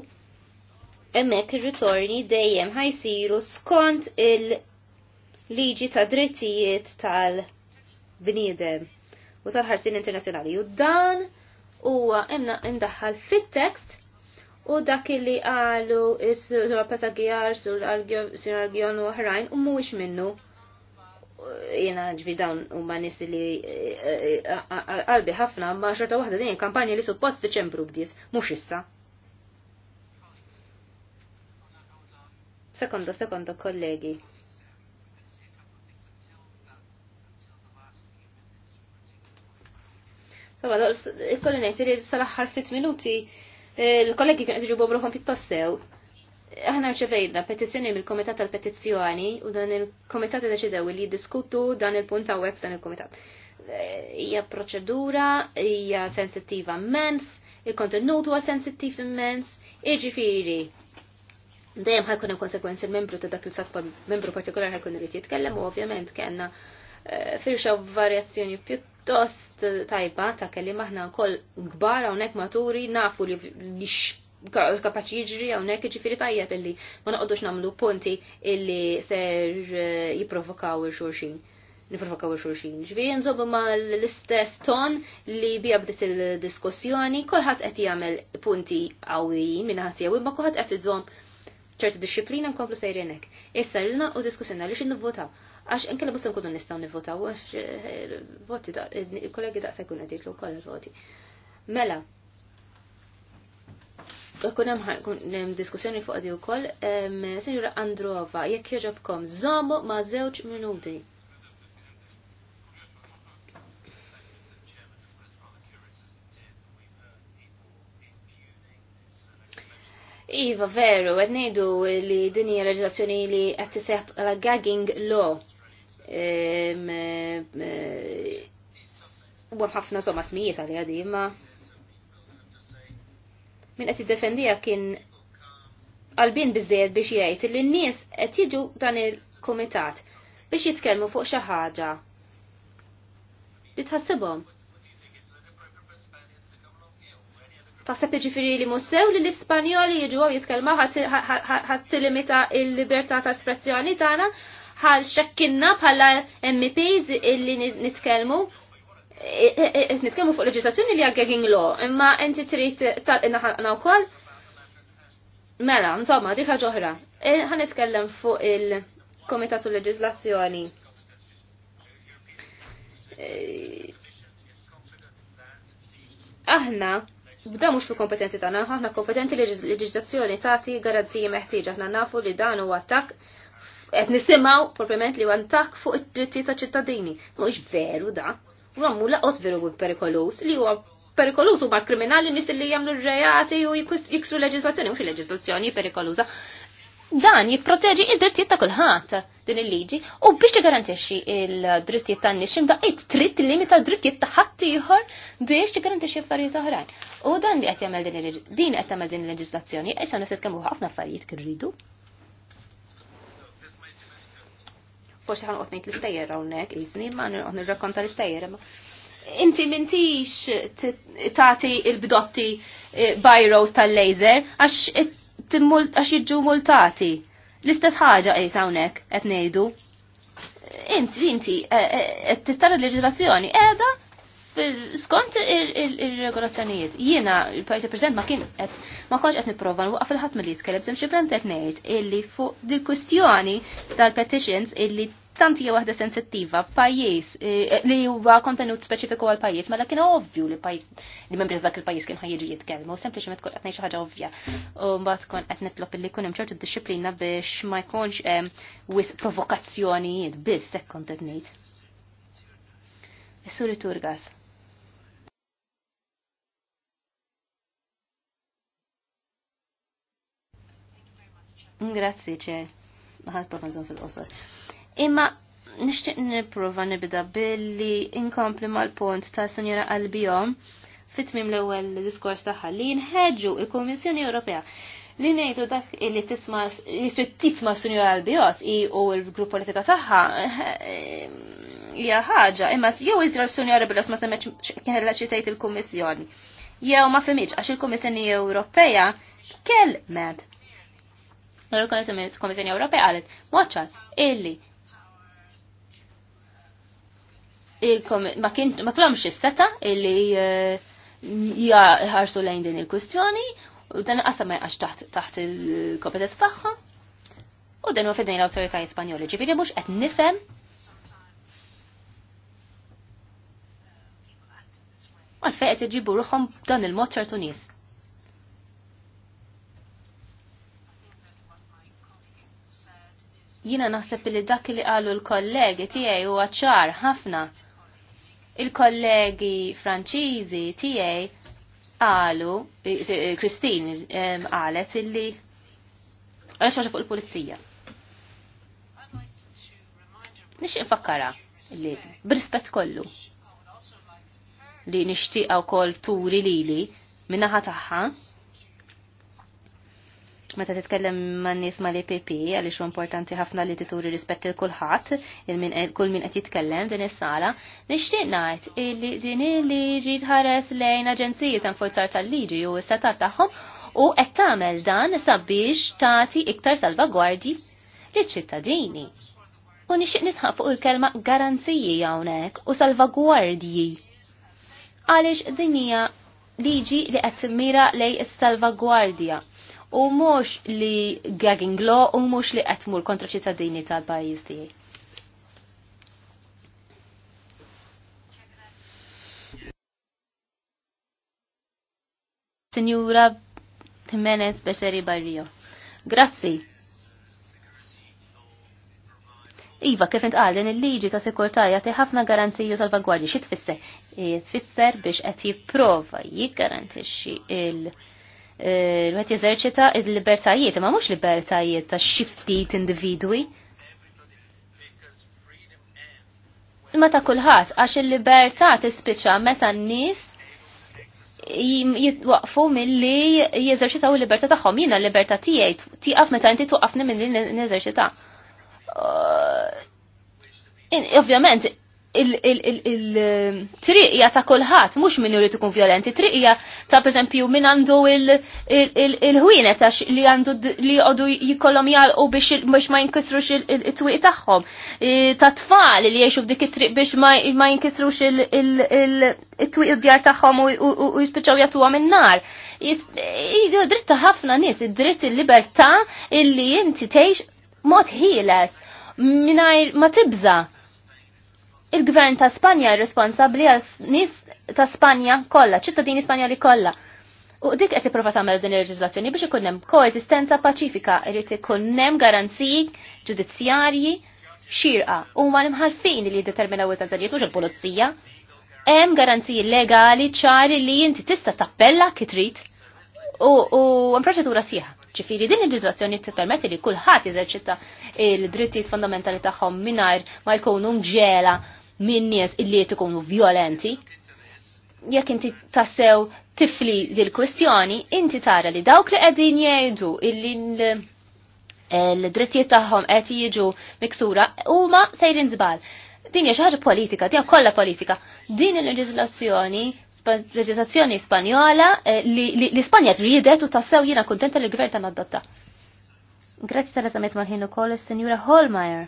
Speaker 3: Hemmhekk ir-ritorni dejjem ħajsiru skont il-liġi ta' drittijiet tal-bniedem u tal-ħarsin internazzjonali. U dan huwa imdaħħal fit-tekst u dak li għalu is-sura pasagjar sur argjon u oħrajn u mhuwiex minnu. Jena ġvi dawn u ma nis li eh, eh, eh, qalbi ħafna ma xorta waħda din kampanja li suppost Ċembru bdis mhux issa. Sekonda, sekonda, kollegi. Sawa, il-kolli ngħid li sal ftit minuti il-kollegi eh, kien qed iġibu pittos sew. Aħna rċevejna petizzjoni mill-Komitat tal-Petizzjoni u dan il-Komitat deċidew li jiddiskutu dan il-punt għawek f'dan il-Komitat. Eh, hija proċedura, hija sensittiva immens, il-kontenut huwa sensittiv immens, iġifiri. dejjem ħajkun konsekwenzi l-membru ta' dak il-satpa membru partikolari ħajkun irid jitkellem u ovvjament kellna eh, firxa varjazzjoni Tost tajba ta' kelli maħna kol gbar hawnhekk maturi nafu li kapaċi jiġri hawnhekk jiġifieri tajjeb illi ma naqdux nagħmlu punti illi ser eh, jipprovokaw il-xulxin niprovokaw il-xulxin. Ġviri nżobu ma l-istess ton li bija bdiet il-diskussjoni, kolħat qed jagħmel punti qawwijin minna għat jew imma kolħat qed iżomm ċertu disċiplina nkomplu sejrinek. Issa l-na u diskussjoni għaliex nivvotaw Għax inkella bus nkunu nistgħu nivvotaw għax eh, voti il-kollegi eh, daqsa jkun qed jitlu wkoll il-voti. Mela, kunem hemm diskussjoni fuq di wkoll, Sinjura Androva, jekk jogħġobkom, zomu ma' żewġ minuti. Iva, veru, għednejdu li dinja leġizazzjoni li għed tiseħ la gagging law u ħafna somma smijiet għal għadi, imma minn qed jiddefendija kien qalbin biżejjed biex jgħid li n-nies qed jiġu dan il komitat biex jitkelmu fuq xaħġa ħaġa li tħassibhom. Taħseb ġifiri li mussew li l-Ispanjoli jiġu għaw jitkelma ħat-limita il-libertà ta' espressjoni tagħna bħal xekkinna bħala MPs illi nitkellmu nitkellmu fuq leġislazzjoni li għaggħin law, imma enti trid tal-inna ħalqna wkoll. Mela, insomma, dik ħaġa oħra. Ħan nitkellem fuq il-Komitatu Leġislazzjoni. Aħna Bda mux fi kompetenzi tagħna, aħna kompetenti leġiżlazzjoni tagħti garanziji meħtieġ aħna nafu li dan huwa attak qed nisimgħu proprjament li huwa fuq id-dritti ta' ċittadini. Mhux veru da. Għammu laqos veru perikolus li huwa perikoluż huma kriminali nies li jagħmlu r-reati u jiksru leġislazzjoni, mhux leġislazzjoni perikoluża. Dan jipproteġi id-drittijiet ta' kulħadd din il-liġi u biex tigarantixxi il-drittijiet tan-nies imdaqqiet trid limita d-drittijiet ta' ħadd ieħor biex tigarantixxi affarijiet oħrajn. U dan li qed jagħmel din din qed tagħmel din il-leġislazzjoni issa nisit kemm ħafna affarijiet kirridu. forse ħan qotnejt l-istejjer hawnhekk iżni ma nirrakkonta l-istejjer ma. Inti mintix tagħti il-bidotti eh, byros tal-laser għax jiġu multati. L-istess ħaġa qis hawnhekk qed ngħidu. Inti inti eh, eh, qed tittara l-leġiżlazzjoni qiegħda skont il-regolazzjonijiet, jiena il-Parti prezent ma kien qed ma konx qed nipprova nwaqaf il-ħadd milli jitkellem żem xi qed ngħid illi fuq dil kwistjoni tal-petitions illi tant hija waħda sensittiva pajjiż eh, eh, li huwa kontenut speċifiku għal pajjiż, mela kien ovvju li pajjiż li membri dak il-pajjiż kien ħajjiġu jitkellmu, sempliċement kont qed ngħid xi ħaġa ovvja. U mbagħad kont qed nitlob illi jkun hemm ċertu disċiplina biex ma jkunx eh, wis provokazzjonijiet biss hekk kont qed ngħid. Is-suri Turgas. Grazzi ċer, maħat profanżon fil-qosor. Imma nishtiq niprofa nibda billi inkompli mal-punt ta' Sonjera Albijom fit-tmim l-ewwel diskors tagħha li nħedġu il-Kummissjoni Ewropea li ngħidu dak li tisma' li tisma' Sunjora Albios i u l-grupp politika tagħha eh, hija ħaġa imma jew iżra Sunjora Albios ma semmeċ kellha xi il-Kummissjoni. Jew ma fimx għax il-Kummissjoni Ewropea kell med l-Komissjoni Ewropea għalet moċċar illi ma kellhomx is-seta illi eh, jħarsu lejn din il-kwistjoni u dan qasam ma jqax taħt il-kompetenza tagħhom. U dan huwa fidejn l-awtoritajiet Spanjoli, ġifieri mhux qed nifhem għalfej qed iġibu ruħhom dan il-mod ċertu nies. Jina naħseb li dak li qalu l-kollegi tiegħi huwa ċar ħafna. Il-kollegi Franċiżi tiegħi qalu Kristin qalet illi għal xaġa fuq il-pulizija. Nix infakkara li brispet kollu li nixtieqa wkoll turi lili minnaħa tagħha meta titkellem ma' nies ma' l-EPP għaliex importanti ħafna li tituri rispett il kulħadd e-, kull min qed jitkellem din is-sala, nixtieq ngħid li din il-liġi tħares lejn aġenziji ta' forzar tal-liġi u s satat tagħhom u qed tagħmel dan sabiex tagħti iktar salvagwardji liċ-ċittadini. U nixtieq nisħaq fuq il-kelma garanziji hawnhekk u salvagwardji. Għaliex din hija liġi li qed mira lej is-salvagwardja u mhux li gagging law u mhux li qed tmur kontra ċittadini tal-pajjiż tiegħi. Signora Jimenez Beseri Barrio. Grazzi. Iva, kif intqal din il-liġi ta' sekurtajja ti ħafna garanziju salvagwardji xi tfisser? Eh, tfisser biex qed jipprova jiggarantixxi il- l-met jeżerċita il-libertajiet, ma mux libertajiet ta' xiftit individwi. Imma ta' kulħadd għax il-libertà tispiċċa meta n-nies jitwaqfu milli jeżerċitaw il-libertà tagħhom. Jiena l-libertà tiegħi tieqaf meta mill-li n neżerċita. Ovvjament, il-triqja ta' kolħat, mux minn jrid ikun violenti, triqja ta' per esempio minn għandu il-ħwienet għax li għandu li għadu jikollom u biex ma jinkisrux il-twiq tagħhom. Ta' tfal li jgħixu f'dik it-triq biex ma jinkisrux il-twiq d djar tagħhom u jispiċċaw jagħtuha minn nar. Dritta ħafna nies, id-dritt il-libertà illi inti tgħix mod ħieles mingħajr ma tibża' il-gvern ta' Spanja responsabli għal nis ta' Spanja kollha, ċittadini Spanjali kollha. U dik qed tipprova tagħmel din il-leġiżlazzjoni biex ikun hemm koeżistenza paċifika, irid ikun hemm garanziji ġudizzjarji xirqa huma l-imħalfin li jiddeterminaw iż-żanżanijiet mhux il-pulizija. Hemm garanziji legali ċari li inti tista' tappella kif trid u hemm proċedura sieħa. Ġifieri din il-leġiżlazzjoni tippermetti li kulħadd jeżerċita il-drittijiet fondamentali tagħhom mingħajr ma jkunu mġela minn nies illi qed ikunu violenti. Jekk inti tassew tifli dil kwistjoni inti tara li dawk li qegħdin jgħidu illi l-drittijiet tagħhom qed jiġu miksura huma sejrin żbal. Din hija xi ħaġa politika, din kollha politika. Din il-leġiżlazzjoni leġizazzjoni spanjola eh, li l-Ispanja ridet u tassew jiena kuntenta li l-gvern tan Grazie Grazzi tal-eżamiet maħin ukoll is-Sinjura Holmeyer.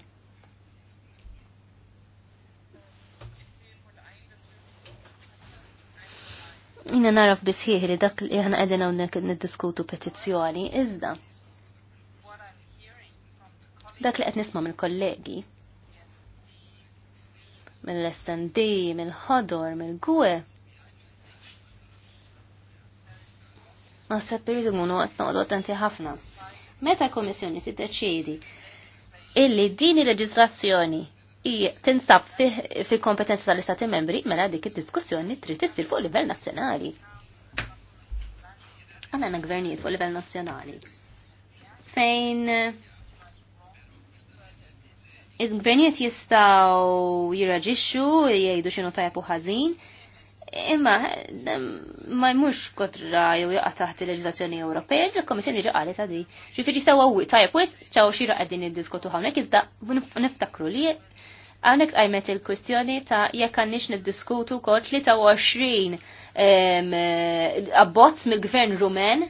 Speaker 3: jina naraf bisħieħ li dak li ħana għedin għonek niddiskutu petizzjoni, iżda. Dak li qed nisma mill-kollegi. Mill-SND, mill-ħodor, mill-gwe. Naħseb irridu munu għat noqdu attenti ħafna. Meta l-Komissjoni tiddeċiedi illi din il-leġislazzjoni tinsab fi kompetenza tal-Istati membri mela dik id-diskussjoni trid issir fuq livell nazzjonali. Għanna għanna gvernijiet fuq livell nazzjonali. Fejn eh, il-gvernijiet jistaw jirraġixxu, jgħidu xinu tajab ħażin, imma eh, ma jmux kotra jew jaqa' taħt il-leġiżlazzjoni Ewropea, il-Kommissjoni ta' di. għadi. Ġifieri sewwa tajjeb wis ċaw xi raqgħed din iddiskutu hawnhekk iżda niftakru li Għanek għajmet il-kustjoni ta' jekk għannix niddiskutu kol 23 eh, abbozz mill-gvern rumen,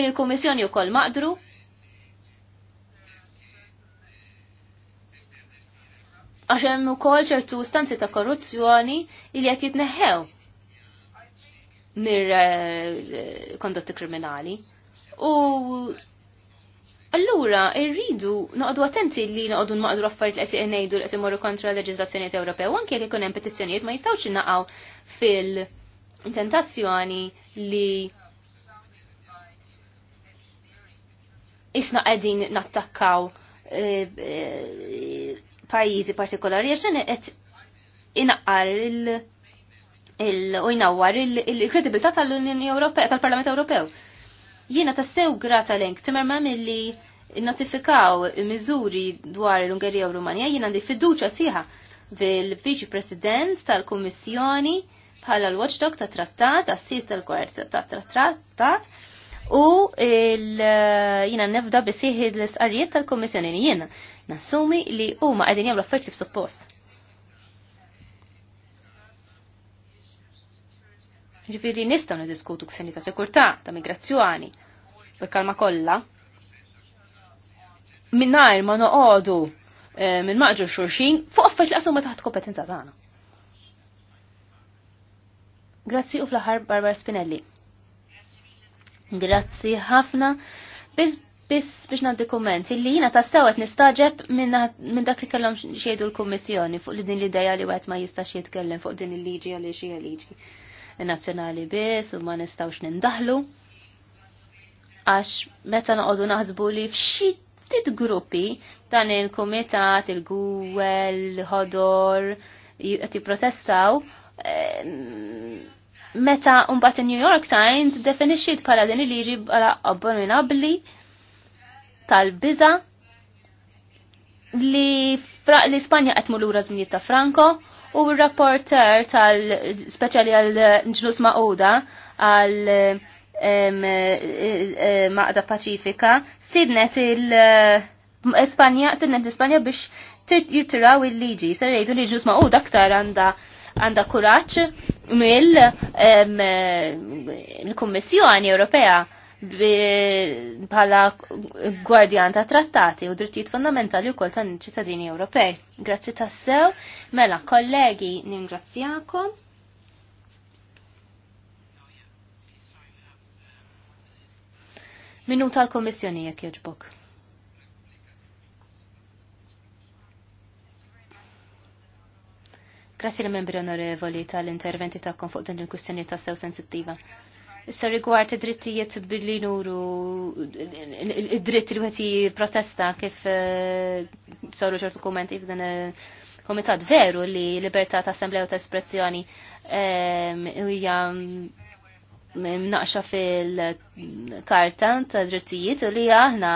Speaker 3: il-komissjoni u kol maqdru, għaxem u kol ċertu stanzi ta' korruzzjoni li għet jitneħew mir eh, eh, kondotti kriminali. U Allura, irridu noqdu attenti li noqdu nmaqdu affarijiet li qed ngħidu li qed imorru kontra l-leġiżlazzjonijiet Ewropew, anke jekk ikun hemm petizzjonijiet ma jistgħux innaqgħu fil-tentazzjoni li isna qegħdin nattakkaw eh, eh, pajjiżi partikolari għax dan qed inaqqar il- il-ujnawar il-kredibilità tal-Unjoni Ewropea, tal-Parlament Ewropew. Jiena tassew grata link mill milli notifikaw miżuri dwar l-Ungerija u Rumanija jiena għandi fiduċa siħa fil-Viċi President tal-Kummissjoni bħala l-Watchdog ta' Trattat, assist tal kwart ta' Trattat u eh, jiena nefda bisiħi l-isqarrijiet tal-Kummissjoni jiena nassumi li huma qegħdin jagħmlu affarijiet kif suppost. Ġifiri nistaw nidiskutu kseni ta' sekurtà, ta' migrazzjoni, bil-kalma kollha. Minnajr ma noqogħdu eh, minn maqġur xurxin fuq affaċ li qasuma taħt kompetenza tagħna. Grazzi u fl-aħħar Barbara Spinelli. Grazzi ħafna. Biz biss biex naddi komment illi jina ta' sewet nistaġeb minn dak li kellhom xiedu l-kummissjoni fuq din l-idea li wieħed ma jistax jitkellem fuq din il-liġi għal xi liġi nazzjonali biss u ma nistawx nindaħlu. Għax meta noqogħdu naħsbu li f'xi ftit gruppi dan il-kumitat, il-Google, il-ħodor, qed protestaw meta mbagħad in-New York Times definixxiet bħala din il-liġi bħala abominabbli tal-biża' li l-Ispanja qed mulura żminijiet ta' Franco u r-rapporter tal-speċjali għal-ġnus Mauda għal eh, eh, maqda paċifika stidnet il-Espanja, eh, stidnet l-Espanja biex jirtiraw il-liġi, ser jgħidu li ġnus Mauda aktar għanda għanda kuraċ mill-Kummissjoni Ewropea bħala gwardjan ta' trattati u drittijiet fondamentali kol ta' ċittadini Ewropej. Grazzi tassew, mela kollegi ningrazzjakom. Minu tal-Komissjoni jekk jogħġbok. Grazzi l-membri onorevoli tal-interventi tagħkom fuq din il-kwistjoni ta' sew sensittiva. Issa rigward id-drittijiet billi nuru id-dritt li wħeti protesta kif eh, soru ċertu kommenti f'dan eh, komitat veru li libertà ta' assembleja u ta' espressjoni eh, hija naqxa fil-karta ta' drittijiet u li aħna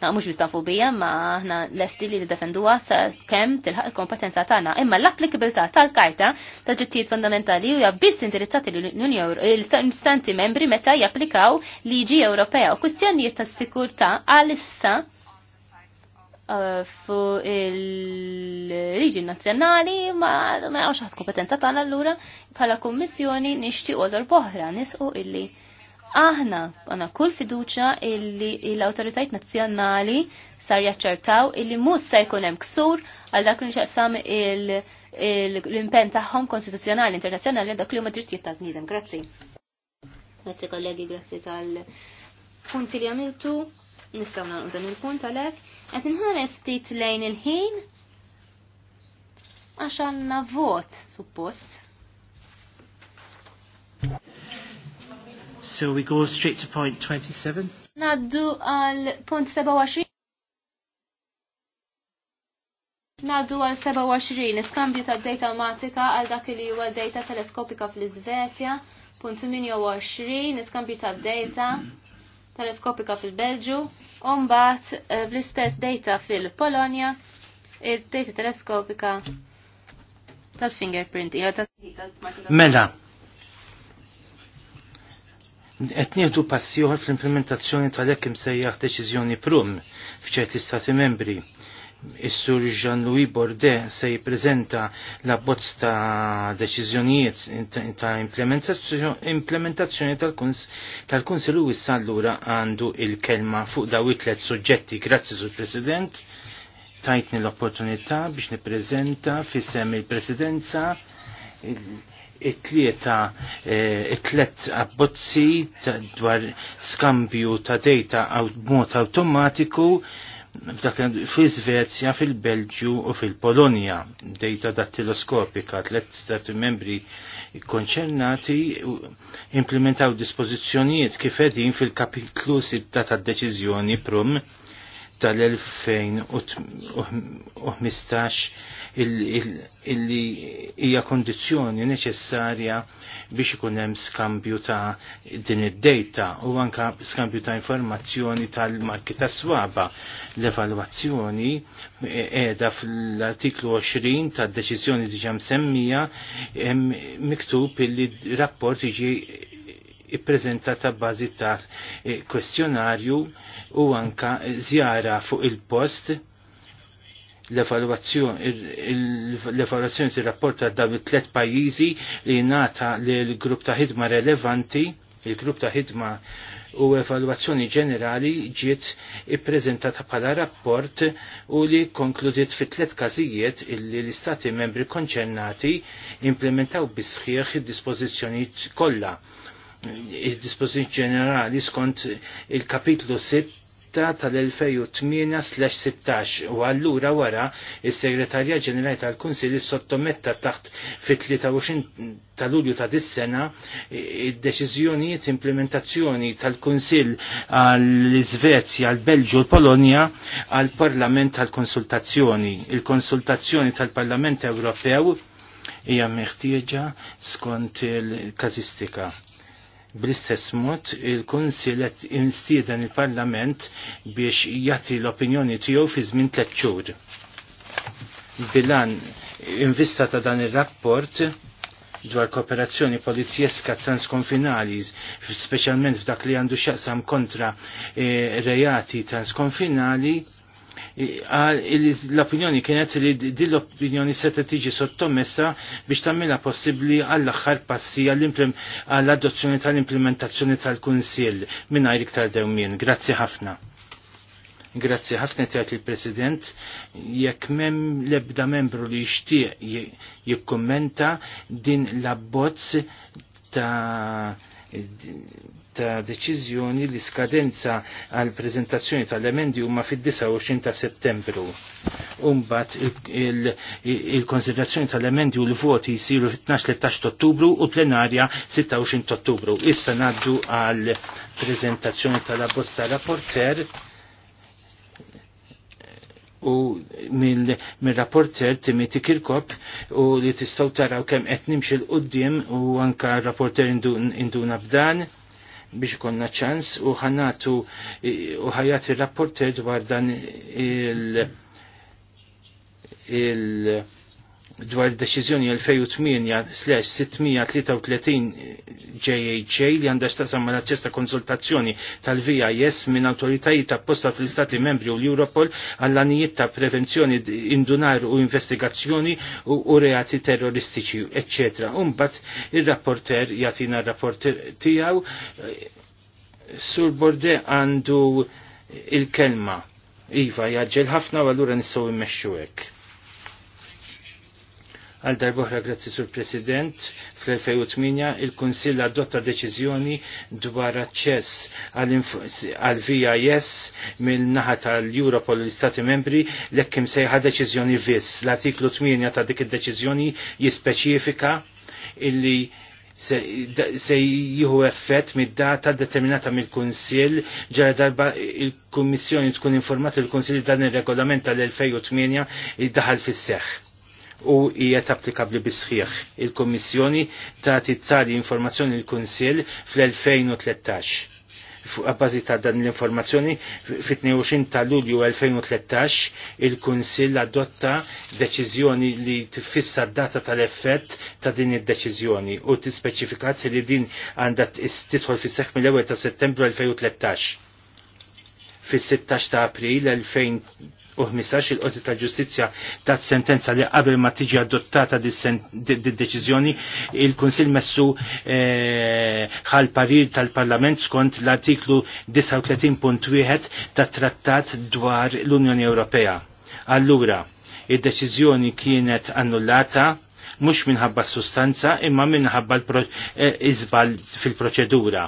Speaker 3: naqmux bistanfu bija ma aħna l-esti li defenduwa sa' kem tilħaq il-kompetenza tagħna. Imma l-applikabilità tal-karta ta' drittijiet fundamentali u biss indirizzati l-istanti membri meta japplikaw liġi Ewropea u kwistjonijiet ta' sikurta għal-issa Uh, fu il-liġi nazjonali ma għawx ħat kompetenza tagħna allura bħala kummissjoni nixtieq għodor boħra nisqu illi aħna għana kull fiduċa illi l-autoritajt nazjonali sar jaċċertaw illi mus se jkun hemm ksur għal dak li xaqsam l-impen tagħhom konstituzzjonali internazzjonali għal dak li huma drittijiet tal-bniedem. Grazzi. Grazzi kollegi, grazzi tal-punti li għamiltu. Nistgħu nagħmlu dan il-punt għalhekk. Qed inħares ftit lejn il-ħin għax għandna vot, suppost.
Speaker 1: So we go straight to point 27.
Speaker 3: Naddu għal punt 27. Naddu għal 27, iskambju ta' data matika għal dak li huwa data teleskopika fl-Izvezja, punt 28, iskambju ta' data teleskopika fil-Belġu, umbat eh, bl-istess data fil-Polonja, id-data teleskopika tal-fingerprint.
Speaker 1: Mela, etnietu passjoħor fl-implementazzjoni tal-ekkim sejjaħ deċiżjoni prum fċerti stati membri Is-sur Jean-Louis Bordet se jippreżenta l-abbozz ta' deċiżjonijiet ta' implementazzjoni tal kunsilu u issa allura għandu il-kelma fuq daw it-tlet suġġetti. Grazzi sur President, tajtni l-opportunità biex nippreżenta fissem il-Presidenza it-tlieta eh, it-tlet abbozzi dwar skambju ta' data mod automatiku fil-Svezja, fil-Belġju u fil-Polonja dejta dattiloskopika tlet stati membri konċernati implementaw dispożizzjonijiet kif edin fil-kapitlu 6 ta' deċiżjoni prum tal-2015 illi hija kondizjoni neċessarja biex ikun hemm skambju ta' din id-data u anka skambju ta' informazzjoni tal-marki ta' swaba. L-evalwazzjoni qiegħda fl-artiklu 20 tad-deċiżjoni diġà msemmija miktub illi rapport jiġi ippreżentata bażi ta' e, kwestjonarju u anka żjara fuq il-post l-evaluazzjoni tir-rapport ta' dawn it-tlet pajjiżi li nata lill grupp ta' ħidma relevanti, il-grupp ta' ħidma u evalwazzjoni ġenerali ġiet ippreżentata bħala rapport u li konkludiet fit tliet każijiet illi l-istati membri konċernati implementaw bisħieħ id dispożizzjonijiet kollha il-disposizjoni ġenerali skont il-kapitlu 6 tal-2008-16 u allura wara il-Segretarja Ġenerali tal-Kunsil sottometta taħt fit-23 tal-Ulju ta' dis-sena id-deċiżjonijiet implementazzjoni tal-Kunsil għall-Iżvezja, għall-Belġu, l-Polonja għall-Parlament tal-Konsultazzjoni. Il-Konsultazzjoni tal-Parlament Ewropew hija meħtieġa skont il-kazistika Bl-istess mod, il-Kunsil qed instieden il-Parlament biex jagħti l-opinjoni tiegħu fi żmien tliet xhur. Bilan invista ta' dan ir-rapport dwar kooperazzjoni polizjeska transkonfinali, speċjalment f'dak li għandu xaqsam kontra e, eh, rejati transkonfinali, Ah, l-opinjoni kienet li din l-opinjoni seta tiġi sottomessa biex tagħmilha possibbli għall-aħħar passi għall-adozzjoni tal-implementazzjoni tal-Kunsill mingħajr iktar dewmien. Grazzi ħafna. Grazzi ħafna tgħid il-President, jekk mem lebda membru li jixtieq jikkummenta din l-abbozz ta' ta' deċiżjoni li skadenza għal prezentazzjoni tal-emendi huma fid-29 ta' settembru. Umbat il-konsiderazzjoni tal-emendi u l-voti jisiru fit-12-13 ottubru u plenarja 26 ottubru. Issa naddu għal prezentazzjoni tal-abbozz tal-rapporter u mill-rapporter mil Timothy Kirkop u li tistaw taraw kemm qed nimxil qudiem u anka rapporter induna b'dan biex konna ċans u ħanatu u ħajat il-rapporter dwar dan il- il- dwar deċiżjoni 2008-633 JHA li għandha x'taqsam mal aċċess konsultazzjoni tal-VIS minn awtoritajiet apposta tal istati Membri u l-Europol għall anijiet ta' prevenzjoni indunar u investigazzjoni u reati terroristiċi, ecc. Umbat il-rapporter jatina il-rapporter tijaw sur borde għandu il-kelma. Iva, jaġġel ħafna u għallura nistaw immexxu hekk. Għal darbohra grazzi sur President, fl-2008 il-Konsill adotta deċiżjoni dwar aċċess għal VIS mill-naħa tal-Europol l-Istati membri l-ekkim sejħa deċiżjoni viss. L-artiklu 8 ta' dik id-deċiżjoni jispeċifika illi se, jihu jieħu effett mid-data determinata mill-Kunsill ġara darba il-Kummissjoni tkun informata il kunsil dan ir regolament tal-2008 id-daħal fis-seħħ u hija applikabli bisħiħ. Il-Kommissjoni tagħti tali informazzjoni l-Kunsill fl-2013 għabbażi ta' dan l-informazzjoni fit-22 ta' Lulju 2013 il-Kunsill adotta deċiżjoni li tfissa data tal-effett ta' din id-deċiżjoni u tispeċifikat li din għandha istitħol fis-seħħ mill-1 ta' Settembru 2013 fis-16 ta' April l-2013 u 15 il-Qorti ta' Ġustizzja ta' sentenza li qabel ma tiġi adottata d-deċiżjoni il-Kunsill messu eh, ħal parir tal-Parlament skont l-artiklu 39.1 tat trattat dwar l-Unjoni Ewropea. Allura, id-deċiżjoni kienet annullata mhux minħabba s-sustanza imma minħabba l-izbal eh, fil-proċedura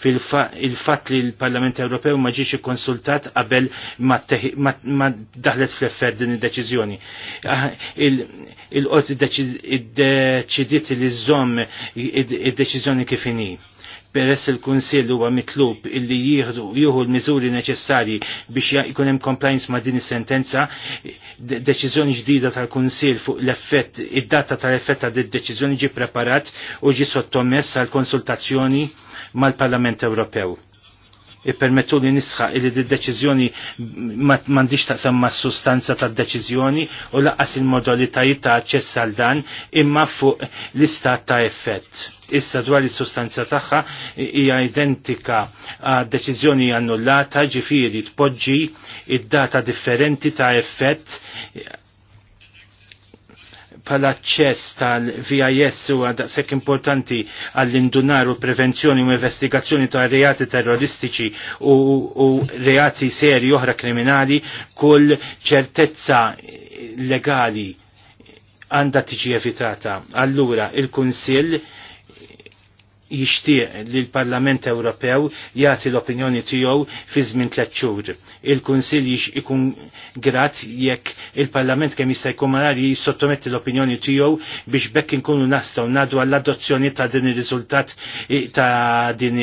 Speaker 1: fil-fatt li l-Parlament Ewropew ma ġiex konsultat qabel ma daħlet fl-effer din id-deċiżjoni. Ah, il qorti id-deċidiet li żomm id-deċiżjoni kif inhi peress il-Kunsill huwa mitlub illi jieħdu jieħu l-miżuri neċessarji biex jkun hemm compliance ma' din is-sentenza, deċiżjoni ġdida tal-Kunsill fuq l-effett, id-data tal-effett ta' deċiżjoni ġi preparat u ġi sottomess għal konsultazzjoni mal-Parlament Ewropew. Ippermettu li nisħa li d-deċizjoni mandiċ taqsam ma' sustanza ta' deċizjoni u laqqas il-modalitajiet ta' aċċess għal dan imma fuq l-istat ta' effett. Issa dwar is-sustanza tagħha hija identika għad deċiżjoni annullata ġifieri tpoġġi id-data differenti ta' effett pal-aċċess tal-VIS u għadaqsek importanti għall-indunar u prevenzjoni u investigazzjoni ta' reati terroristiċi u, u reati seri oħra kriminali kull ċertezza legali għanda tiġi evitata. Allura, il-Kunsill jixtieq li l-Parlament Ewropew jagħti l-opinjoni tiegħu fi żmien tliet xhur. Il-Kunsill ikun grat jekk il-Parlament kemm jista' jkun malar jissottometti l-opinjoni tiegħu biex bekk inkunu nastgħu nadu għall-adozzjoni ta' din ir-riżultat ta' din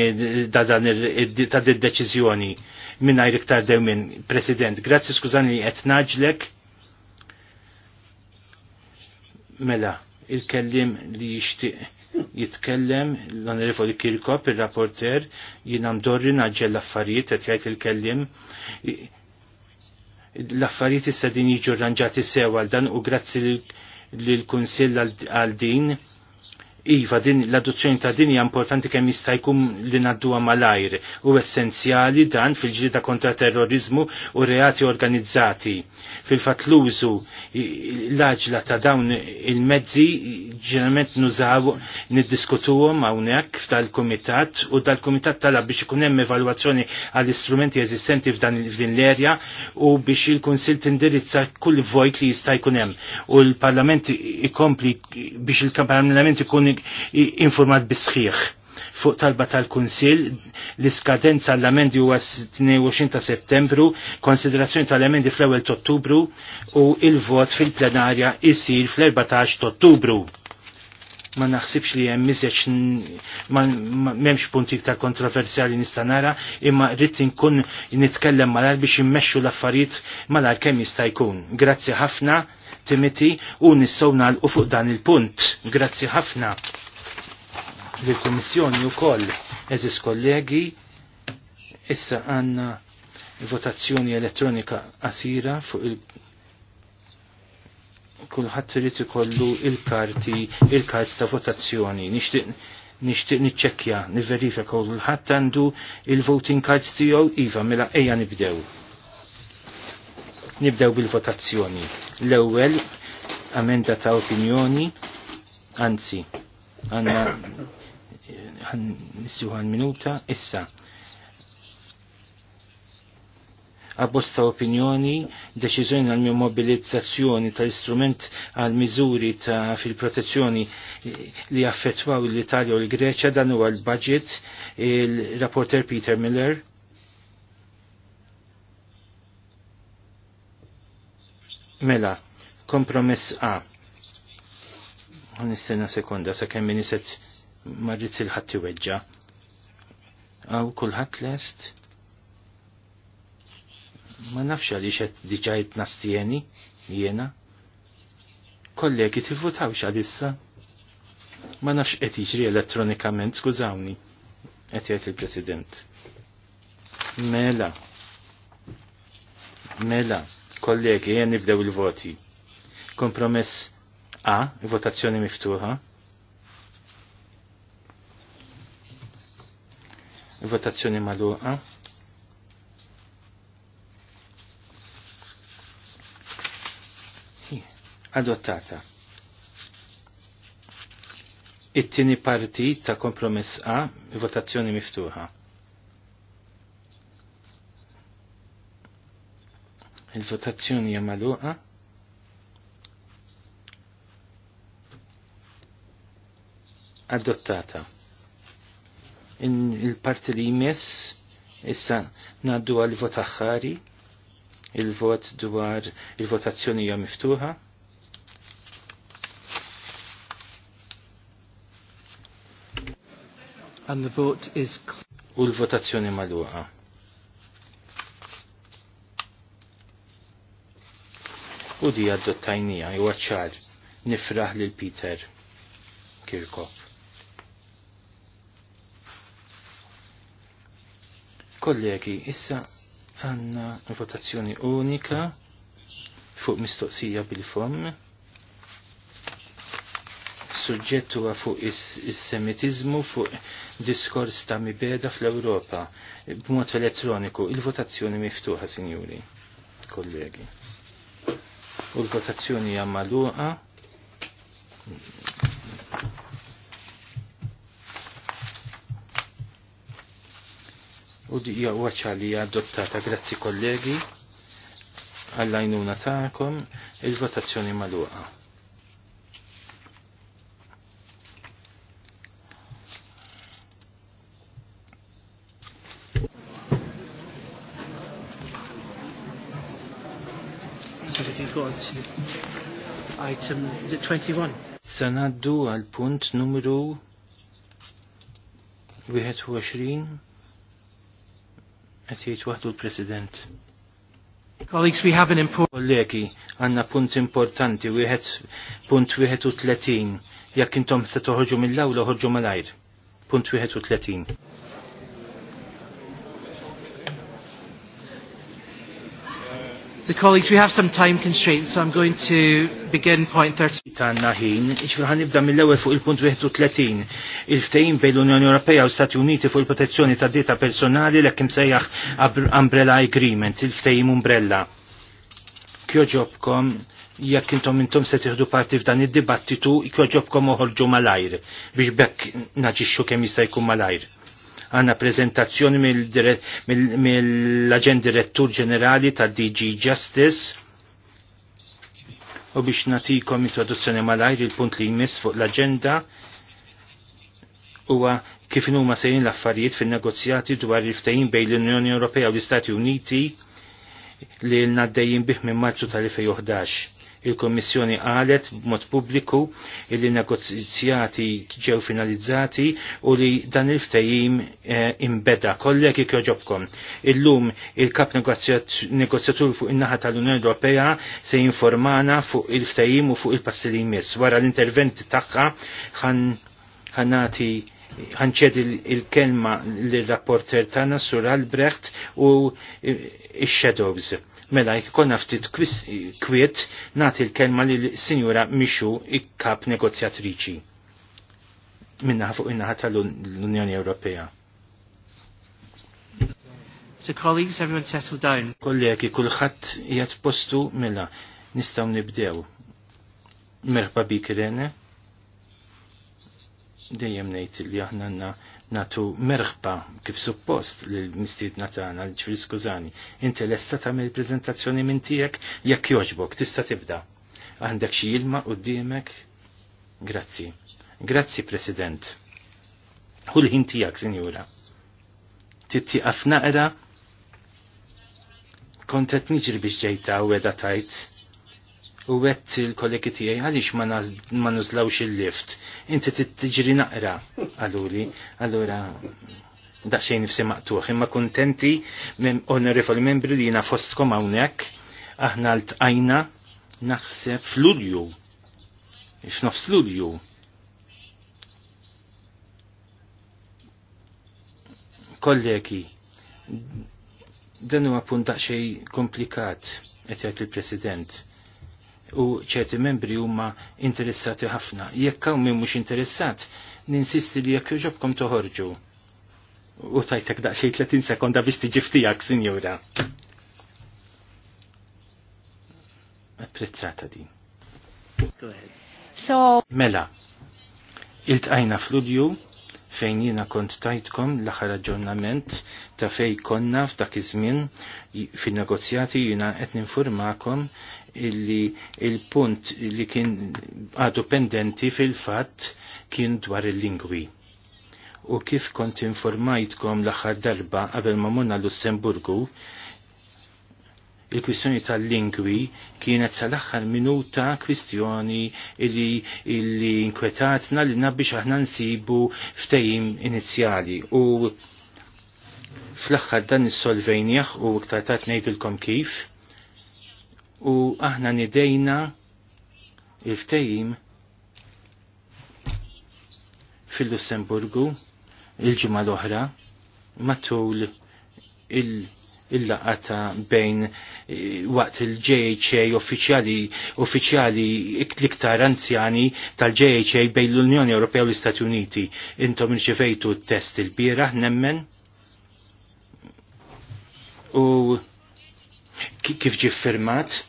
Speaker 1: ta' din deċiżjoni mingħajr iktar minn. President, grazzi skużani li qed naġlek. Mela, il-kellim li jixtieq jitkellem l-onorevoli Kirkop, il-rapporter, jina mdorri naġġel l-affarijiet, qed jgħid il-kellim. L-affarijiet issa din jiġu rranġati sewa għal dan u grazzi lill-Kunsill għal din Iva, din l-adozzjoni ta' din hija importanti kemm jista' jkun li ngħadduha malajr u essenzjali dan fil ġlieda kontra terrorizmu u reati organizzati. Fil-fatt l-użu l-aġla ta' dawn il-mezzi ġeneralment nużaw niddiskutuhom hawnhekk f'dal-kumitat u dal-kumitat talab biex ikun hemm evalwazzjoni għall-istrumenti eżistenti f'dan l-erja u biex il kunsill tindirizza kull vojt li jista' jkun hemm u l-Parlament ikompli biex il-Parlament ikun informat bisħiħ fuq talba tal-Kunsil l-iskadenza l-amendi huwa 22 ta' settembru, konsiderazzjoni tal-amendi fl-1 ta' ottubru u il-vot fil-plenarja isir fl-14 ta' ottubru. Ma naħsibx li hemm miżeċ m'hemmx punti iktar kontroversjali nista' nara, imma rrid inkun nitkellem malar biex immexxu l-affarijiet malar kemm jista' jkun. Grazzi ħafna. Timothy u nistgħu nagħlqu fuq dan il-punt. Grazzi ħafna l-Komissjoni kummissjoni wkoll. Eżis kollegi, issa għandna votazzjoni elettronika qasira fuq il- kulħadd irid ikollu il-karti, il karti ta' votazzjoni. Nixtieq nixtieq niċċekkja, niverifika kulħadd għandu il-voting cards tiegħu iva mela ejja nibdew. Nibdew bil-votazzjoni. L-ewwel amenda ta' opinjoni, anzi, għanna għan minuta issa. Abbosta opinjoni, deċiżjoni għal mobilizzazzjoni tal-istrument għal miżuri ta' fil-protezzjoni li affettwaw l-Italja u l-Greċja dan huwa l-budget il-rapporter Peter Miller Mela, kompromess A. Nistenna sekonda, sa' kemmi niset marrit il-ħatti weġġa. Għaw kullħat lest? Ma nafx għaliex qed diġajt nastieni jiena. Kollegi tivvutawx għalissa. Ma nafx qed jiġri elettronikament, skużawni. Qed jgħid il-President. Mela. Mela. Kollegi, jen nibdew il-voti. Kompromess A, votazzjoni miftuħa. Votazzjoni maluqa. Adottata. It-tieni parti ta' kompromess A, votazzjoni miftuħa. Il-votazzjoni hija magħluqa. Adottata. Il-parti li jmiss issa ngħaddu għal vot aħħari il-vot dwar il-votazzjoni hija miftuħa. And the vote is U l-votazzjoni magħluqa. u di għaddottajnija jew ċar nifraħ lil Peter Kirkop. Kollegi, issa għanna votazzjoni unika fuq mistoqsija bil-fom suġġettu fuq is-semitizmu fuq diskors ta' mibeda fl-Ewropa b'mod elettroniku il-votazzjoni miftuħa, sinjuri, kollegi u l-votazzjoni hija magħluqa. U di hija li adottata, grazzi kollegi, għallajnuna ta'kom, il-votazzjoni magħluqa. to item, is it 21? Sanaddu għal punt numru 21 qed jgħid l-President. Colleagues, we have an important... Kollegi, għanna punt importanti, wieħed punt 31. Jekk intom se toħorġu mill-awla, ħorġu mal-ajr. Punt 31. The colleagues, we have some time constraints, so I'm going to begin point 30. Tan naħin, iċfirħan nibda mill-ewel fuq il-punt 31, il-ftejn bej l-Unjoni Ewropea u Stati Uniti fuq il-protezzjoni ta' data personali l sejjaħ Umbrella Agreement, il-ftejn Umbrella. Kjoġobkom, jekk intom intom se tieħdu parti f'dan id-dibattitu, kjoġobkom uħorġu malajr, biex bekk naġixxu kemm jista' jkun malajr għanna prezentazzjoni mill-Aġen Direttur Ġenerali ta' DG Justice u biex natikom introduzzjoni malajr il-punt li jmiss fuq l-agenda huwa kif huma sejjin l-affarijiet fin-negozjati dwar il-ftehim bejn l-Unjoni Ewropea u l-Istati Uniti li l-naddejjin bih minn Marzu tal-2011 il-Kommissjoni qalet b'mod pubbliku li negozjati ġew finalizzati u li dan il-ftehim imbeda kollegi kjoġobkom. Illum il-kap negozjatur fuq in-naħa tal-Unjoni Ewropea se informana fuq il-ftehim u fuq il-passi li jmiss. Wara l-interventi tagħha ħanati ħanċed il-kelma l-rapporter tana Sur Albrecht u il-Shadows Mela, jkonna ftit kwiet nagħti l-kelma li sinjura Mixu ikkap negozjatriċi minna fuq innaħa tal-Unjoni Ewropea. So colleagues, everyone settle down. Kollegi, kullħat jgħat postu mela, nistaw nibdew. Merħba bik Irene. Dejjem nejt li aħna għandna natu merħba kif suppost l-mistiedna tagħna ċfri skużani, inti lesta tagħmel preżentazzjoni minn tiegħek jekk jogħġbok, tista' tibda. Għandek xi ilma d-dimek? Grazzi. Grazzi President. Hulħin tiegħek, Sinjura. Titti għafnaqra? kontet niġri biex ġejta u edha tajt u għett il-kollegi tijaj għalix ma nużlawx il-lift. Inti t-tġri naqra, għalluri, għallura daċxajn nifsi maqtuħ, imma kontenti minn membri li jina fostkom għawnek, aħna l tajna naħseb fludju, lulju f'nofs Lulju. Kollegi, dan huwa punt daqsxejn komplikat, qed jgħid il-President u ċerti membri huma interessati ħafna. Jekk hawn min mhux interessat, ninsisti li jekk joġobkom toħorġu. U tajtek daqsxejn 30 sekonda biex tiġi ftijak, sinjura. Apprezzata din. So... Mela, iltqajna fl-udju fejn jiena kont tajtkom l-aħħar aġġornament ta' fej konna f'dak iż-żmien fin-negozjati jiena qed ninfurmakom illi il-punt li kien għadu pendenti fil-fatt kien dwar il-lingwi. U kif kont informajtkom l-aħħar darba qabel ma l Lussemburgu, il-kwistjoni tal-lingwi kienet sal-axħar minuta kwistjoni illi, illi inkwetatna li nabbix aħna nsibu ftejim inizjali u fl-axħar dan is-solvenjaħ u iktar ta' kif u aħna nidejna il-ftejim fil-Lussemburgu il-ġimgħa l-oħra matul il- il-laqata bejn eh, waqt il-JHA uffiċjali uffiċjali l-iktar anzjani tal-JHA bejn l-Unjoni Ewropea u l-Istati Uniti. Intom irċevejtu t-test il-bira nemmen u kif ġi firmat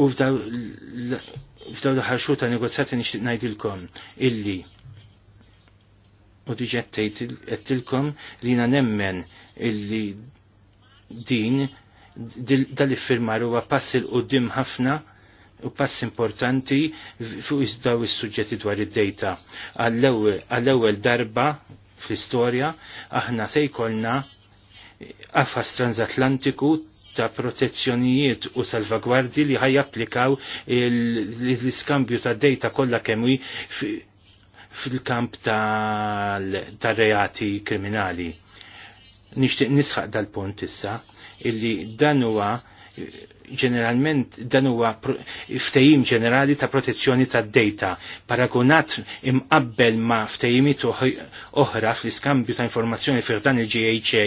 Speaker 1: u f'daw l-ħarxu ta' negozjati nixtieq ngħidilkom illi u diġettejt tilkom li na nemmen illi din dal-iffirmar huwa pass il-qoddim ħafna u pass importanti fuq daw is-suġġetti dwar id-dejta. Għall-ewwel darba fl-istorja aħna se jkollna qafas transatlantiku ta' protezzjonijiet u salvagwardji li ħaj applikaw l-iskambju ta' dejta kollha kemm fil-kamp tal-reati ta kriminali. Nixtieq nisħaq dal-punt issa illi dan huwa eh, ġeneralment dan huwa ftehim ġenerali ta' protezzjoni ta' data paragonat imqabbel ma' ftehimiet oħra fl-iskambju ta' informazzjoni fir dan il-GHA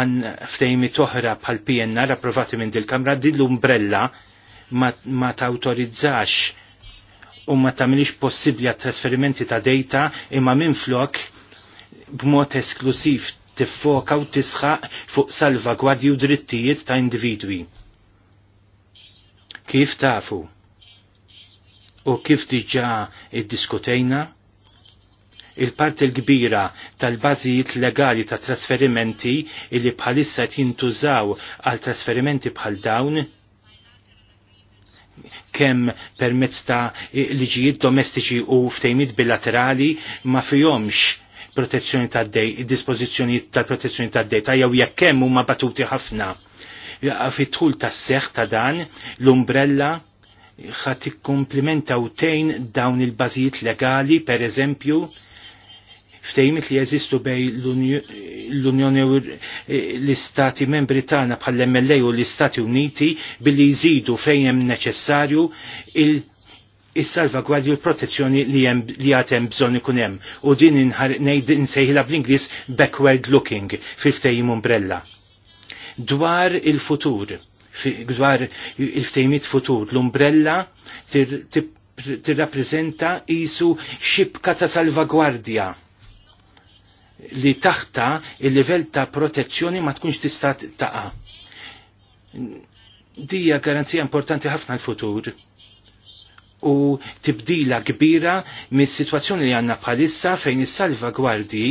Speaker 1: għan ftehimiet oħra bħal PNR approvati minn dil-Kamra din l-umbrella ma, ma ta' autorizzax u ma tamilix possibli għat trasferimenti ta' data imma minn flok b'mod esklusiv tiffoka u tisħaq fuq salvagwadju drittijiet ta' individwi. Kif tafu? U kif diġa id-diskutejna? il-parti l-kbira tal-bażijiet legali ta' trasferimenti illi bħalissa jintużaw għal trasferimenti bħal dawn kemm permezz ta' liġijiet domestiċi u ftejmiet bilaterali ma fihomx protezzjoni tad-dej, dispożizzjonijiet tal-protezzjoni tad-dej, jew jekk hemm huma batuti ħafna. fit tul tas-seħ ta' dan l-umbrella ħat ikkomplimenta u tejn dawn il-bażijiet legali, per eżempju, ftejmit li jeżistu bej l-Unjoni eh, l-Istati Membri tagħna bħall-MLA u l-Istati Uniti billi jżidu fejn hemm neċessarju il- is-salvagwardju l-protezzjoni li għatem bżon ikun hemm u din ngħid insejħilha bl-Ingliż backward looking fil ftejim umbrella. Dwar il-futur, dwar il-ftehimiet futur, l-umbrella tirrappreżenta isu xibka ta' salvagwardja li taħta il-livell ta' protezzjoni ma tkunx tista' taqa. Dija garanzija importanti ħafna l-futur u tibdila kbira mis situazzjoni li għanna bħalissa fejn is-salvagwardji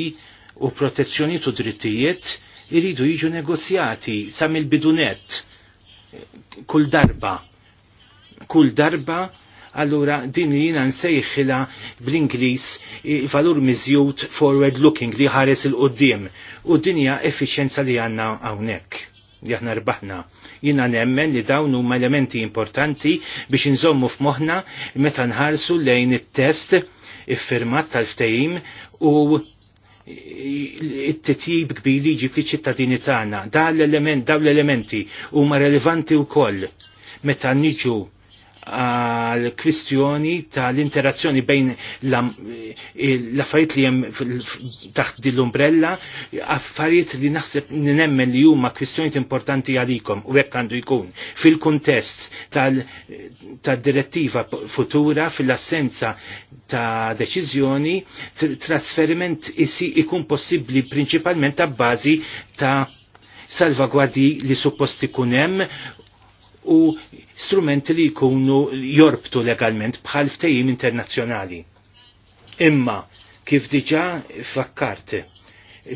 Speaker 1: u protezzjoni u drittijiet iridu jiġu negozjati sam il-bidunet kull darba kull darba allura din li jina nsejħila bl-Inglis valur mizjut forward looking li ħares il-qoddim u dinja efficienza li għanna għawnek li rbaħna. Jina nemmen li dawn huma elementi importanti biex nżommu f'moħħna meta nħarsu lejn it-test iffirmat tal-ftehim u it-titjib kbir li ġib li ċittadini tagħna. Dawn l-elementi huma relevanti wkoll meta niġu għal kwistjoni tal-interazzjoni bejn eh, l-affarijiet li hemm taħt din l-umbrella, affarijiet li naħseb nemmen li huma kwistjonijiet importanti għalikom u hekk għandu jkun fil-kuntest tal direttiva futura fil-assenza ta' deċiżjoni trasferiment isi ikun possibbli prinċipalment ta' bażi ta' salvagwardi li suppost ikun hemm u strumenti li jkunu jorbtu legalment bħal ftejim internazzjonali. Imma, kif diġa fakkart,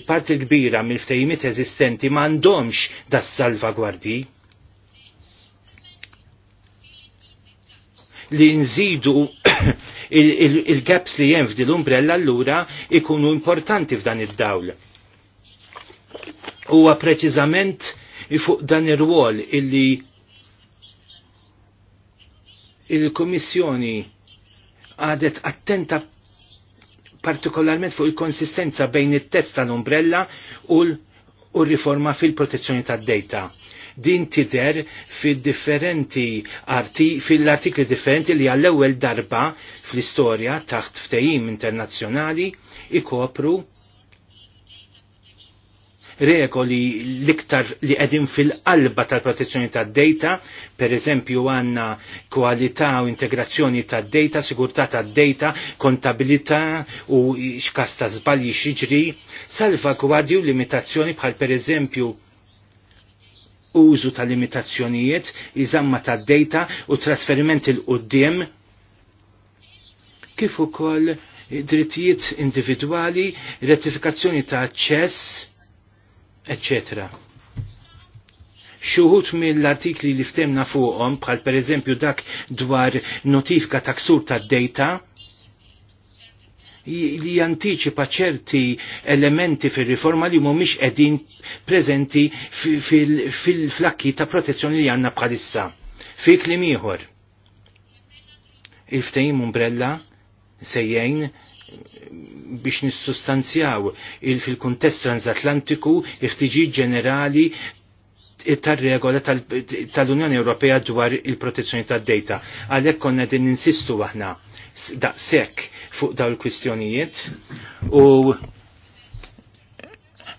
Speaker 1: parti kbira mill-ftejimiet eżistenti m'għandhomx das salvagwardi li nżidu il-gaps li jenf di l umbrella allura ikunu importanti f'dan id-dawl. Huwa preċiżament fuq dan ir-rwol illi il-Komissjoni għadet attenta partikolarment fuq il-konsistenza bejn it-test tal-umbrella u l-riforma fil-protezzjoni tad-data din tider fil-differenti arti, fil-artikli differenti li għall-ewwel darba fl-istorja taħt ftehim internazzjonali ikopru regoli liktar li qegħdin fil-qalba tal-protezzjoni tad-data, per eżempju għandna kwalità u integrazzjoni tad-data, sigurtà tad-data, kontabilità u x'kasta żbalji xiġri, salvagwardji u limitazzjoni bħal per eżempju użu ta' limitazzjonijiet, iżamma ta' data u trasferiment il-qoddim, kif ukoll drittijiet individwali, rettifikazzjoni ta' ċess etc. Xuħut mill-artikli li ftemna fuqhom bħal pereżempju dak dwar notifika ta' ksur ta' data li jantiċipa ċerti elementi fil-riforma li mhumiex qegħdin preżenti fil-flakki ta' protezzjoni li għandna bħalissa. Fik li ieħor. Il-ftehim umbrella sejjajn, biex nissustanzjaw il fil-kuntest transatlantiku iħtiġi ġenerali tar-regola tal-Unjoni Ewropea dwar il-protezzjoni tad-data. Għalhekk konna din ninsistu aħna daqshekk fuq dawn il-kwistjonijiet u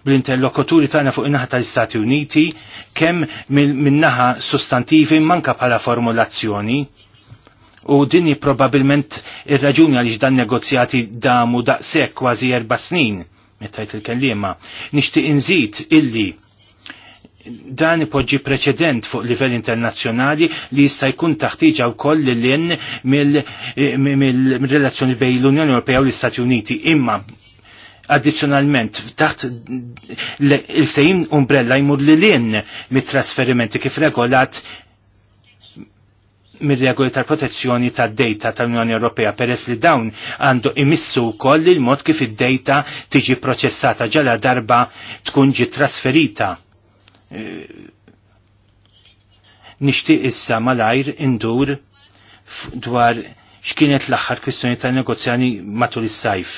Speaker 1: bl-interlokuturi tagħna fuq in-naħa tal-Istati Uniti kemm min-naħa sustantivi manka bħala formulazzjoni U dini probabilment ir-raġuni għaliex dan negozjati damu daqshekk kważi erba' snin mettajt il-kellima. Nixtieq inżid illi dan ipoġġi preċedent fuq livell internazzjonali li jista' jkun taħtiġa wkoll lil lin mill-relazzjoni bejn l-Unjoni Ewropea u l-Istati Uniti. Imma addizzjonalment taħt il-fejn umbrella jmur li lin mit-trasferimenti kif regolat mir-regoli tal-protezzjoni tad-data tal-Unjoni Ewropea peress li dawn għandu imissu wkoll il-mod kif id-data tiġi proċessata ġala darba tkun ġi trasferita. E, nixtieq issa malajr indur dwar x'kienet l-aħħar kwistjoni tan-negozjani matul is-sajf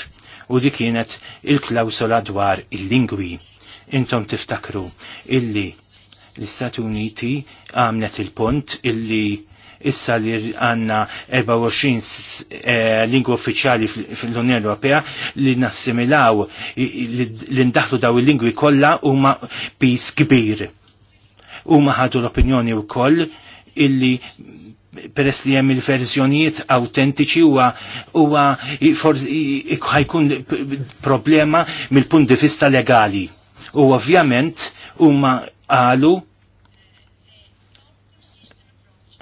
Speaker 1: u di kienet il-klawsola dwar il-lingwi. Intom tiftakru illi l-Istati Uniti għamlet il-pont illi issa li għanna 24 eh, lingwa uffiċjali fl-Unjoni Ewropea li nassimilaw li ndaħlu daw il-lingwi kollha huma pis kbir. Huma ħadu l-opinjoni wkoll illi peress li hemm il-verżjonijiet autentiċi huwa huwa ħajkun problema mill-punt di vista legali. U ovvjament huma qalu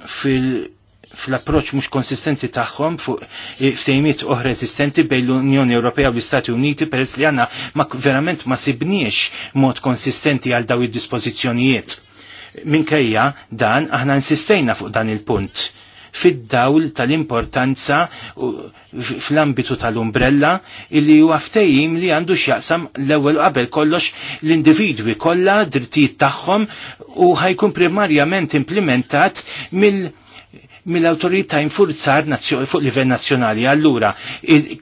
Speaker 1: fil-approċ mux konsistenti tagħhom fuq ftejmiet oħra rezistenti bejn l-Unjoni Ewropea u l-Istati Uniti peress li għanna ma verament ma sibniex mod konsistenti għal daw id-dispożizzjonijiet. Minkejja dan aħna insistejna fuq dan il-punt fid-dawl tal-importanza fl-ambitu tal-umbrella illi huwa ftehim li għandu x'jaqsam l-ewwel qabel kollox l-individwi kollha drittijiet tagħhom u ħajkun primarjament implementat mill- mill-autorità infurzar fuq livell nazzjonali. Allura,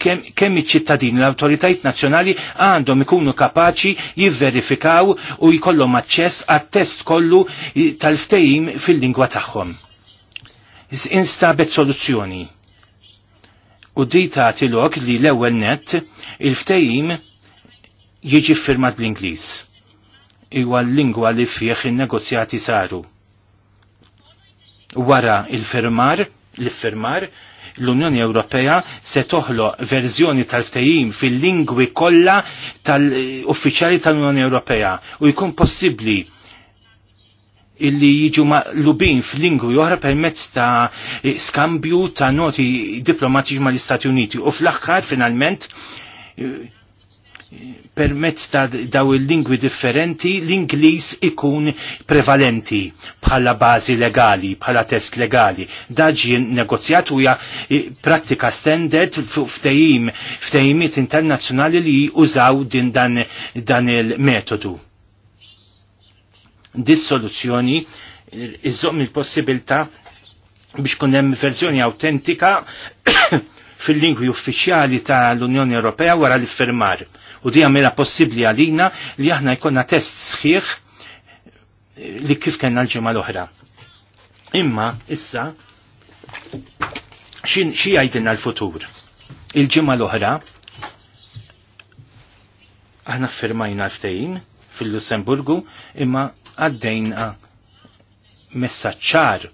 Speaker 1: kemm iċ-ċittadini l-autoritajiet nazzjonali għandhom ikunu kapaċi jivverifikaw u jkollhom aċċess għat-test kollu tal-ftehim fil-lingwa tagħhom instabet soluzzjoni. U di tagħti lok li l-ewwel net il-ftehim jiġi firmat bl-Ingliż. Iwa l-lingwa li fih in-negozjati saru. Wara il-firmar, l-firmar, l-Unjoni Ewropea se toħloq verżjoni tal-ftehim fil-lingwi kollha tal-uffiċjali tal-Unjoni Ewropea u jkun possibbli illi jiġu maqlubin f'lingwi oħra permezz ta' eh, skambju ta' noti diplomatiċi mal-Istati Uniti u fl-aħħar finalment eh, permezz ta' daw il-lingwi differenti l-Ingliż ikun prevalenti bħala bażi legali, bħala test legali. Daġi negozjat huja eh, prattika standard ftehim internazzjonali li użaw din dan, dan il-metodu dis-soluzzjoni il-possibilità biex kun hemm verżjoni autentika fil-lingwi uffiċjali tal-Unjoni Ewropea wara l-iffirmar. U di għamela possibbli għalina li aħna jkollna test sħiħ eh, li kif kellna l-ġimgħa l-oħra. Imma issa xi jgħidilna l-futur. Il-ġimgħa l-oħra aħna firmajna ftehim fil-Lussemburgu imma għaddejna messaċċar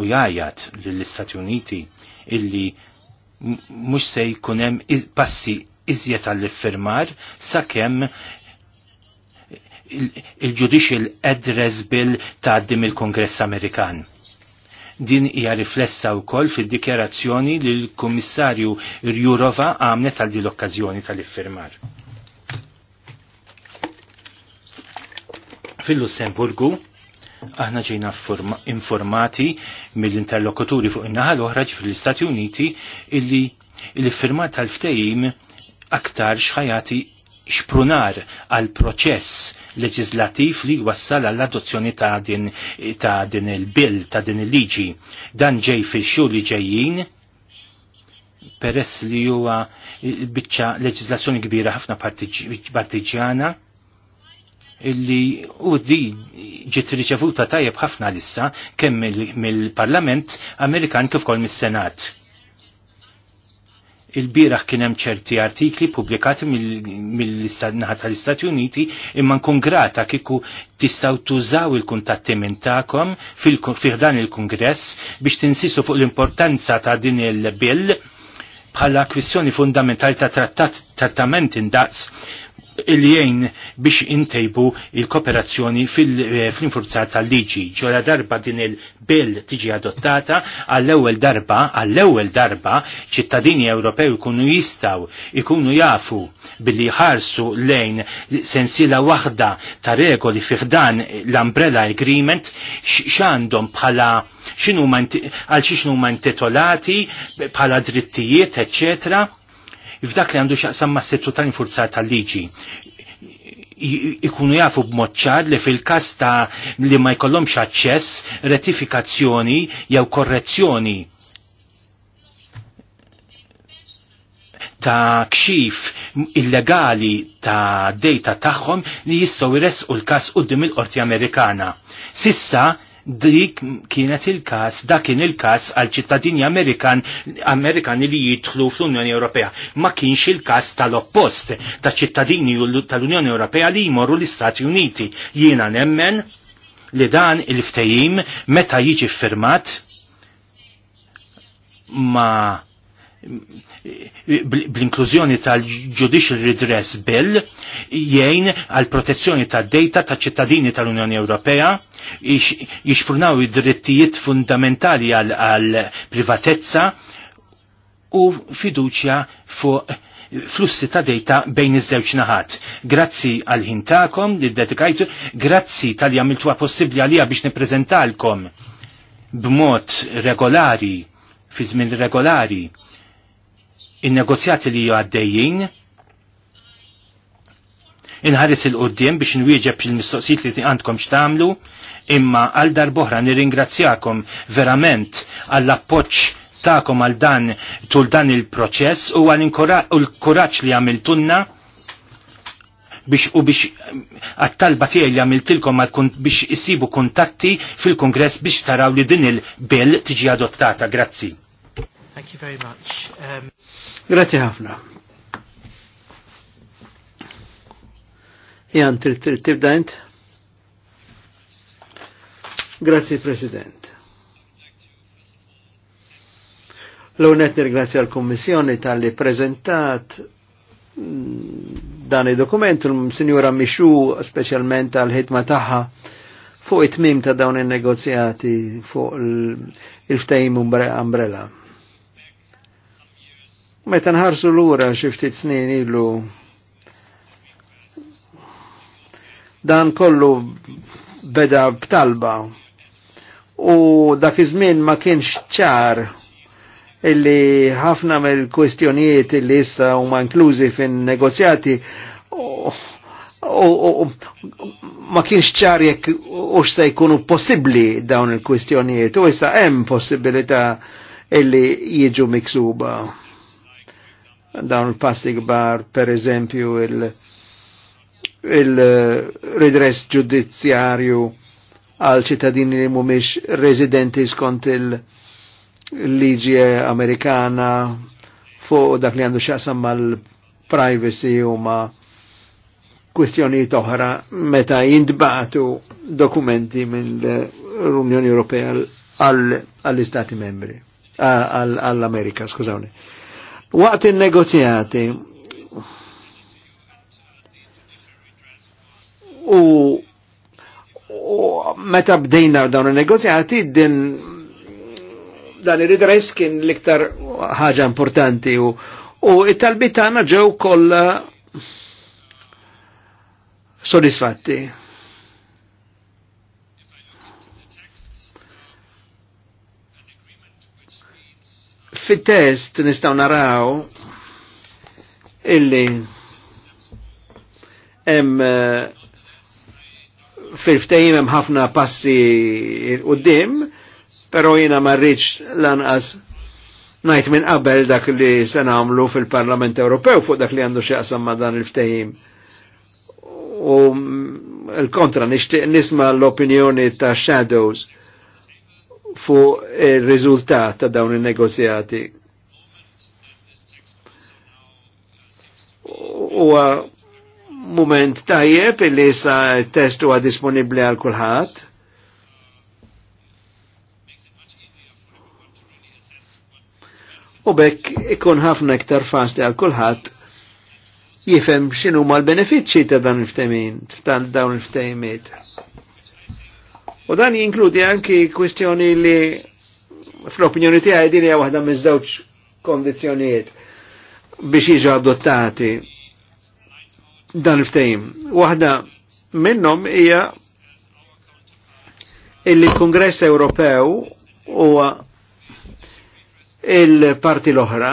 Speaker 1: u jajat lill-Istati Uniti illi mux se jkunem passi iżjed għall-iffirmar sakemm il edres address ta' taħdim il-Kongress Amerikan. Din hija riflessa wkoll fid-dikjarazzjoni li l-Kummissarju Rjurova għamlet għal din l-okkażjoni tal-iffirmar. Fil-Lussemburgu, aħna ġejna informati mill-interlokuturi fuq in-naħa l oħraġ fil-Istati Uniti illi il firmat tal-ftejim aktar xħajati xprunar għal proċess leġislativ li wassal għall adozzjoni ta' din, ta din il-bill, ta' din il-liġi. Dan ġej fil-xu li ġejjin peress li huwa biċċa leġislazzjoni kbira ħafna partiġjana illi u di ġiet riċevuta tajjeb ħafna lissa kemm mill-Parlament Amerikan kif ukoll mis-Senat. Il-bieraħ kien hemm ċerti artikli pubblikati mill-naħa tal-Istati Uniti imma nkun grata kieku tistgħu tużaw il-kuntatti minn tagħkom fih dan il-Kungress biex tinsistu fuq l-importanza ta' din il-bill bħala kwistjoni fundamentali ta' trattat trattament indaqs il jien biex intejbu il-kooperazzjoni fil-infurzat eh, tal-liġi. Ġola darba din il-bill tiġi adottata għall-ewwel darba, għall-ewwel darba ċittadini Ewropew ikunu jistaw, ikunu jafu billi ħarsu lejn sensila waħda ta' regoli fiħdan l-umbrella agreement x'għandhom bħala x'inhu għal xinu intitolati bħala drittijiet, eccetera f'dak li għandu xaqsam ma' settu ta' infurzar tal-liġi ikunu jafu b'moċċar li fil-kas ta' li ma jkollhomx aċċess, retifikazzjoni jew korrezzjoni ta' kxif illegali ta' dejta tagħhom li jistgħu jresqu l-każ quddiem il-Qorti Amerikana. Sissa dik kienet il-kas, da kien il-kas għal ċittadini Amerikan, Amerikani li jidħlu fl-Unjoni Ewropea. Ma kienx il-kas tal-oppost, ta' ċittadini tal-Unjoni Ewropea li jmorru l-Istati Uniti. Jiena nemmen li dan il-ftejim meta jiġi firmat ma' bl-inklużjoni tal-Judicial Redress Bill jgħin għal protezzjoni tad-data ta' ċittadini tal-Unjoni Ewropea jixfurnaw id-drittijiet fundamentali għal privatezza u fiduċja fuq flussi ta' data bejn iż-żewġ naħat. Grazzi għal tagħkom li dedikajtu, grazzi tal-jamiltuha possibbli għalija biex nippreżentalkom b'mod regolari, fi żmien regolari il negozjati li għaddejjin inħares il-qoddim biex nwieġeb il-mistoqsijiet li għandkom xtamlu, imma għal darboħra nirringrazzjakom verament għall appoġġ tagħkom għal dan tul dan il-proċess u għal il-kuraġġ li għamiltunna biex u biex għat-talba tiegħi li għamiltilkom biex issibu kuntatti fil-kongress biex taraw li din il-bill tiġi adottata. Grazzi.
Speaker 2: Thank you very much. Um... Grazie
Speaker 1: ħafna. Jan, tibda int?
Speaker 2: Grazie, President. L-unet nirgrazzja l-Kommissjoni tal-li prezentat mm, dan il-dokument, l signora Mishu specialment għal ħitma taħħa fuq it-tmim ta' dawn il-negozjati fuq il-ftajim umbrella. Meta nħarsu l-ura xiftit snin ilu dan kollu beda b'talba u dak iż-żmien ma kienx ċar illi ħafna mill-kwestjonijiet illi issa huma inklużi fin-negozjati u ma kienx ċar jekk hux se jkunu possibbli dawn il-kwistjonijiet, u issa hemm possibilità illi jiġu miksuba dawn il-passi gbar, per eżempju, il-redress il eh, ġudizzjarju għal ċittadini li mumiex residenti skont il-liġi amerikana fuq dak li għandu xaqsam mal-privacy u ma kwistjonijiet toħra meta jindbatu dokumenti l unjoni Ewropea għall-Istati membri, għall-Amerika, skużawni. Waqt il-negozjati u, meta bdejna dawn il-negozjati din dan il redress kien l-iktar ħaġa importanti u, u it-talbitana ġew kollha sodisfatti. Fit-test nistaw naraw illi hemm eh, fil-ftejim hemm ħafna passi qudiem, però jiena ma rridx lanqas ngħid minn qabel dak li se nagħmlu fil-Parlament Ewropew fuq dak li għandu x'jaqsam ma' dan il ftehim U mm, l-kontra nixtieq nisma' l-opinjoni ta' Shadows fuq il-riżultat ta' dawn il-negozjati. Huwa moment tajjeb illi sa test huwa disponibbli għal kulħadd. U bekk ikun ħafna iktar fasti għal kulħadd jifhem x'inhuma l-benefiċċji ta' dan il-ftehmin, ta' dawn il-ftehimiet. U dan jinkludi anki kwestjoni li fl-opinjoni tiegħi din hija waħda mizdawċ kondizjoniet kondizzjonijiet biex jiġu adottati dan il ftajim Waħda minnhom hija illi kongress Ewropew u il-parti l-oħra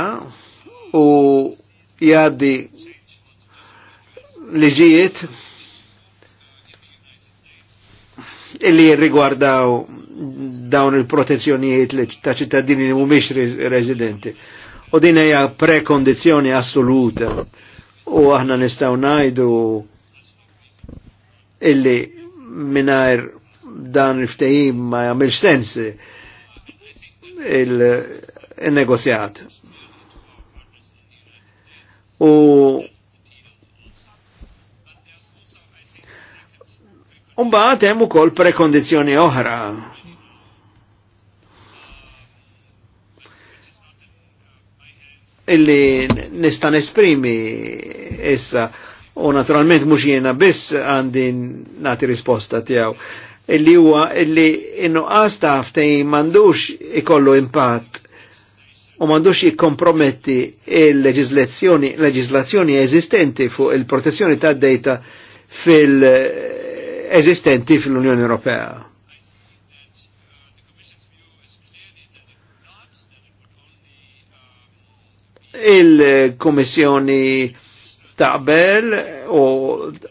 Speaker 2: u jaddi liġijiet illi riguardaw dawn il-protezzjonijiet ta' ċittadini li mhumiex residenti. U din hija prekondizzjoni assoluta. U aħna nistgħu ngħidu illi mingħajr dan il-ftehim ma jagħmilx sens il-negozjat. U Umbaħt hemm ukoll prekondizjoni oħra. Illi nista nesprimi essa u naturalment mux jena biss għandi nati risposta tijaw Illi huwa illi innu taf tej mandux ikollu impatt u mandux jikkomprometti il-leġizlazzjoni eżistenti fuq il-protezzjoni ta' data fil- eżistenti fil unjoni Ewropea. Il-Komissjoni taqbel u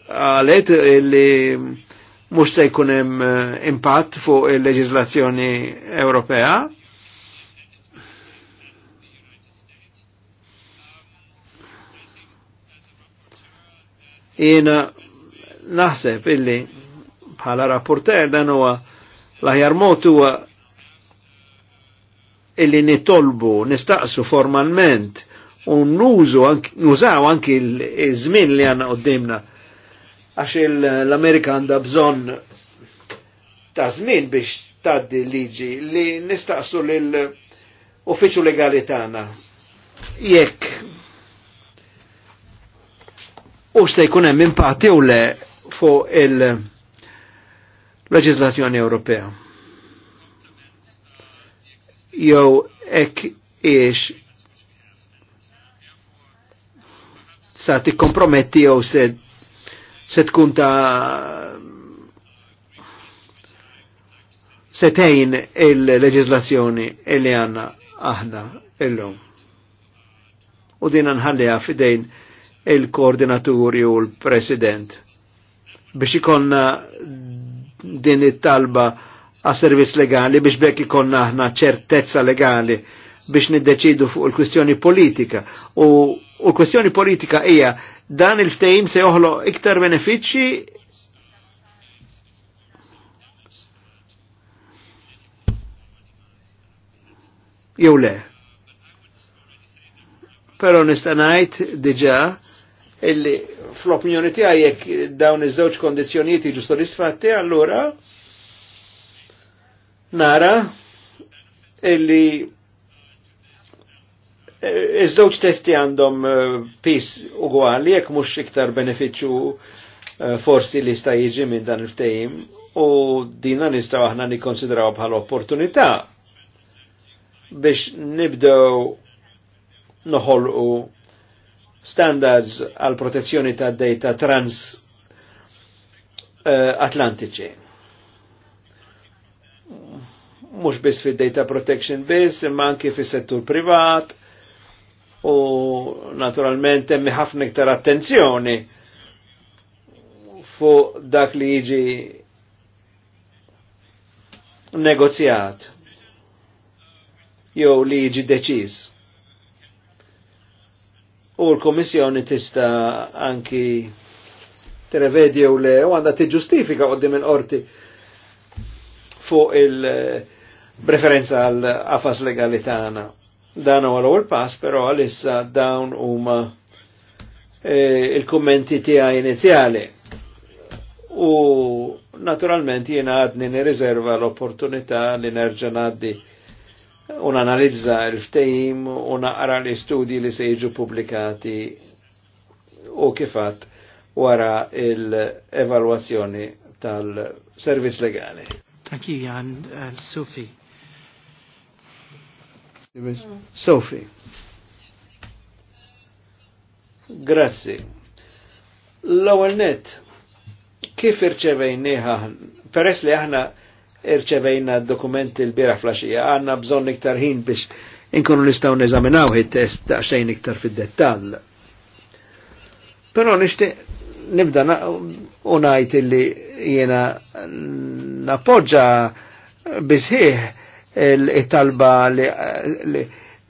Speaker 2: għalet li mux se jkun eh, impatt fuq il-leġizlazzjoni Ewropea. jena naħseb illi bħala rapporter dan huwa l-aħjar mod huwa illi nitolbu, nistaqsu formalment u nużu nużaw anki l-żmien li għandna qudiemna għax l-Amerika għandha bżonn ta' żmien biex tgħaddi liġi li nistaqsu lil uffiċu legali tagħna. Jekk u se jkun hemm impatti u le fuq il- leġislazzjoni Ewropea. Jew ek iex sa ti komprometti jew se se tkun ta' setejn il-leġizlazzjoni li għanna aħna illum. U din nħallija fidejn il-koordinaturi u l-president biex ikonna din it-talba għas servizz legali biex bekk ikonna aħna ċertezza legali biex niddeċidu fuq il-kwistjoni politika. U l-kwistjoni politika hija dan il ftejim se joħlo iktar benefiċċji jew le. Però nista' ngħid diġà illi fl-opinjoni tiegħi jekk dawn iż-żewġ kondizzjonijiet jiġu sodisfatti, allura nara illi iż-żewġ testi għandhom eh, pis ugwali jekk mhux iktar benefiċċju eh, forsi li sta jiġi minn dan il-ftehim u dina nistgħu aħna nikkonsidraw bħala opportunità biex nibdew noħolqu standards għal protezzjoni ta' data trans uh, atlantiċi. Mux biss fid data protection bis, imma anki fis settur privat u naturalment emmi ħafna iktar attenzjoni fuq dak li jiġi negozjat jew li jiġi deċiż u l-Komissjoni tista anki trevedi u le u għanda tiġustifika għoddim il-qorti fuq il-preferenza għal-afas legalitana. Dan u għal-għol pass, però għalissa dawn huma e, il-kommenti tija inizjali. U naturalment jena għadni nirriserva l-opportunità li nerġa' ngħaddi u analizza l-ftejim u naqra l-istudji li se jiġu publikati u kifat wara l-evalwazzjoni tal-servis legali.
Speaker 1: Tanki għan Jan. Uh, Sufi.
Speaker 2: Sophie. Grazzi. L-ewwel net kif irċevejniħa? peress li aħna irċevejna dokument l-bira flasġija, għanna bżon iktar ħin biex inkunu nistaw neżaminaw il-test ta' xejn iktar fid-dettall. Pero nishti nibda unajt illi jena napoġġa bisħiħ il-talba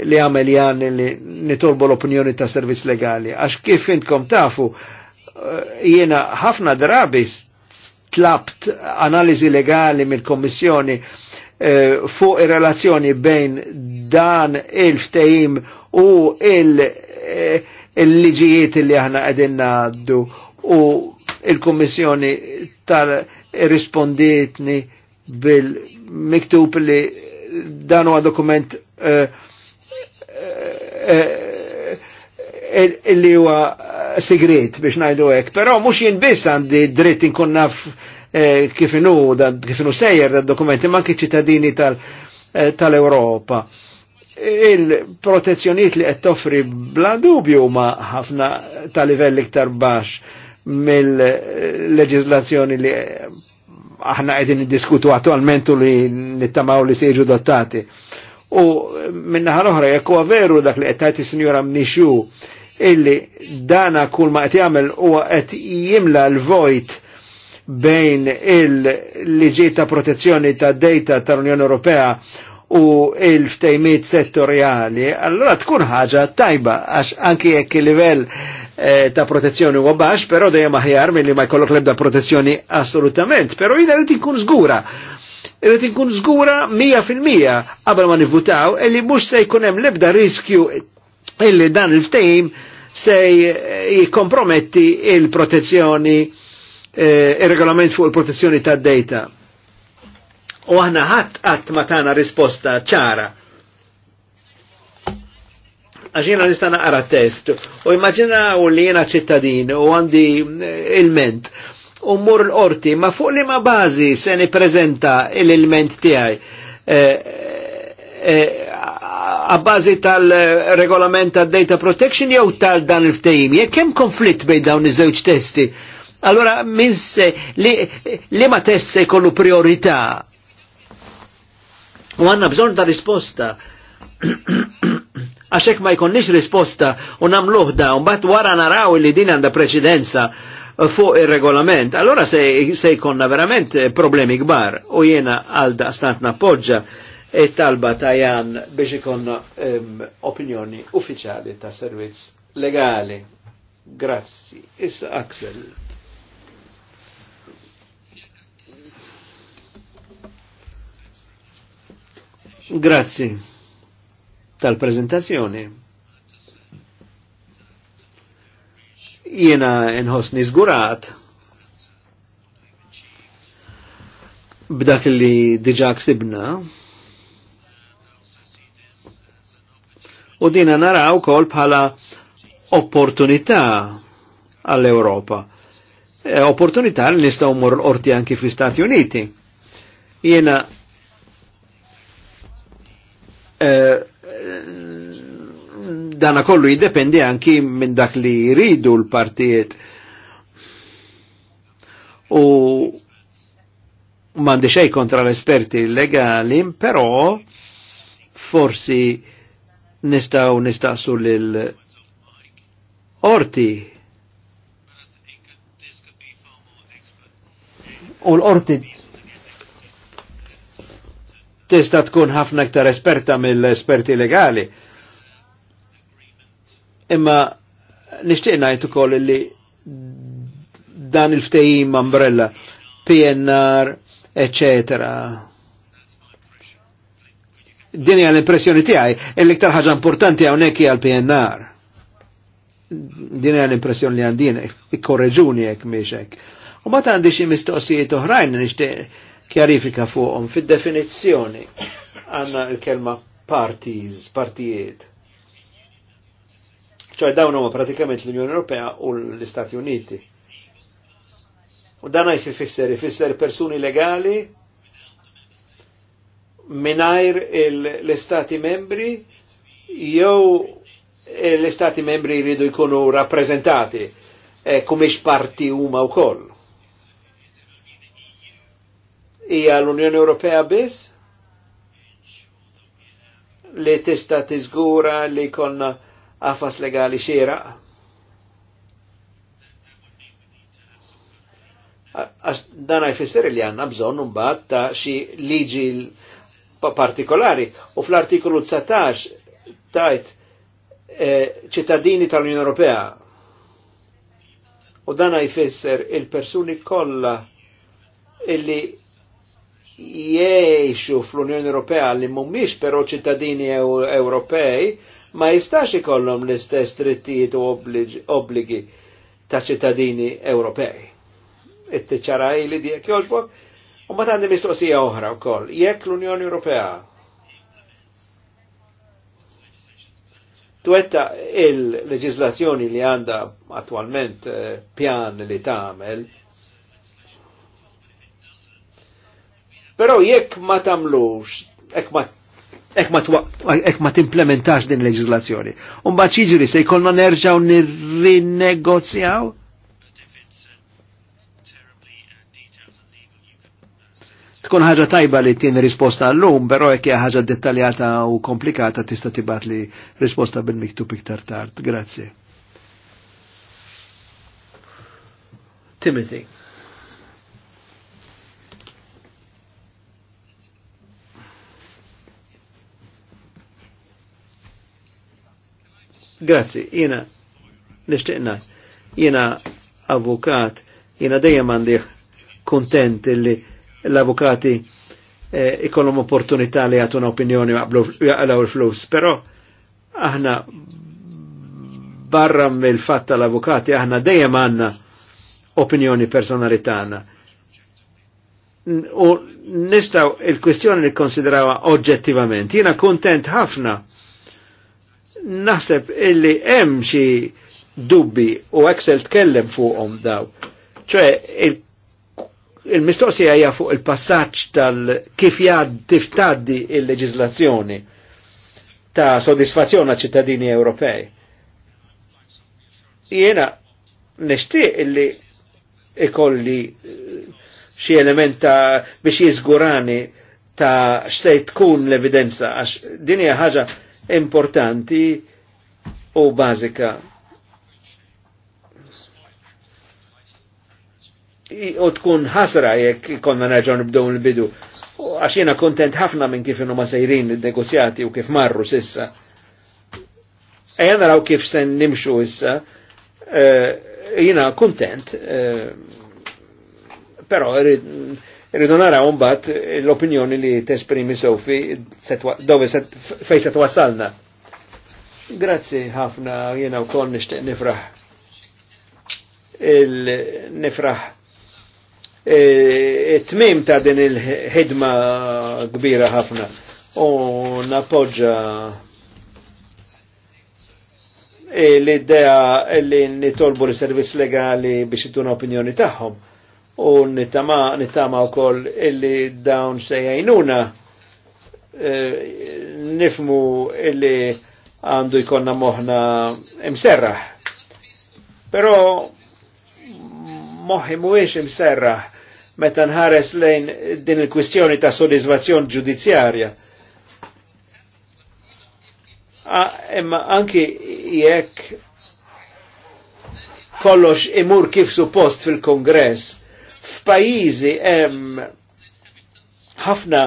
Speaker 2: li għamel jan li nitolbu l-opinjoni ta' servizz legali. Għax kif intkom tafu, eh, jena ħafna drabi tlabt analizi legali mill-Kommissjoni eh, fuq ir-relazzjoni bejn dan il-ftehim u eh, il-liġijiet il li aħna qegħdin ngħaddu u il-Kommissjoni tal-rispondietni bil-miktub li dan huwa dokument eh, eh, li huwa eh, segret biex ngħidu hekk, però mhux jien biss għandi dritt inkun naf eh, kif inhu kif inhu sejjer dokumenti ma anke ċittadini eh, tal-Ewropa. Il-protezzjonijiet li qed toffri bla dubju ma ħafna ta' livell iktar baxx mill-leġiżlazzjoni li aħna qegħdin niddiskutu attualment li nittamaw li se jiġu dottati. U minna ħal oħra jekk huwa veru dak li qed tajt is-Sinjora Mnixu illi dana kull ma qed jagħmel huwa qed jimla l-vojt bejn il-liġi ta' protezzjoni ta' data tal-Unjoni Ewropea u il-ftejmiet settorjali, allora tkun ħaġa tajba, għax anki jekk il-livell eh, ta' protezzjoni u għabax, pero dejjem aħjar mill-li ma jkollok lebda protezzjoni assolutament, pero jina rrit nkun zgura. Rrit nkun zgura 100% qabel ma nivvutaw, illi mux se jkun hemm lebda riskju illi dan il-ftejm se jikkomprometti il-protezzjoni, eh, il-regolament fuq il-protezzjoni ta' data. U aħna ħadd qatt ma tana risposta ċara. Għax nistana nista' test u u li jena ċittadin u għandi eh, il-ment. u mmur l orti ma fuq li ma bażi se nippreżenta l-ilment tiegħi. Eh, għabbażi tal-regolament tad data protection jew tal-dan il-ftejim. Jek kem konflitt bejn dawn iż-żewġ testi, allora min li, li ma test se jkollu priorità? U għanna bżon ta' risposta. Għaxek ma jkonniex risposta u namluħ da, un bat wara naraw li din għanda preċedenza fuq il-regolament, allora se, se jkonna verament problemi kbar u jena għalda stantna poġġa talba ta' jan biex ikonna um, opinjoni uffiċjali ta' servizz legali. Grazzi. Issa Axel. Grazzi tal-prezentazzjoni. Jiena nħossni zgurat b'dak li diġa ksibna u dina naraw kol bħala opportunità għall-Europa. E, opportunità li nistaw mor orti anki fi Stati Uniti. Jena e, dana kollu jiddependi anki minn dak li jridu l-partijiet. U mandi xej kontra l-esperti legali, però forsi nistaw nistaqsu lil orti u l-orti tista tkun ħafna iktar esperta mill-esperti legali. Imma nishtiq ngħid ukoll li dan il-ftehim umbrella PNR, eccetera din hija l-impressjoni tiegħi, l-iktar ħaġa importanti hawnhekk hija l-PNR. Din hija l-impressjoni li għandin, ikkorreġuni hekk miex hekk. U ma għandi xi mistoqsijiet oħrajn nixtieq kjarifika fuqhom fid-definizzjoni għandna l-kelma parties, partijiet. ċoj dawn huma pratikament l-Unjoni Ewropea u l-Istati Uniti. U dan fisser, ifisser persuni legali minajr l-Istati membri jew l-Istati membri jridu jkunu rappresentati e kumiex parti huma wkoll. Hija l-Unjoni Ewropea biss li tista' tiżgura li konna qafas legali xieraq. għax dan għaj fisser li għanna bżon un ta' xie liġi partikolari u fl-artikolu 19 tajt eh, ċittadini e, tal-Unjoni Ewropea. U dan jfisser il-persuni kollha illi jiexu fl-Unjoni Ewropea li mhumiex però ċittadini Ewropej ma jistax ikollhom l-istess drittijiet u obbligi ta' ċittadini Ewropej. Ittiċaraj li dijek joġbok U ma tandi mistoqsija oħra wkoll. Jekk l-Unjoni Ewropea twetta il-leġislazzjoni li għanda attualment eh, pjan li tagħmel, però jekk ma tamlux, hekk ma ek ma, ma timplementax din leġislazzjoni. Un bħad ċiġri se jkollna nerġaw nirrinegozjaw? Tkun ħaġa tajba li tieni risposta għallum, però jekk hija ħaġa dettaljata u komplikata tista' tibat li risposta bil-miktub iktar tard. Grazzi. Timothy. Grazzi, jena, nishtiqna, jena avukat, jiena dejjem għandih kontent illi l-avukati eh, ikollhom opportunità li jagħtuna opinjoni jaqlaw il-flus, però aħna barra mill-fatt tal-avukati aħna dejjem għandna opinjoni personali tagħna. U nistaw il-kwestjoni li konsiderawa oġġettivament. Jiena kuntent ħafna naħseb illi hemm xi dubbi u Excel tkellem fuqhom daw. ċoe il il-mistoqsija hija fuq il-passaġġ tal kif jgħad tiftaddi il-leġiżlazzjoni ta' soddisfazzjon għal ċittadini Ewropej. Jiena nixtieq illi ikolli eh, xi element ta' biex jiżgurani ta' xsej tkun l-evidenza għax din hija ħaġa importanti u bażika u tkun ħasra jekk konna nerġgħu nibdew il-bidu. Għax jiena kontent ħafna minn kif inhom sejrin il negozjati u kif marru sissa. Ejja naraw kif sen nimxu issa, eh, jiena kontent, eh, però rridu naraw mbagħad l-opinjoni li tesprimi Sofi dove set, fejn se Grazzi ħafna jiena wkoll nixtieq nifraħ il-nifraħ it-tmim e, e, ta' din il-ħidma kbira ħafna u napoġġa e, l-idea li nitolbu li servizz legali biex itun opinjoni tagħhom u nittama, nittama u koll illi dawn se jajnuna nifmu illi għandu jkonna moħna imserraħ. Pero moħi muħiex imserra meta nħares lejn din il-kwistjoni ta' soddisfazzjon ġudizzjarja. Imma anki jekk kollox imur kif suppost fil-kongress, f'pajizi hemm ħafna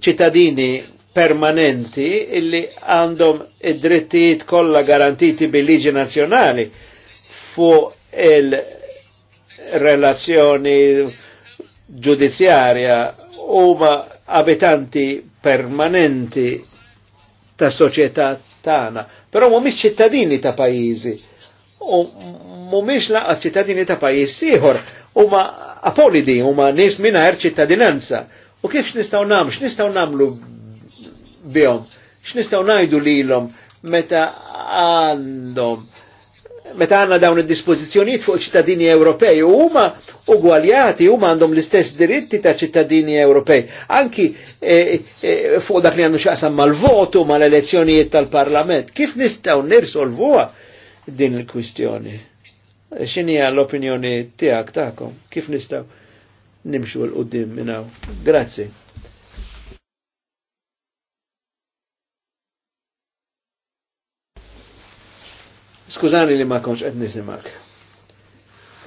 Speaker 2: ċittadini permanenti illi għandhom id-drittijiet kollha garantiti bil-liġi nazzjonali fuq il- relazzjoni ġudizzjarja u ma abitanti permanenti ta' soċjetà tagħna, però miex ċittadini ta' pajizi, u mu miex laqas ċittadini ta' pajizi siħor, u ma apolidi, u huma nies mingħajr ċittadinanza. U kif x'nistgħu nagħmlu, x'nistgħu nagħmlu bihom, x'nistgħu ngħidu lilhom meta għandhom meta għanna dawn id dispozizjoniet fuq ċittadini Ewropej huma ugwaljati huma għandhom l-istess diritti ta' ċittadini Ewropej. Anki e, e, fuq dak li għandu xaqsam mal-votu mal-elezzjonijiet tal-Parlament. Kif nistgħu nirsolvuha din il-kwistjoni? X'inhi l-opinjoni tiegħek tagħkom? Kif nistgħu nimxu l-qudiem minnaw? Grazzi. Skużani li ma konx qed nisimak.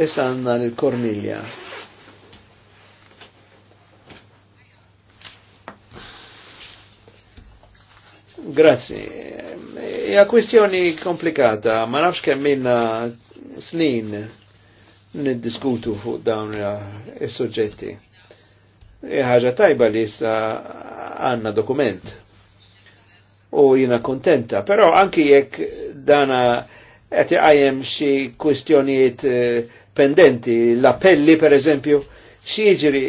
Speaker 2: Issa għandna l-Kornilja. Grazzi. Ja kwistjoni komplikata, ma nafx kemm minna snin niddiskutu fuq dawn is-suġġetti. Hija ħaġa tajba li issa għandna dokument. U jina kontenta, però anki jekk dana et għajem xi kwistjonijiet eh, pendenti, l-appelli per eżempju, xieġri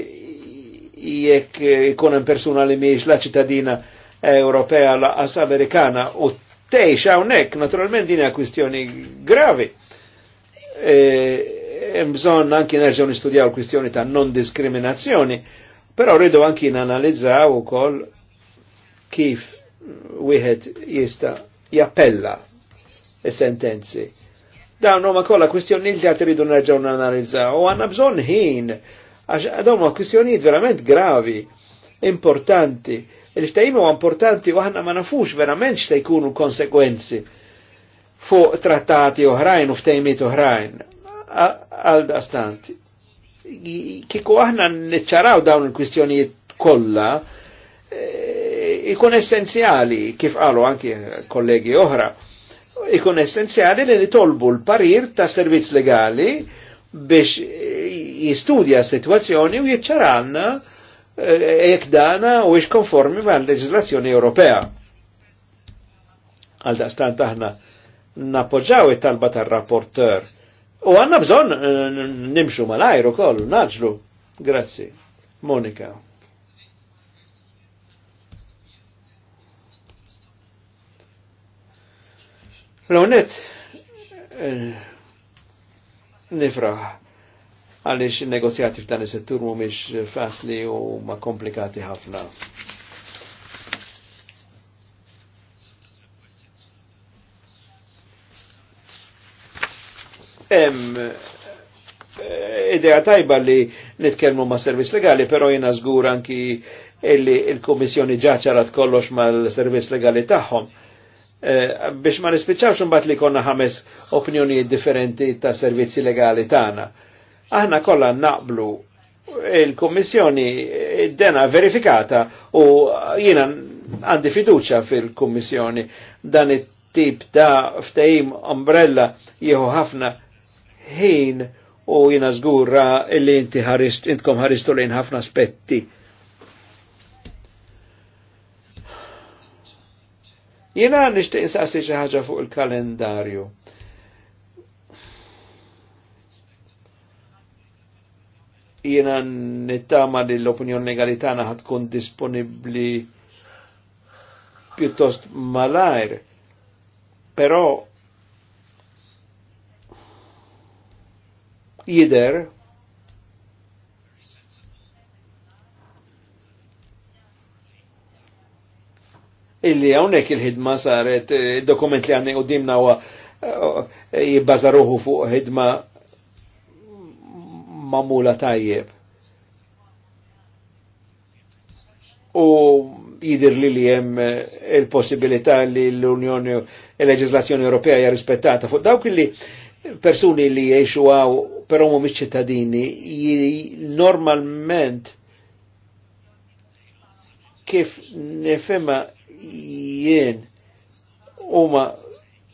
Speaker 2: jekk eh, ikun hemm persuna li mhijiex la ċittadina Ewropea laqas Amerikana u tgħix hawnhekk, naturalment din hija kwistjoni gravi. Eh, hemm bżonn anki nerġgħu nistudjaw kwistjoni ta' non-diskriminazzjoni, però rridu anki nanalizzaw ukoll kif wieħed jista' jappella sentenzi. Dawn huma kollha kwistjoni li qed iridu nerġgħu nanalizzaw u għandna bżonn ħin għax dawn huma kwistjonijiet verament gravi, importanti. li ftehim huwa importanti u aħna ma nafux verament x'se jkunu konsekwenzi fuq trattati oħrajn u ftejmiet oħrajn għal dastant. Kiku aħna nċaraw dawn il-kwistjonijiet kollha, eh, ikun essenzjali kif qalu anke kollegi oħra ikun essenzjali li nitolbu l-parir ta' servizz legali biex jistudja situazzjoni u jiċċaranna eh, jekk dana u ix konformi mal leġislazzjoni Ewropea. Għal stant aħna nappoġġaw it-talba tar-rapporteur. U għanna bżon eh, nimxu mal-ajru kollu, naġlu. Grazzi. Monika. l eh, nifra nifraħ għalix negozjati f'dan is-settur mhumiex fasli u ma komplikati ħafna. Hemm eh, idea tajba li nitkellmu ma' servizz legali, però jiena żgur anki illi il-Kummissjoni ġaċarat kollox mal-servizz legali tagħhom Eh, biex ma nispiċċawx mbagħad li konna ħames opinjonijiet differenti ta' servizzi legali tagħna. Aħna kollha naqblu il kummissjoni dena verifikata u jiena għandi fiduċa fil kummissjoni dan it-tip ta' ftehim ombrella jieħu ħafna ħin u jiena żgura li inti ħarist intkom ħaristu lejn ħafna aspetti Jena nishtiq nsaqsi xi ħaġa fuq il-kalendarju. Jena nittama li l-opinjoni legali tagħna ħad tkun disponibbli pjuttost malajr. Però jider illi hawnhekk il-ħidma saret dokument li għandna dimna huwa eh, eh, jibbazaruhu fuq ħidma mamula tajjeb. U jidir li li jem eh, il-possibilità li l-Unjoni, il-leġislazzjoni Ewropea hija rispettata fuq dawk li persuni li jiexu għaw però mu ċittadini normalment kif nefema jien huma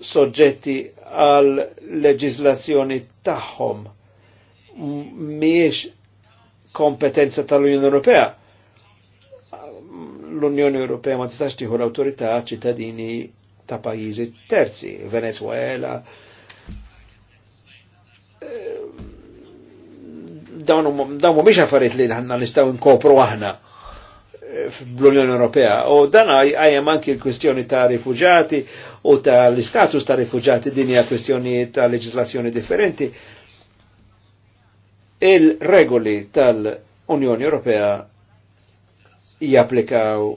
Speaker 2: soġġetti għal leġislazzjoni tagħhom miex kompetenza tal-Unjoni Ewropea. L-Unjoni Ewropea ma tistax tieħu l-awtorità ċittadini ta' pajjiżi terzi, Venezuela. Ehm, dawn mhumiex affarijiet li aħna nistgħu nkopru aħna fl-Unjoni Ewropea. U dan għajem anki l-kwistjoni ta' rifugjati u ta' l-istatus ta' rifugjati din hija kwistjoni ta' leġislazzjoni differenti. Il-regoli tal-Unjoni Ewropea japplikaw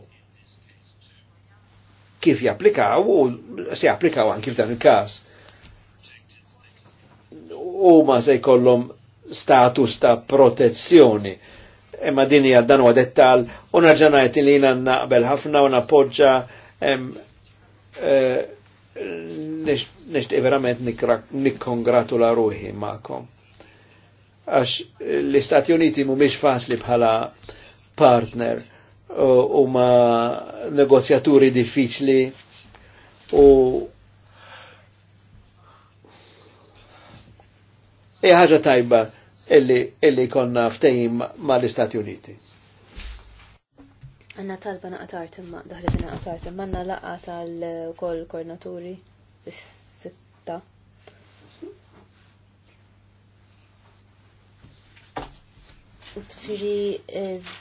Speaker 2: kif japplikaw u se japplikaw anki f'dan il-każ. U ma se jkollhom status ta' protezzjoni imma din hija dan huwa dettal u narġanajt li jiena naqbel ħafna u napoġġa eh, nixtieq verament nikkongratula ruħi magħkom. Għax l-Istati Uniti mhumiex faċli bħala partner u ma negozjaturi diffiċli u hija ħaġa tajba illi konna ftejim ma l-Istati Uniti.
Speaker 3: Għanna talba naqqa tartim naqatar timma, daħlet naqqa tartim, għanna laqqa tal-kol koordinaturi bis-sitta. Tfiri, eh,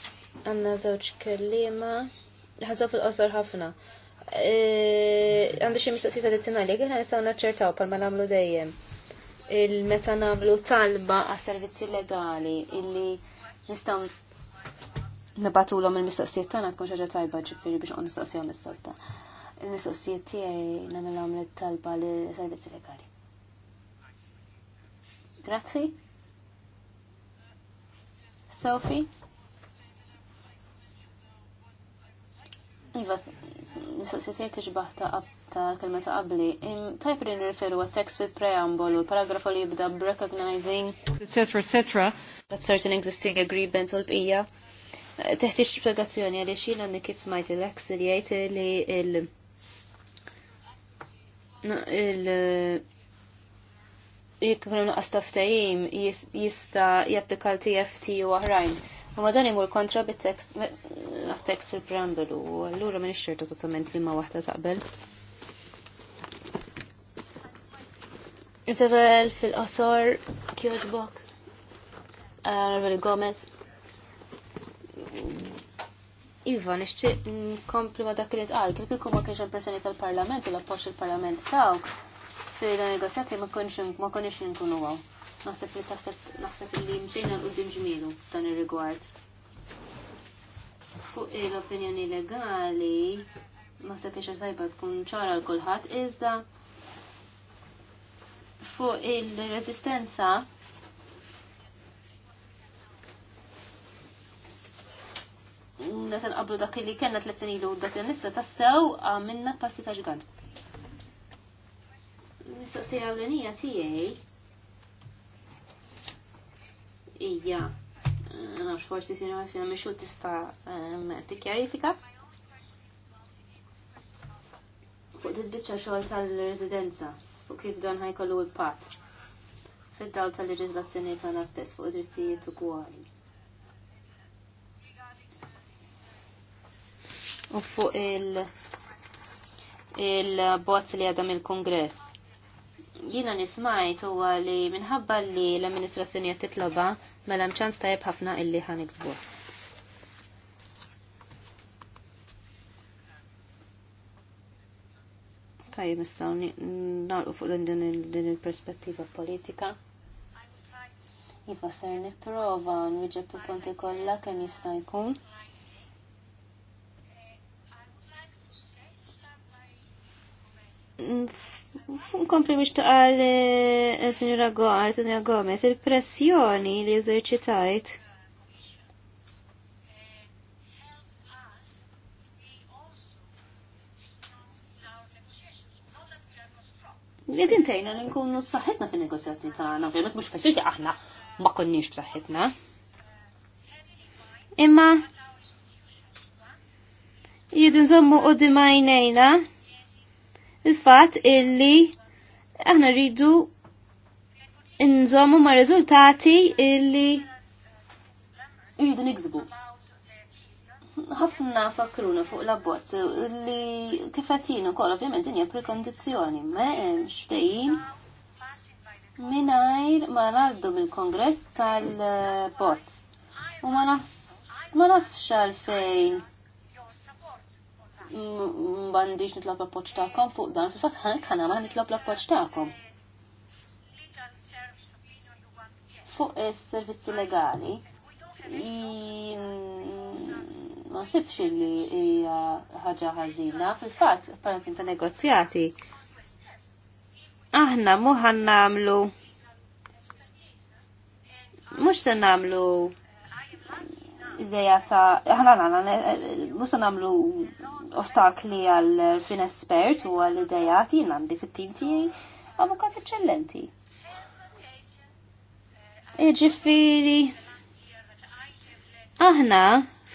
Speaker 3: għanna zawċ kellima, ħazaw fil-qosor ħafna eh, għandu xie mistaqsita mistaqsija tradizjonali, għanna nistaw naċċertaw pal ma namlu dejjem il-meta nagħmlu talba għas servizzi legali illi nistgħu om il-mistoqsijiet tagħna tkun xi ħaġa tajba ġifiri biex qod nistaqsihom il salta Il-mistoqsijiet tiegħi nagħmilhom talba li servizzi legali. Grazzi. Sophie? Iva, mistoqsisijiet iġbaħ ta' ta' kelma ta' qabli. Tajp li nirriferu għat text with preambolu, paragrafu li jibda recognizing, etc. etc. that certain existing agreements u uh, l-bqija. Teħtieġ spiegazzjoni għalli xina li kif smajt il-ex li jgħid li il- il- jekk kienu nuqqas taftajim jista' japplika l-TFT u oħrajn. Imma dan imur kontra bit-text Text il u allura ma nixxerta totalment li ma waħda taqbel. Isabel fil-qosor, kjoġbok, Arveli Gomez. Iva, nixtieq nkompli ma dak li tqal, kif kieku ma kienx il-personi tal-Parlament u l-appoġġ il-Parlament tawk fil-negozjati ma konix ma konix nkunu għaw. Naħseb li taħseb naħseb li mġejna l-qudiem ġmielu f'dan ir-rigward fuq l-opinjoni legali ma sa kiex sajba tkun ċara l-kulħat, iżda fuq il-resistenza nasan qablu dak li kena tlet senilu dak li nissa tassew għamilna passi ta' ġgad. Mistoqsija l-nija tijaj ija Għax mm, forsi sinu fina miexu tista ehm, t-kjarifika. Fuq t-bicċa xol tal-residenza, fuq kif don ħajkollu l-pat. Fid-dawl tal-leġizlazzjoni tagħna stess fuq drittijiet u ugwali. u fuq il- il-bozz li għadam il-kongress. Jina nismajt huwa li minħabba li l-amministrazzjoni qed titloba mela mċans tajab ħafna illi ħan iksbuħ. Tajib nistaw narqu fuq din il-perspettiva politika. Iva ser niprofa nwiġeb il-punti kolla kem jistajkun. jkun. Nkompli biex taqal eh, Sinjura Gomez, eh, Sinjura Gomez, il-pressjoni li eżerċitajt. Li dintajna li nkunu s-saħħitna fin negozjati tagħna, ovvjament mhux fessir li aħna ma konniex b'saħħitna. Imma jridu nżommu qudiem dimajnejna, il-fat illi aħna rridu nżommu ma' riżultati illi rridu nikzbu. Ħafna fakruna fuq l-abbozz li kifetjina kol ovvjament dinja prekondizzjoni, ma' xtejjim minajr ma' naddu mill-kongress tal-bozz. U ma' nafx għalfejn m'għandix nitlop l-appoġġ tagħkom fuq dan, fil fat ħank ħana ma nitlop l-appoġġ tagħkom. Fuq is-servizzi legali, ma sibx li hija ħaġa ħażina, fil-fatt apparenti ta' negozjati. Aħna mu namlu, mhux se nagħmlu id-deja ta' ħana ħana musa namlu ostakli għal fin espert u għal id-deja ti għandi fit-tim tiegħi avukat eccellenti. Iġifiri, aħna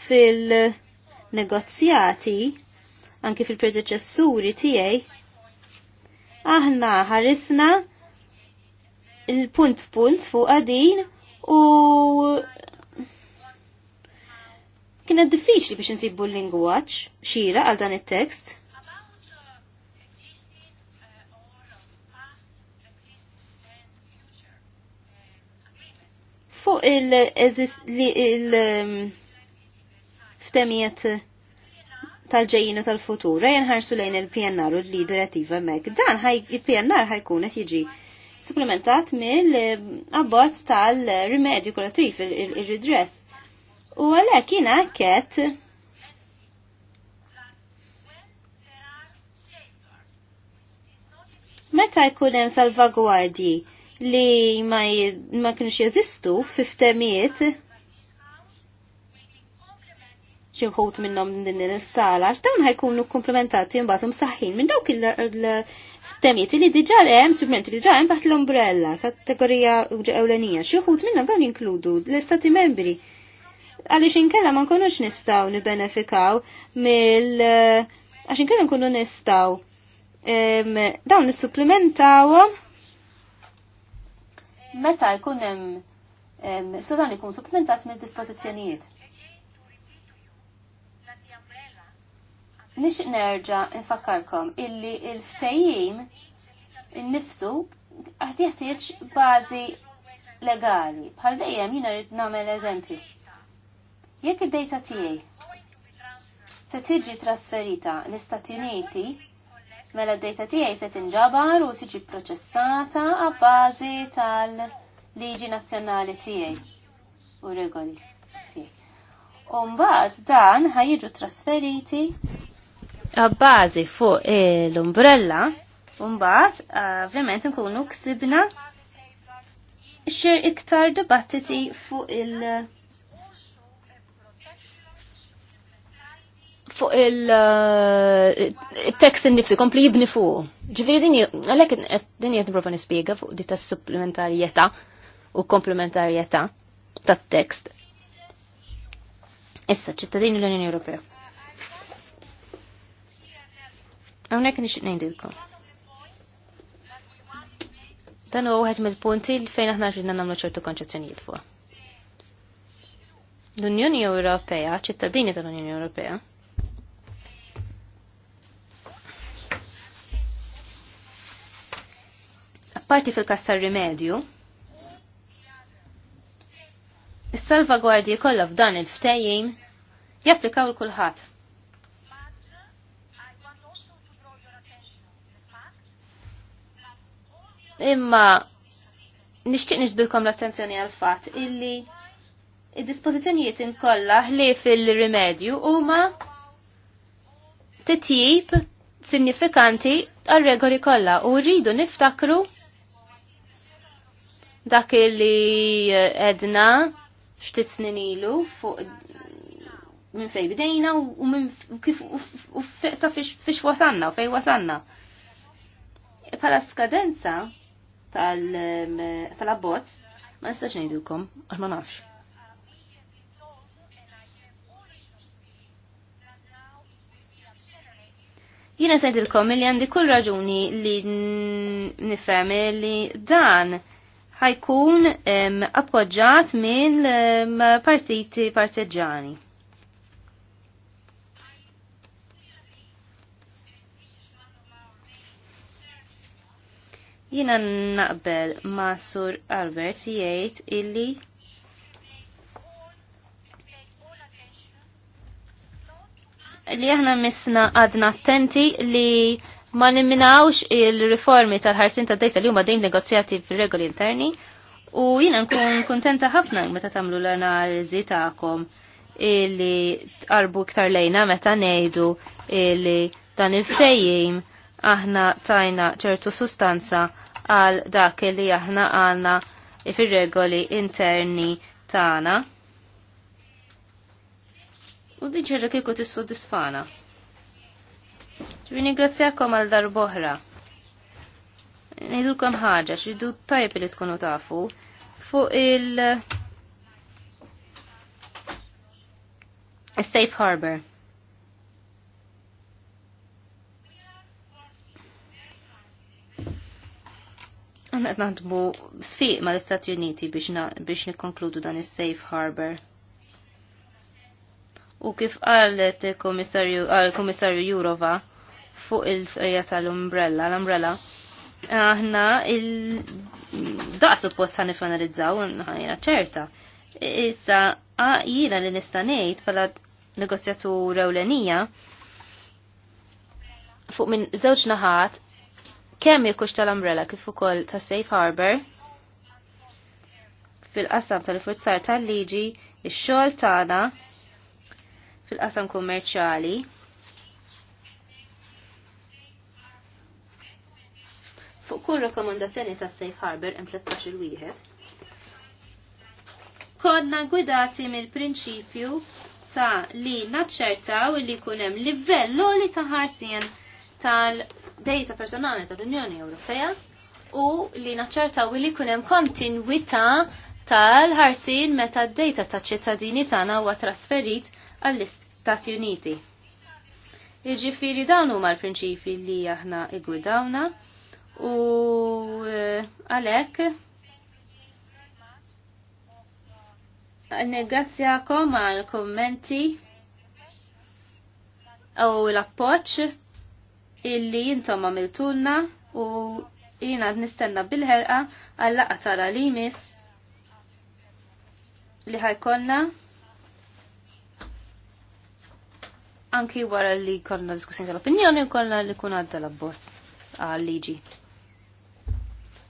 Speaker 3: fil-negozjati, anki fil-predeċessuri tiegħi, aħna ħarisna il-punt punt fuq għadin u Kienet diffiċli biex nsibbu l-lingwaġġ xira għal dan it-tekst. Fuq il-ftemijiet um, tal ġejjinu tal-futur, rejn ħarsu lejn il-PNR u l-li direttiva mek. Dan il-PNR ħajkun qed jiġi supplementat mill-abbozz tal-rimedju kollettiv il-redress U għalhekk jiena għakket meta jkun hemm salvagwardji li ma, ma kienx jeżistu fiftemijiet ximħut minnom din is-sala, x'dawn ħajkunu komplementati mbagħad msaħħin um minn dawk il-temiet li diġà hemm subment li diġà hemm taħt l-ombrella, kategorija ewlenija. Xi wħud minnhom dawn jinkludu l-istati membri għaliex inkella ma nkunux nistgħu nibbenefikaw mill eh, għax inkella nkunu nistgħu dawn nissupplementawhom meta jkun hemm so dan ikun supplementat mill dispozizjonijiet Nix nerġa' nfakkarkom illi il-ftejjim innifsu għati jeħtieġ bażi legali. Bħal dejjem jiena rrid nagħmel eżempju. Jekk id-data tiegħi se tiġi trasferita l-Istati Uniti, mela d-data tiegħi se tinġabar u tiġi proċessata għabbażi tal-liġi nazzjonali tiegħi u regoli tiegħi. U mbagħad dan ħajjiġu trasferiti għabbażi fuq l-umbrella u mbagħad eh, ovvjament nkunu ksibna xir iktar dibattiti fuq il- fuq il-tekst eh, il-nifsi, kompli jibni fuq. Ġifiri dini, għalek dini jgħet nprofa nispiega fuq di ta' supplementarieta u komplementarieta ta' tekst. Issa, ċittadini l-Unjoni Ewropea. Għonek nixit nejdilkom. Dan huwa wieħed mill-punti li fejn aħna ġidna namlu ċertu konċezzjonijiet fuq. L-Unjoni Ewropea, ċittadini tal-Unjoni Ewropea, parti fil-kas tar-rimedju. Is-salvagwardji kollha f'dan il-ftejjin japplikaw l kulħadd. Imma nixtieq niġbilkom l-attenzjoni għal fatt illi id-dispożizzjonijiet inkollha ħlief fil-rimedju huma titjib sinifikanti għal regoli kollha u rridu niftakru dak li eh, edna ftit snin ilu fuq minn fej bidejna u minn kif u fiex wasanna u fej wasanna. Pala skadenza tal-abbozz ma nistax ngħidilkom għax ma nafx. Jiena sejdilkom li għandi kull raġuni li nifhem li dan ħajkun appoġġat minn partiti parteġġani. Jina naqbel ma' Sur Albert jgħid illi li aħna misna għadna attenti li ma nimminawx il-riformi tal-ħarsin ta' dejta li huma dejjem negozjati fir-regoli interni u jiena nkun kuntenta ħafna meta tagħmlu l-analiżi tagħkom illi tqarbu iktar lejna meta ngħidu illi dan il-fejjim aħna tajna ċertu sustanza għal dak li aħna għanna fir-regoli interni tagħna. U diġi kieku tissodisfana. Ġbi ningrazzjakom għal darboħra. Nidulkom ħaġa, xidu tajb li tkunu tafu fuq il safe harbor. Għanna naħdmu sfiq ma l-Istati Uniti biex nikkonkludu dan is safe harbor. U kif għallet għal-Komissarju Jurova, fuq il-sqarja tal-umbrella, l-umbrella. Aħna il-daq suppost ħan ifanalizzaw, ħajna ċerta. Issa, jina li nistanejt pala negozjatu ewlenija fuq minn żewġ naħat kemm jekux tal-umbrella kif ukoll ta' safe harbor fil-qasam tal-forzar tal-liġi ix-xogħol tagħna fil-qasam kummerċjali fuq kull rakkomandazzjoni ta' Safe Harbor M13 il-wieħed. Konna gwidati mill-prinċipju ta' li naċċertaw li jkun hemm livell li ta' ħarsien tal-data personali tal-Unjoni Ewropea u li naċċertaw li jkun hemm kontinwità tal ħarsien meta d-data ta' ċittadini tagħna huwa trasferit għall-Istati Uniti. Jiġifieri dawn huma l-prinċipji li aħna igwidawna u eh, għalek Negazzjakom għal kommenti u l-appoċ illi jintom għamiltunna u jina nistenna bil-ħerqa għall-laqqa li għalimis li ħajkonna anki wara li konna diskussjoni tal-opinjoni u konna li kuna għadda l-abbozz għal-liġi.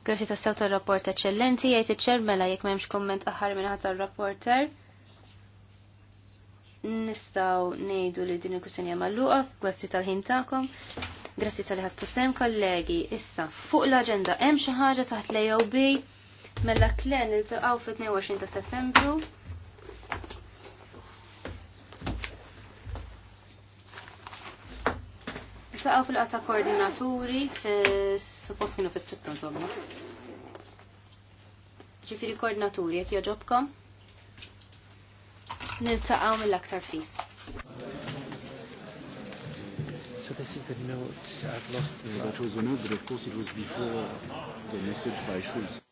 Speaker 3: Grazzi ta' sew tar-rapport eċċellenti, jgħid mela jekk m'hemmx komment aħħar minn ħadd tar-rapporter. Nistgħu ngħidu li din il-kwistjoni hemm magħluqa, grazzi tal-ħin tagħkom. Grazzi tal-li ħadtu sem kollegi. Issa fuq l-aġenda hemm xi ħaġa taħt l-AOB mela klen iltaqgħu fit-22 ta' Settembru. Taqaw fil-qata koordinaturi fil-suppost kienu fil-sitta insomma. Ġifiri koordinaturi, jek joġobkom? Niltaqaw mill-aktar fis.
Speaker 1: So this is the note I've lost. That was on Udre, of course it was before the message by Schulz.